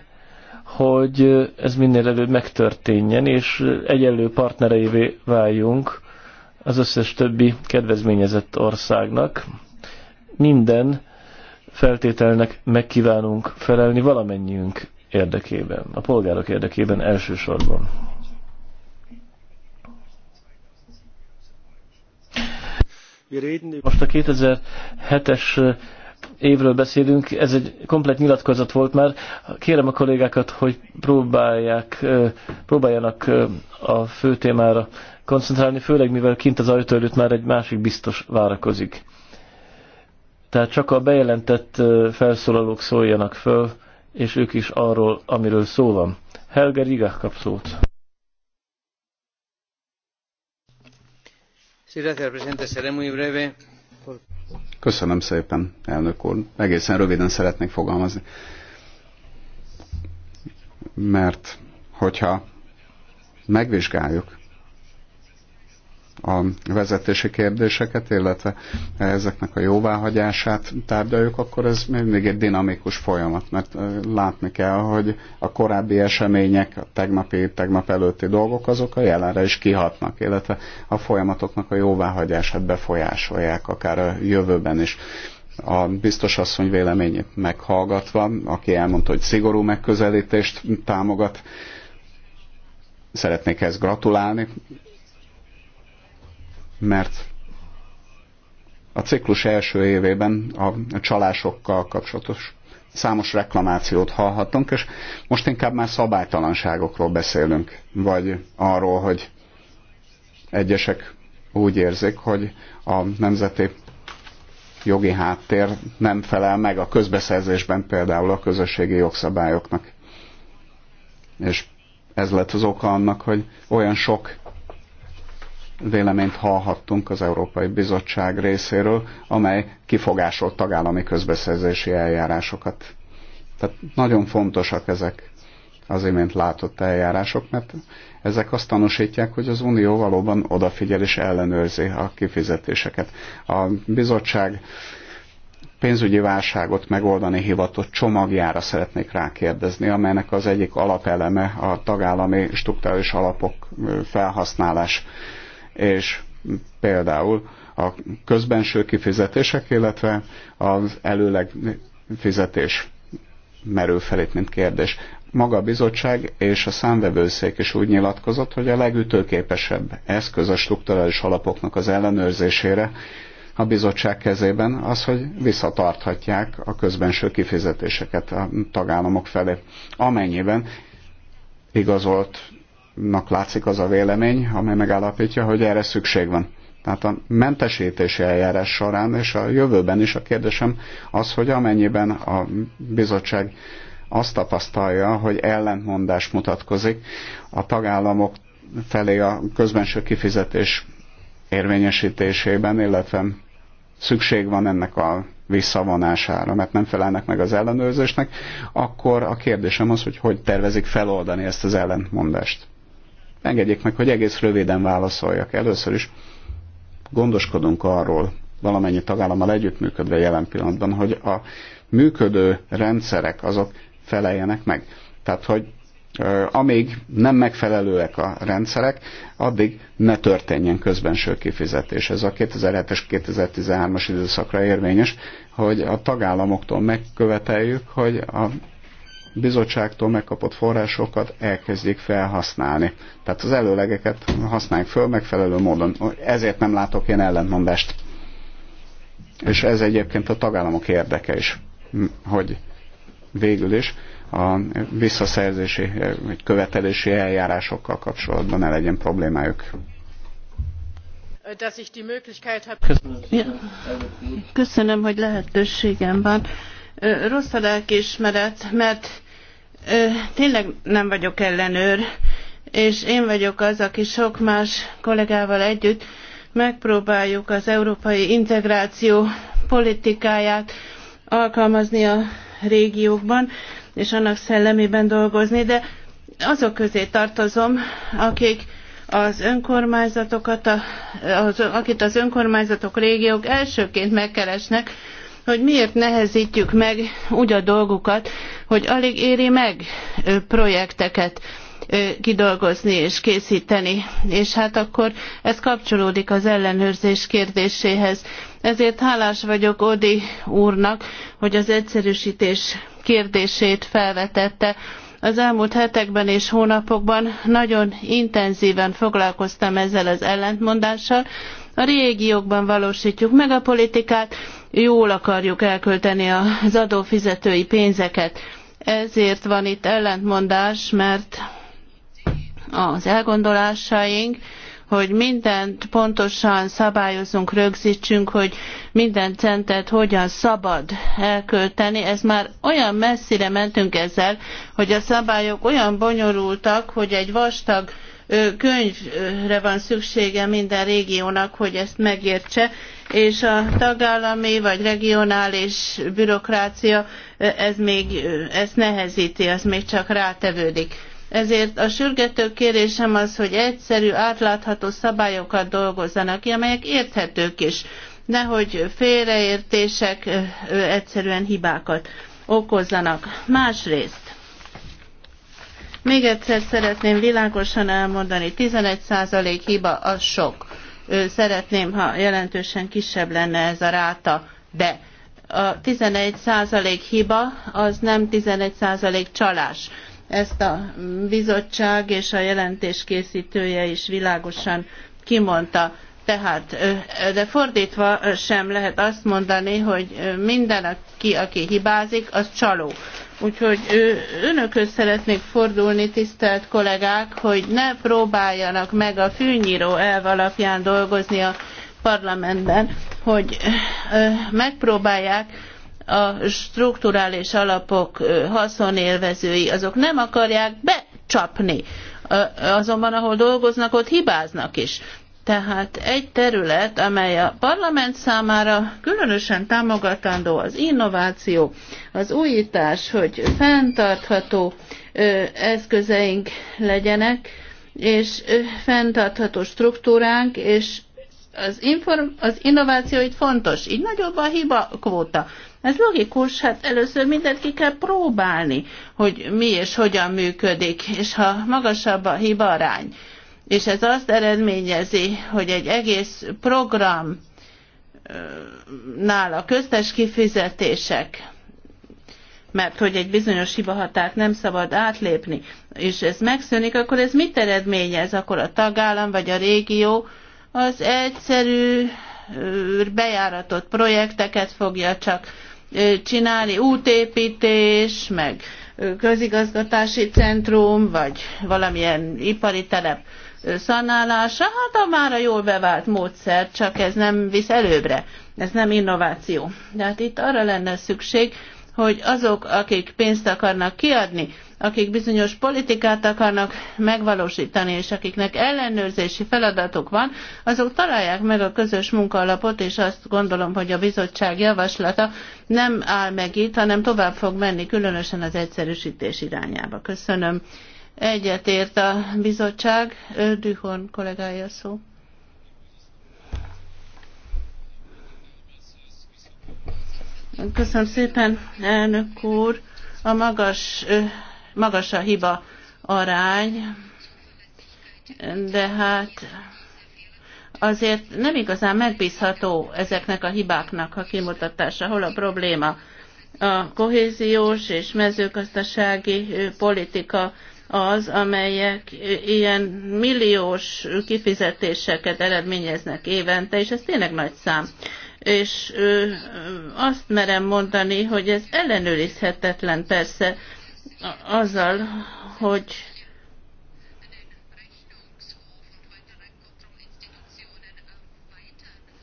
Speaker 3: hogy ez minél előbb megtörténjen, és egyenlő partnereivé váljunk az összes többi kedvezményezett országnak. Minden feltételnek megkívánunk felelni valamennyiünk érdekében, a polgárok érdekében elsősorban. Most a 2007-es évről beszélünk, ez egy komplet nyilatkozat volt már. Kérem a kollégákat, hogy próbálják, próbáljanak a fő témára koncentrálni, főleg mivel kint az ajtó előtt már egy másik biztos várakozik. Tehát csak a bejelentett felszólalók szóljanak föl, és ők is arról, amiről szó van. Helge Rigach kap szót.
Speaker 4: Sí, gracias, presidente. Seré muy breve.
Speaker 2: Köszönöm szépen, elnök úr. Egészen röviden szeretnék fogalmazni. Mert hogyha megvizsgáljuk a vezetési kérdéseket, illetve ezeknek a jóváhagyását tárgyaljuk, akkor ez mindig egy dinamikus folyamat, mert látni kell, hogy a korábbi események, a tegnapi, tegnap előtti dolgok, azok a jelenre is kihatnak, illetve a folyamatoknak a jóváhagyását befolyásolják, akár a jövőben is a biztos asszony véleményét meghallgatva, aki elmondta, hogy szigorú megközelítést támogat. Szeretnék ezt gratulálni, mert a ciklus első évében a csalásokkal kapcsolatos számos reklamációt hallhattunk, és most inkább már szabálytalanságokról beszélünk, vagy arról, hogy egyesek úgy érzik, hogy a nemzeti jogi háttér nem felel meg a közbeszerzésben például a közösségi jogszabályoknak. És ez lett az oka annak, hogy olyan sok véleményt hallhattunk az Európai Bizottság részéről, amely kifogásolt tagállami közbeszerzési eljárásokat. Tehát nagyon fontosak ezek az imént látott eljárások, mert ezek azt tanúsítják, hogy az Unió valóban odafigyel és ellenőrzi a kifizetéseket. A bizottság pénzügyi válságot megoldani hivatott csomagjára szeretnék rákérdezni, amelynek az egyik alapeleme a tagállami struktúrális alapok felhasználás és például a közbenső kifizetések, illetve az előleg fizetés merül fel itt, mint kérdés. Maga a bizottság és a számvevőszék is úgy nyilatkozott, hogy a legütőképesebb eszköz a strukturális alapoknak az ellenőrzésére a bizottság kezében az, hogy visszatarthatják a közbenső kifizetéseket a tagállamok felé, amennyiben igazolt nak látszik az a vélemény, amely megállapítja, hogy erre szükség van. Tehát a mentesítési eljárás során és a jövőben is a kérdésem az, hogy amennyiben a bizottság azt tapasztalja, hogy ellentmondás mutatkozik a tagállamok felé a közbenső kifizetés érvényesítésében, illetve szükség van ennek a visszavonására, mert nem felelnek meg az ellenőrzésnek, akkor a kérdésem az, hogy hogy tervezik feloldani ezt az ellentmondást. Engedjék meg, hogy egész röviden válaszoljak. Először is gondoskodunk arról, valamennyi tagállammal együttműködve jelen pillanatban, hogy a működő rendszerek azok feleljenek meg. Tehát, hogy amíg nem megfelelőek a rendszerek, addig ne történjen közbenső kifizetés. Ez a 2007-es 2013-as időszakra érvényes, hogy a tagállamoktól megköveteljük, hogy a bizottságtól megkapott forrásokat elkezdik felhasználni. Tehát az előlegeket használják föl megfelelő módon. Ezért nem látok ilyen ellentmondást. És ez egyébként a tagállamok érdeke is, hogy végül is a visszaszerzési vagy követelési eljárásokkal kapcsolatban ne legyen problémájuk.
Speaker 1: Köszönöm, hogy lehetőségem van. Rossz a lelkiismeret, mert tényleg nem vagyok ellenőr, és én vagyok az, aki sok más kollégával együtt megpróbáljuk az európai integráció politikáját alkalmazni a régiókban, és annak szellemében dolgozni, de azok közé tartozom, akik az önkormányzatokat, az, akit az önkormányzatok, régiók elsőként megkeresnek, hogy miért nehezítjük meg úgy a dolgukat, hogy alig éri meg projekteket kidolgozni és készíteni. És hát akkor ez kapcsolódik az ellenőrzés kérdéséhez. Ezért hálás vagyok Odi úrnak, hogy az egyszerűsítés kérdését felvetette. Az elmúlt hetekben és hónapokban nagyon intenzíven foglalkoztam ezzel az ellentmondással. A régiókban valósítjuk meg a politikát, jól akarjuk elkölteni az adófizetői pénzeket. Ezért van itt ellentmondás, mert az elgondolásaink, hogy mindent pontosan szabályozunk, rögzítsünk, hogy minden centet hogyan szabad elkölteni. Ez már olyan messzire mentünk ezzel, hogy a szabályok olyan bonyolultak, hogy egy vastag könyvre van szüksége minden régiónak, hogy ezt megértse, és a tagállami vagy regionális bürokrácia ez még ezt nehezíti, az még csak rátevődik. Ezért a sürgető kérésem az, hogy egyszerű, átlátható szabályokat dolgozzanak ki, amelyek érthetők is, nehogy félreértések egyszerűen hibákat okozzanak. Másrészt, még egyszer szeretném világosan elmondani, 11% hiba az sok szeretném, ha jelentősen kisebb lenne ez a ráta, de a 11% hiba az nem 11% csalás. Ezt a bizottság és a jelentés készítője is világosan kimondta. Tehát, de fordítva sem lehet azt mondani, hogy minden, aki, aki hibázik, az csaló. Úgyhogy önökhöz szeretnék fordulni, tisztelt kollégák, hogy ne próbáljanak meg a fűnyíró elv alapján dolgozni a parlamentben, hogy megpróbálják a strukturális alapok haszonélvezői, azok nem akarják becsapni azonban ahol dolgoznak, ott hibáznak is. Tehát egy terület, amely a parlament számára különösen támogatandó az innováció, az újítás, hogy fenntartható eszközeink legyenek, és fenntartható struktúránk, és az, inform, az innováció itt fontos, így nagyobb a hiba kvóta. Ez logikus, hát először mindent ki kell próbálni, hogy mi és hogyan működik, és ha magasabb a hiba arány, és ez azt eredményezi, hogy egy egész program nála köztes kifizetések, mert hogy egy bizonyos hibahatát nem szabad átlépni, és ez megszűnik, akkor ez mit eredményez? Akkor a tagállam vagy a régió az egyszerű bejáratott projekteket fogja csak csinálni, útépítés, meg közigazgatási centrum, vagy valamilyen ipari telep szanálása, hát a már a jól bevált módszer, csak ez nem visz előbbre, ez nem innováció. De hát itt arra lenne szükség, hogy azok, akik pénzt akarnak kiadni, akik bizonyos politikát akarnak megvalósítani, és akiknek ellenőrzési feladatuk van, azok találják meg a közös munkalapot, és azt gondolom, hogy a bizottság javaslata nem áll meg itt, hanem tovább fog menni, különösen az egyszerűsítés irányába. Köszönöm. Egyetért a bizottság. Dühon kollégája szó. Köszönöm szépen, elnök úr. A magas, magas a hiba arány, de hát azért nem igazán megbízható ezeknek a hibáknak a kimutatása, hol a probléma. A kohéziós és mezőgazdasági politika az, amelyek ilyen milliós kifizetéseket eredményeznek évente, és ez tényleg nagy szám. És ö, azt merem mondani, hogy ez ellenőrizhetetlen persze azzal, hogy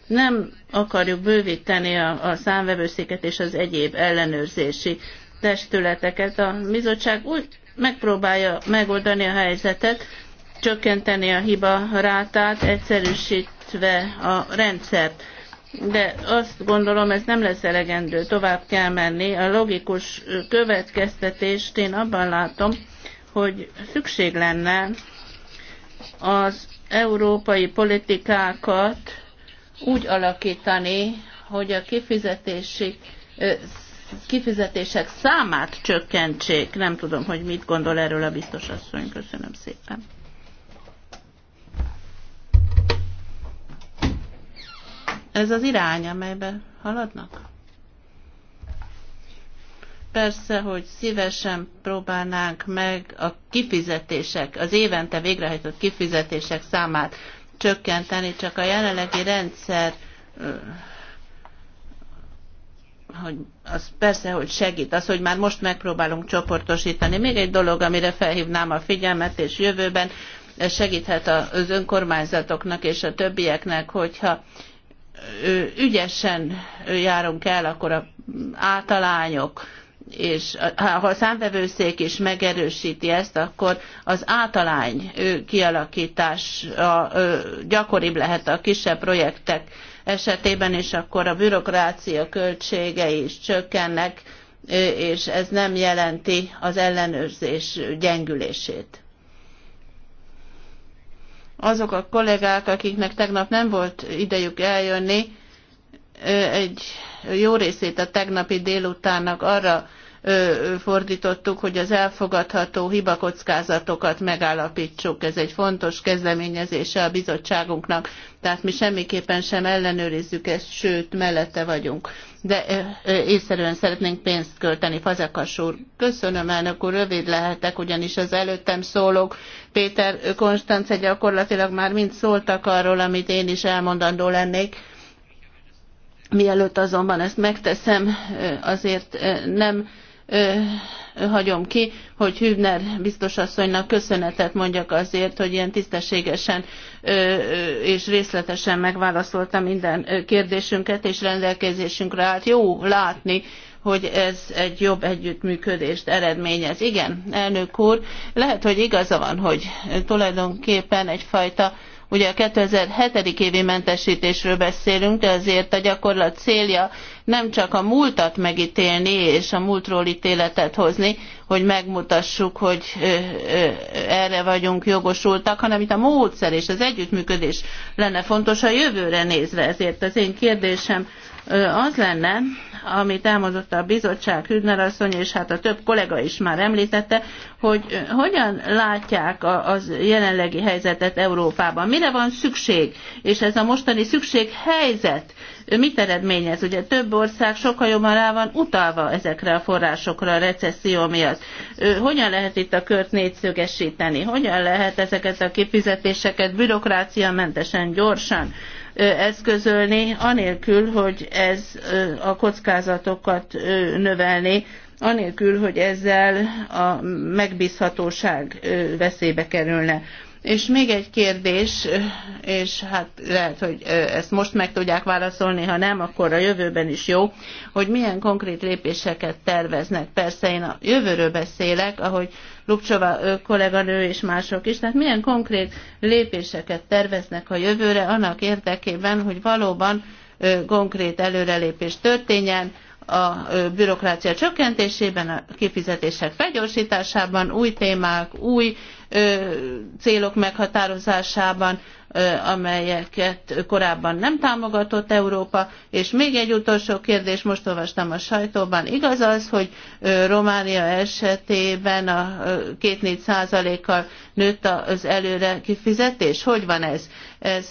Speaker 1: nem akarjuk bővíteni a, a számvevőszéket és az egyéb ellenőrzési testületeket. A bizottság úgy megpróbálja megoldani a helyzetet, csökkenteni a hiba rátát, egyszerűsítve a rendszert. De azt gondolom, ez nem lesz elegendő, tovább kell menni. A logikus következtetést én abban látom, hogy szükség lenne az európai politikákat úgy alakítani, hogy a kifizetési kifizetések számát csökkentsék. Nem tudom, hogy mit gondol erről a biztos asszony. Köszönöm szépen. Ez az irány, amelybe haladnak? Persze, hogy szívesen próbálnánk meg a kifizetések, az évente végrehajtott kifizetések számát csökkenteni, csak a jelenlegi rendszer hogy az persze, hogy segít az, hogy már most megpróbálunk csoportosítani. Még egy dolog, amire felhívnám a figyelmet, és jövőben ez segíthet az önkormányzatoknak és a többieknek, hogyha ügyesen járunk el, akkor a általányok, és ha a számvevőszék is megerősíti ezt, akkor az általány kialakítás a, gyakoribb lehet a kisebb projektek esetében, és akkor a bürokrácia költségei is csökkennek, és ez nem jelenti az ellenőrzés gyengülését. Azok a kollégák, akiknek tegnap nem volt idejük eljönni, egy jó részét a tegnapi délutánnak arra fordítottuk, hogy az elfogadható hibakockázatokat megállapítsuk. Ez egy fontos kezdeményezése a bizottságunknak, tehát mi semmiképpen sem ellenőrizzük ezt, sőt, mellette vagyunk. De észszerűen szeretnénk pénzt költeni, Fazekas úr. Köszönöm, elnök úr, rövid lehetek, ugyanis az előttem szólók, Péter Konstance gyakorlatilag már mind szóltak arról, amit én is elmondandó lennék. Mielőtt azonban ezt megteszem, azért nem hagyom ki, hogy Hübner biztos asszonynak köszönetet mondjak azért, hogy ilyen tisztességesen és részletesen megválaszolta minden kérdésünket, és rendelkezésünkre állt. Jó látni, hogy ez egy jobb együttműködést eredményez. Igen, elnök úr, lehet, hogy igaza van, hogy tulajdonképpen egyfajta Ugye a 2007. évi mentesítésről beszélünk, de azért a gyakorlat célja nem csak a múltat megítélni és a múltról ítéletet hozni, hogy megmutassuk, hogy erre vagyunk jogosultak, hanem itt a módszer és az együttműködés lenne fontos a jövőre nézve. Ezért az én kérdésem az lenne, amit elmondott a bizottság, Hübner asszony, és hát a több kollega is már említette, hogy hogyan látják a az jelenlegi helyzetet Európában, mire van szükség, és ez a mostani szükség helyzet mit eredményez? Ugye több ország sokkal jobban rá van utalva ezekre a forrásokra a recesszió miatt. Hogyan lehet itt a kört négyszögesíteni? Hogyan lehet ezeket a kifizetéseket bürokráciamentesen, gyorsan eszközölni, anélkül, hogy ez a kockázatokat növelni, anélkül, hogy ezzel a megbízhatóság veszélybe kerülne. És még egy kérdés, és hát lehet, hogy ezt most meg tudják válaszolni, ha nem, akkor a jövőben is jó, hogy milyen konkrét lépéseket terveznek. Persze én a jövőről beszélek, ahogy Lupcsova kolléganő és mások is. Tehát milyen konkrét lépéseket terveznek a jövőre annak érdekében, hogy valóban konkrét előrelépés történjen, a bürokrácia csökkentésében, a kifizetések felgyorsításában, új témák, új célok meghatározásában, amelyeket korábban nem támogatott Európa. És még egy utolsó kérdés, most olvastam a sajtóban. Igaz az, hogy Románia esetében a 2-4 százalékkal nőtt az előre kifizetés? Hogy van ez? ez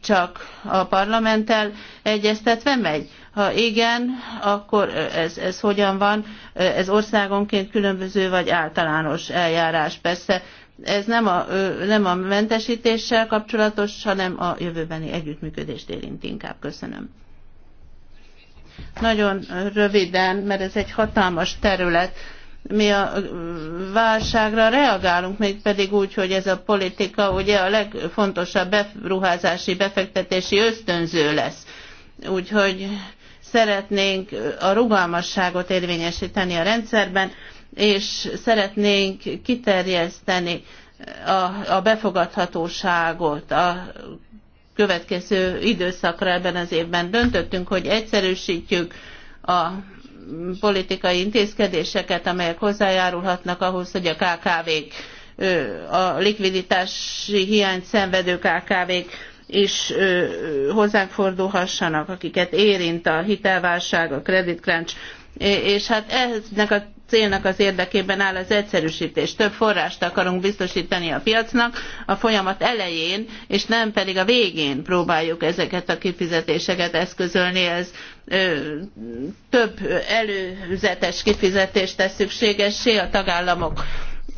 Speaker 1: csak a parlamenttel egyeztetve megy? Ha igen, akkor ez, ez hogyan van? Ez országonként különböző vagy általános eljárás persze. Ez nem a, nem a mentesítéssel kapcsolatos, hanem a jövőbeni együttműködést érint inkább. Köszönöm. Nagyon röviden, mert ez egy hatalmas terület mi a válságra reagálunk, még pedig úgy, hogy ez a politika ugye a legfontosabb beruházási, befektetési ösztönző lesz. Úgyhogy szeretnénk a rugalmasságot érvényesíteni a rendszerben, és szeretnénk kiterjeszteni a, a befogadhatóságot a következő időszakra ebben az évben. Döntöttünk, hogy egyszerűsítjük a politikai intézkedéseket, amelyek hozzájárulhatnak ahhoz, hogy a KKV-k, a likviditási hiányt szenvedő KKV-k is hozzánk fordulhassanak, akiket érint a hitelválság, a kreditkráncs, és hát ennek a célnak az érdekében áll az egyszerűsítés. Több forrást akarunk biztosítani a piacnak a folyamat elején, és nem pedig a végén próbáljuk ezeket a kifizetéseket eszközölni. Ez ö, több előzetes kifizetést tesz szükségessé, a tagállamok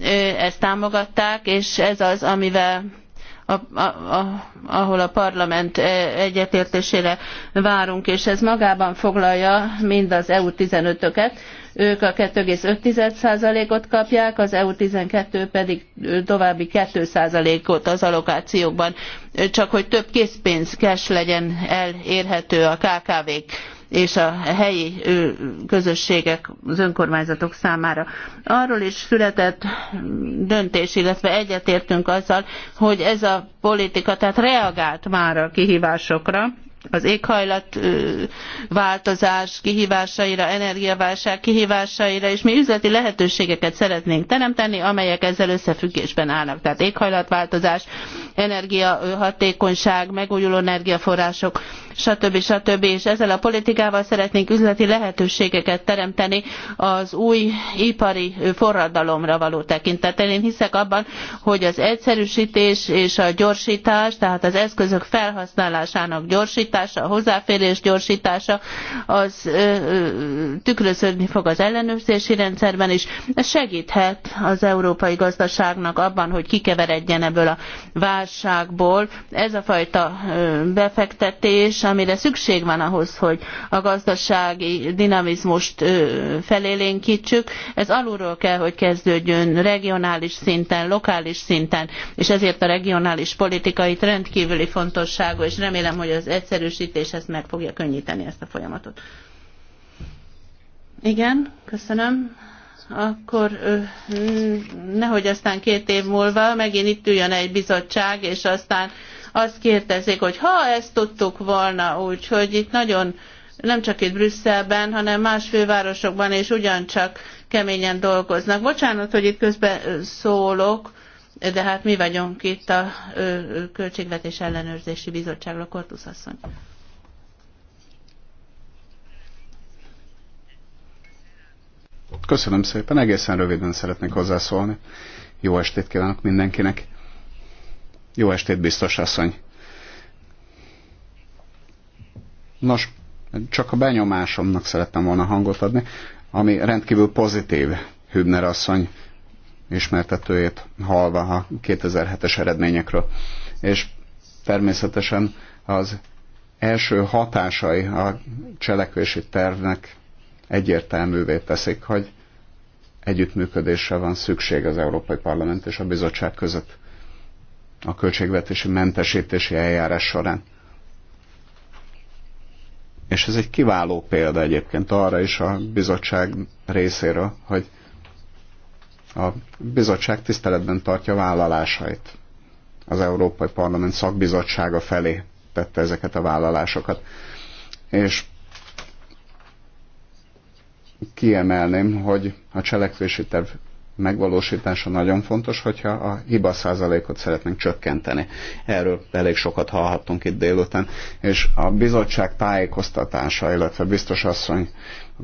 Speaker 1: ö, ezt támogatták, és ez az, amivel a, a, a, ahol a parlament egyetértésére várunk, és ez magában foglalja mind az EU 15-öket, ők a 2,5%-ot kapják, az EU12 pedig további 2%-ot az allokációkban, csak hogy több készpénz cash legyen elérhető a KKV-k és a helyi közösségek, az önkormányzatok számára. Arról is született mm, döntés, illetve egyetértünk azzal, hogy ez a politika tehát reagált már a kihívásokra, az éghajlatváltozás kihívásaira, energiaválság kihívásaira, és mi üzleti lehetőségeket szeretnénk teremteni, amelyek ezzel összefüggésben állnak. Tehát éghajlatváltozás, energiahatékonyság, megújuló energiaforrások stb. stb. És ezzel a politikával szeretnénk üzleti lehetőségeket teremteni az új ipari forradalomra való tekintetben. Én hiszek abban, hogy az egyszerűsítés és a gyorsítás, tehát az eszközök felhasználásának gyorsítása, a hozzáférés gyorsítása, az tükröződni fog az ellenőrzési rendszerben is. Ez segíthet az európai gazdaságnak abban, hogy kikeveredjen ebből a válságból. Ez a fajta befektetés, amire szükség van ahhoz, hogy a gazdasági dinamizmust felélénkítsük, ez alulról kell, hogy kezdődjön regionális szinten, lokális szinten, és ezért a regionális politikai rendkívüli fontosságú, és remélem, hogy az egyszerűsítés ezt meg fogja könnyíteni ezt a folyamatot. Igen, köszönöm akkor mm, nehogy aztán két év múlva megint itt üljön egy bizottság, és aztán azt kérdezik, hogy ha ezt tudtuk volna úgy, hogy itt nagyon nem csak itt Brüsszelben, hanem más fővárosokban is ugyancsak keményen dolgoznak. Bocsánat, hogy itt közben szólok, de hát mi vagyunk itt a Költségvetés Ellenőrzési bizottság Kortusz asszony.
Speaker 2: Köszönöm szépen, egészen röviden szeretnék hozzászólni. Jó estét kívánok mindenkinek! Jó estét, biztos asszony! Nos, csak a benyomásomnak szerettem volna hangot adni, ami rendkívül pozitív Hübner asszony ismertetőjét halva a 2007-es eredményekről. És természetesen az első hatásai a cselekvési tervnek egyértelművé teszik, hogy együttműködésre van szükség az Európai Parlament és a Bizottság között a költségvetési mentesítési eljárás során. És ez egy kiváló példa egyébként arra is a bizottság részéről, hogy a bizottság tiszteletben tartja vállalásait. Az Európai Parlament szakbizottsága felé tette ezeket a vállalásokat. És kiemelném, hogy a cselekvési terv megvalósítása nagyon fontos, hogyha a hiba százalékot szeretnénk csökkenteni. Erről elég sokat hallhattunk itt délután, és a bizottság tájékoztatása, illetve biztos asszony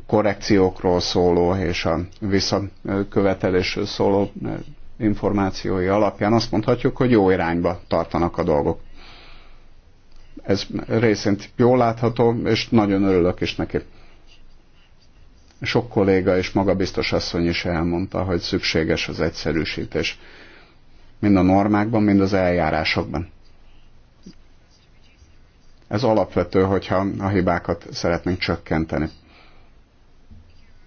Speaker 2: korrekciókról szóló és a visszakövetelésről szóló eh, információi alapján azt mondhatjuk, hogy jó irányba tartanak a dolgok. Ez részint jól látható, és nagyon örülök is neki. Sok kolléga és maga biztos asszony is elmondta, hogy szükséges az egyszerűsítés. Mind a normákban, mind az eljárásokban. Ez alapvető, hogyha a hibákat szeretnénk csökkenteni.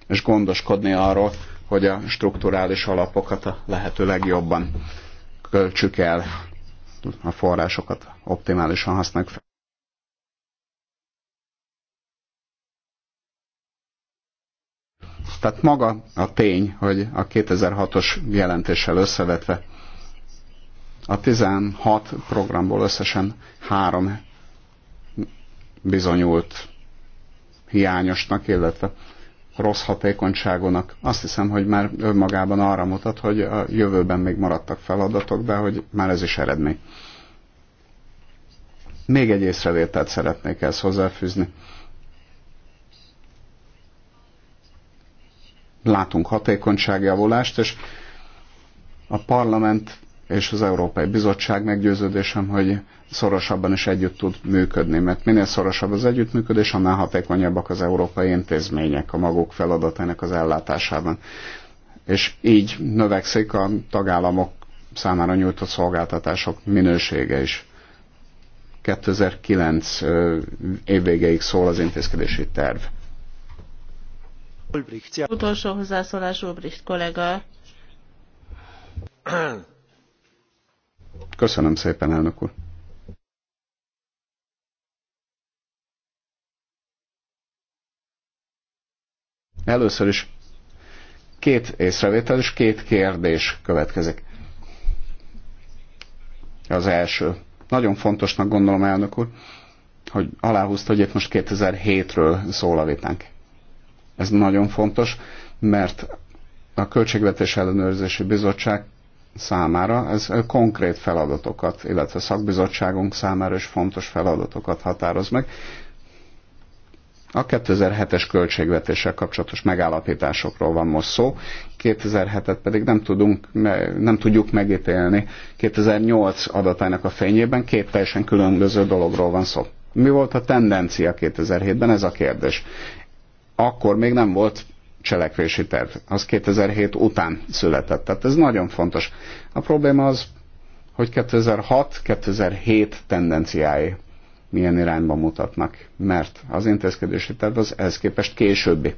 Speaker 2: És gondoskodni arról, hogy a strukturális alapokat a lehető legjobban költsük el, a forrásokat optimálisan használjuk fel. Tehát maga a tény, hogy a 2006-os jelentéssel összevetve a 16 programból összesen három bizonyult hiányosnak, illetve rossz hatékonyságonak. Azt hiszem, hogy már önmagában arra mutat, hogy a jövőben még maradtak feladatok, de hogy már ez is eredmény. Még egy észrevételt szeretnék ezt hozzáfűzni. látunk hatékonyságjavulást, és a parlament és az Európai Bizottság meggyőződésem, hogy szorosabban is együtt tud működni, mert minél szorosabb az együttműködés, annál hatékonyabbak az európai intézmények a maguk feladatának az ellátásában. És így növekszik a tagállamok számára nyújtott szolgáltatások minősége is. 2009 évvégéig szól az intézkedési terv.
Speaker 1: Ulbricht. Utolsó hozzászólás Ulbricht kollega.
Speaker 2: Köszönöm szépen, elnök úr. Először is két észrevétel és két kérdés következik. Az első. Nagyon fontosnak gondolom, elnök úr, hogy aláhúzta, hogy itt most 2007-ről szól a vitánk. Ez nagyon fontos, mert a Költségvetés Ellenőrzési Bizottság számára ez konkrét feladatokat, illetve szakbizottságunk számára is fontos feladatokat határoz meg. A 2007-es költségvetéssel kapcsolatos megállapításokról van most szó, 2007-et pedig nem, tudunk, nem tudjuk megítélni. 2008 adatának a fényében két teljesen különböző dologról van szó. Mi volt a tendencia 2007-ben? Ez a kérdés akkor még nem volt cselekvési terv. Az 2007 után született. Tehát ez nagyon fontos. A probléma az, hogy 2006-2007 tendenciái milyen irányba mutatnak, mert az intézkedési terv az ehhez képest későbbi.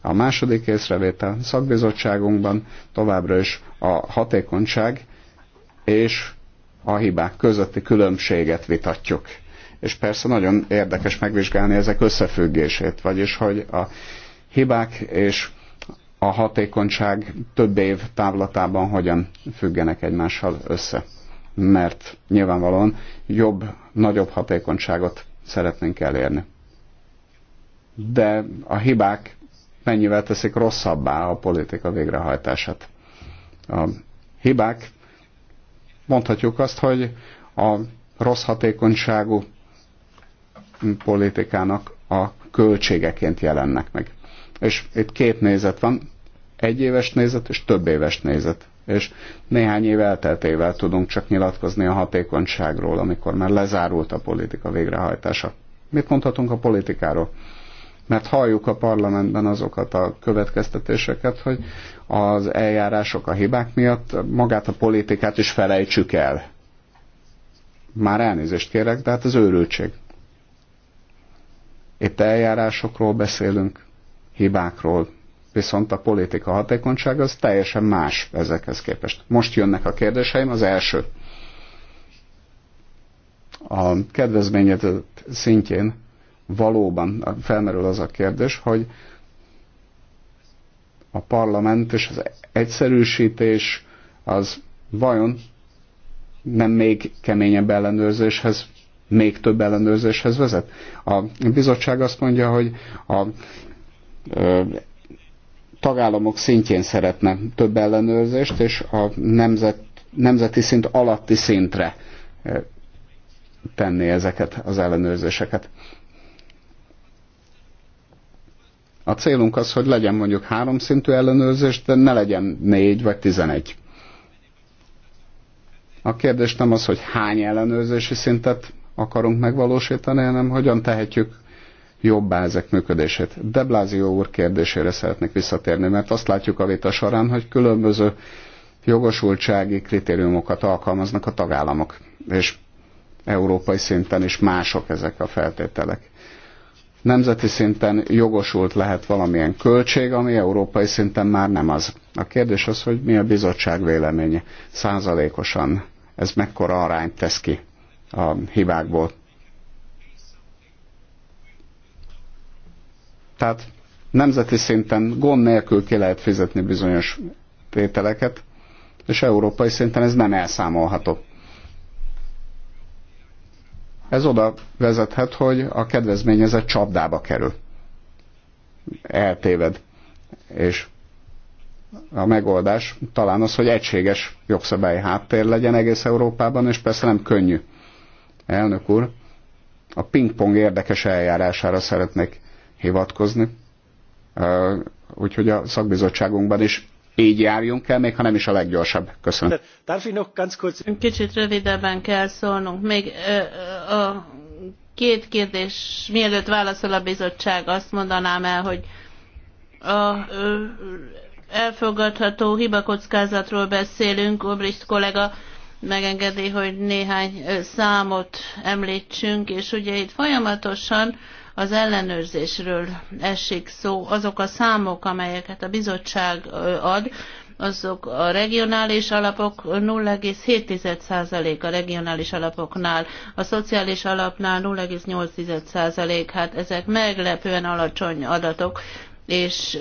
Speaker 2: A második észrevétel szakbizottságunkban továbbra is a hatékonyság és a hibák közötti különbséget vitatjuk és persze nagyon érdekes megvizsgálni ezek összefüggését, vagyis hogy a hibák és a hatékonyság több év távlatában hogyan függenek egymással össze. Mert nyilvánvalóan jobb, nagyobb hatékonyságot szeretnénk elérni. De a hibák mennyivel teszik rosszabbá a politika végrehajtását. A hibák, mondhatjuk azt, hogy a rossz hatékonyságú politikának a költségeként jelennek meg. És itt két nézet van, egy éves nézet és több éves nézet. És néhány év elteltével tudunk csak nyilatkozni a hatékonyságról, amikor már lezárult a politika végrehajtása. Mit mondhatunk a politikáról? Mert halljuk a parlamentben azokat a következtetéseket, hogy az eljárások a hibák miatt magát a politikát is felejtsük el. Már elnézést kérek, de hát az őrültség. Itt eljárásokról beszélünk, hibákról, viszont a politika hatékonyság az teljesen más ezekhez képest. Most jönnek a kérdéseim, az első. A kedvezményezett szintjén valóban felmerül az a kérdés, hogy a parlament és az egyszerűsítés az vajon nem még keményebb ellenőrzéshez még több ellenőrzéshez vezet. A bizottság azt mondja, hogy a ö, tagállamok szintjén szeretne több ellenőrzést, és a nemzet, nemzeti szint alatti szintre tenni ezeket az ellenőrzéseket. A célunk az, hogy legyen mondjuk háromszintű ellenőrzés, de ne legyen négy vagy tizenegy. A kérdés nem az, hogy hány ellenőrzési szintet akarunk megvalósítani, hanem hogyan tehetjük jobbá ezek működését. De Blázió úr kérdésére szeretnék visszatérni, mert azt látjuk a vita során, hogy különböző jogosultsági kritériumokat alkalmaznak a tagállamok, és európai szinten is mások ezek a feltételek. Nemzeti szinten jogosult lehet valamilyen költség, ami európai szinten már nem az. A kérdés az, hogy mi a bizottság véleménye százalékosan, ez mekkora arányt tesz ki a hibákból. Tehát nemzeti szinten gond nélkül ki lehet fizetni bizonyos tételeket, és európai szinten ez nem elszámolható. Ez oda vezethet, hogy a kedvezményezett csapdába kerül. Eltéved. És a megoldás talán az, hogy egységes jogszabályi háttér legyen egész Európában, és persze nem könnyű elnök úr, a pingpong érdekes eljárására szeretnék hivatkozni. Úgyhogy a szakbizottságunkban is így járjunk el, még ha nem is a leggyorsabb. Köszönöm.
Speaker 1: Kicsit rövidebben kell szólnunk. Még a két kérdés, mielőtt válaszol a bizottság, azt mondanám el, hogy a elfogadható hibakockázatról beszélünk, Obrist kollega megengedi, hogy néhány számot említsünk, és ugye itt folyamatosan az ellenőrzésről esik szó, azok a számok, amelyeket a bizottság ad, azok a regionális alapok 0,7% a regionális alapoknál, a szociális alapnál 0,8%, hát ezek meglepően alacsony adatok, és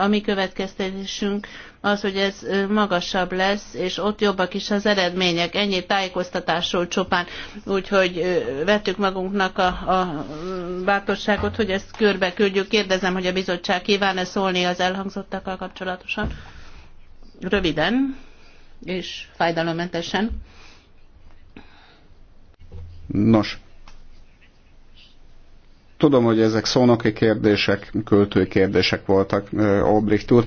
Speaker 1: a mi következtetésünk az, hogy ez magasabb lesz, és ott jobbak is az eredmények. Ennyi tájékoztatásról csupán, úgyhogy vettük magunknak a, a bátorságot, hogy ezt körbe küldjük. Kérdezem, hogy a bizottság kíván-e szólni az elhangzottakkal kapcsolatosan. Röviden és fájdalommentesen.
Speaker 2: Nos, Tudom, hogy ezek szónoki kérdések, költői kérdések voltak, Obricht úr.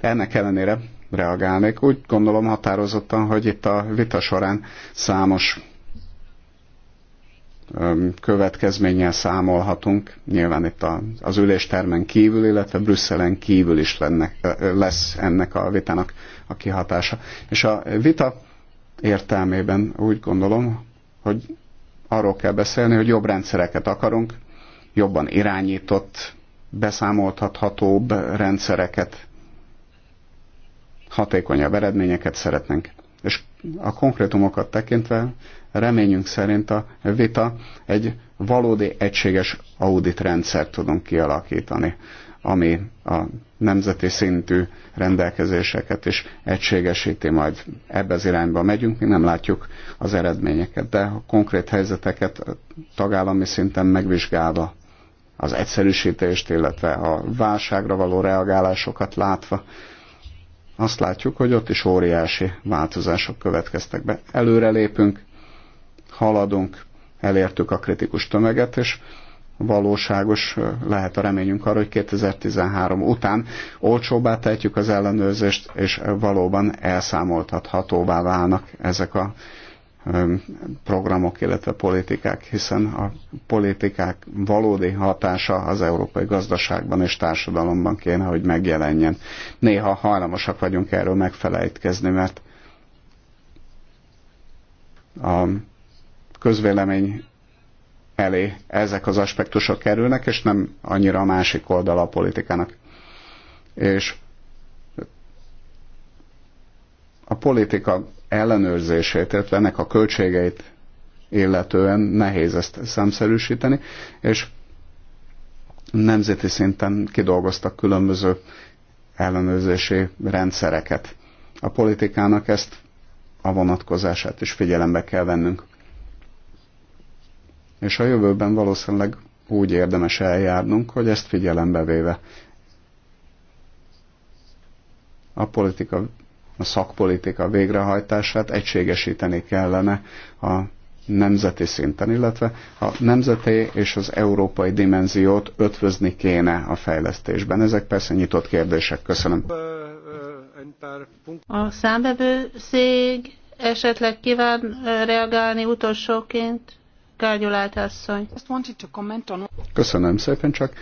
Speaker 2: Ennek ellenére reagálnék. Úgy gondolom határozottan, hogy itt a vita során számos következménnyel számolhatunk. Nyilván itt az üléstermen kívül, illetve Brüsszelen kívül is lenne, lesz ennek a vitának a kihatása. És a vita értelmében úgy gondolom, hogy arról kell beszélni, hogy jobb rendszereket akarunk, jobban irányított, beszámoltathatóbb rendszereket, hatékonyabb eredményeket szeretnénk. És a konkrétumokat tekintve reményünk szerint a vita egy valódi egységes audit rendszer tudunk kialakítani, ami a nemzeti szintű rendelkezéseket is egységesíti, majd ebbe az irányba megyünk, mi nem látjuk az eredményeket, de a konkrét helyzeteket tagállami szinten megvizsgálva az egyszerűsítést, illetve a válságra való reagálásokat látva, azt látjuk, hogy ott is óriási változások következtek be. Előrelépünk, haladunk, elértük a kritikus tömeget, és valóságos lehet a reményünk arra, hogy 2013 után olcsóbbá tehetjük az ellenőrzést, és valóban elszámoltathatóvá válnak ezek a programok, illetve politikák, hiszen a politikák valódi hatása az európai gazdaságban és társadalomban kéne, hogy megjelenjen. Néha hajlamosak vagyunk erről megfelejtkezni, mert a közvélemény elé ezek az aspektusok kerülnek, és nem annyira a másik oldala a politikának. És a politika ellenőrzését, illetve ennek a költségeit illetően nehéz ezt számszerűsíteni, és nemzeti szinten kidolgoztak különböző ellenőrzési rendszereket. A politikának ezt a vonatkozását is figyelembe kell vennünk. És a jövőben valószínűleg úgy érdemes eljárnunk, hogy ezt figyelembe véve a politika a szakpolitika végrehajtását egységesíteni kellene a nemzeti szinten, illetve a nemzeti és az európai dimenziót ötvözni kéne a fejlesztésben. Ezek persze nyitott kérdések. Köszönöm.
Speaker 1: A számbevőszég esetleg kíván reagálni utolsóként? Kárgyulált asszony.
Speaker 2: Köszönöm szépen, csak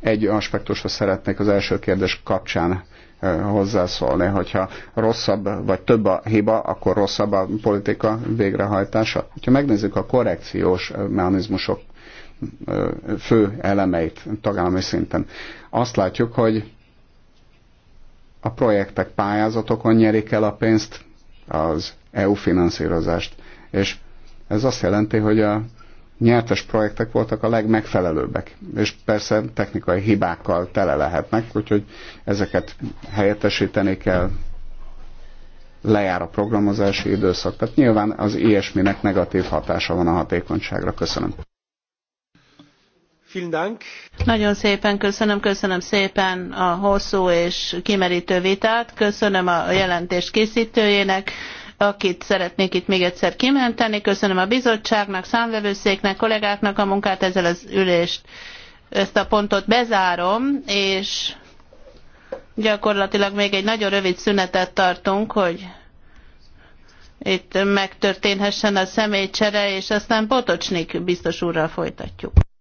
Speaker 2: egy aspektusra szeretnék az első kérdés kapcsán hozzászólni, hogyha rosszabb vagy több a hiba, akkor rosszabb a politika végrehajtása. Ha megnézzük a korrekciós mechanizmusok fő elemeit tagállami szinten, azt látjuk, hogy a projektek pályázatokon nyerik el a pénzt, az EU finanszírozást, és ez azt jelenti, hogy a nyertes projektek voltak a legmegfelelőbbek, és persze technikai hibákkal tele lehetnek, úgyhogy ezeket helyettesíteni kell, lejár a programozási időszak. Tehát nyilván az ilyesminek negatív hatása van a hatékonyságra. Köszönöm.
Speaker 1: Nagyon szépen köszönöm, köszönöm szépen a hosszú és kimerítő vitát, köszönöm a jelentés készítőjének akit szeretnék itt még egyszer kimenteni. Köszönöm a bizottságnak, számvevőszéknek, kollégáknak a munkát ezzel az ülést. Ezt a pontot bezárom, és gyakorlatilag még egy nagyon rövid szünetet tartunk, hogy itt megtörténhessen a személycsere, és aztán Potocsnik biztos úrral folytatjuk.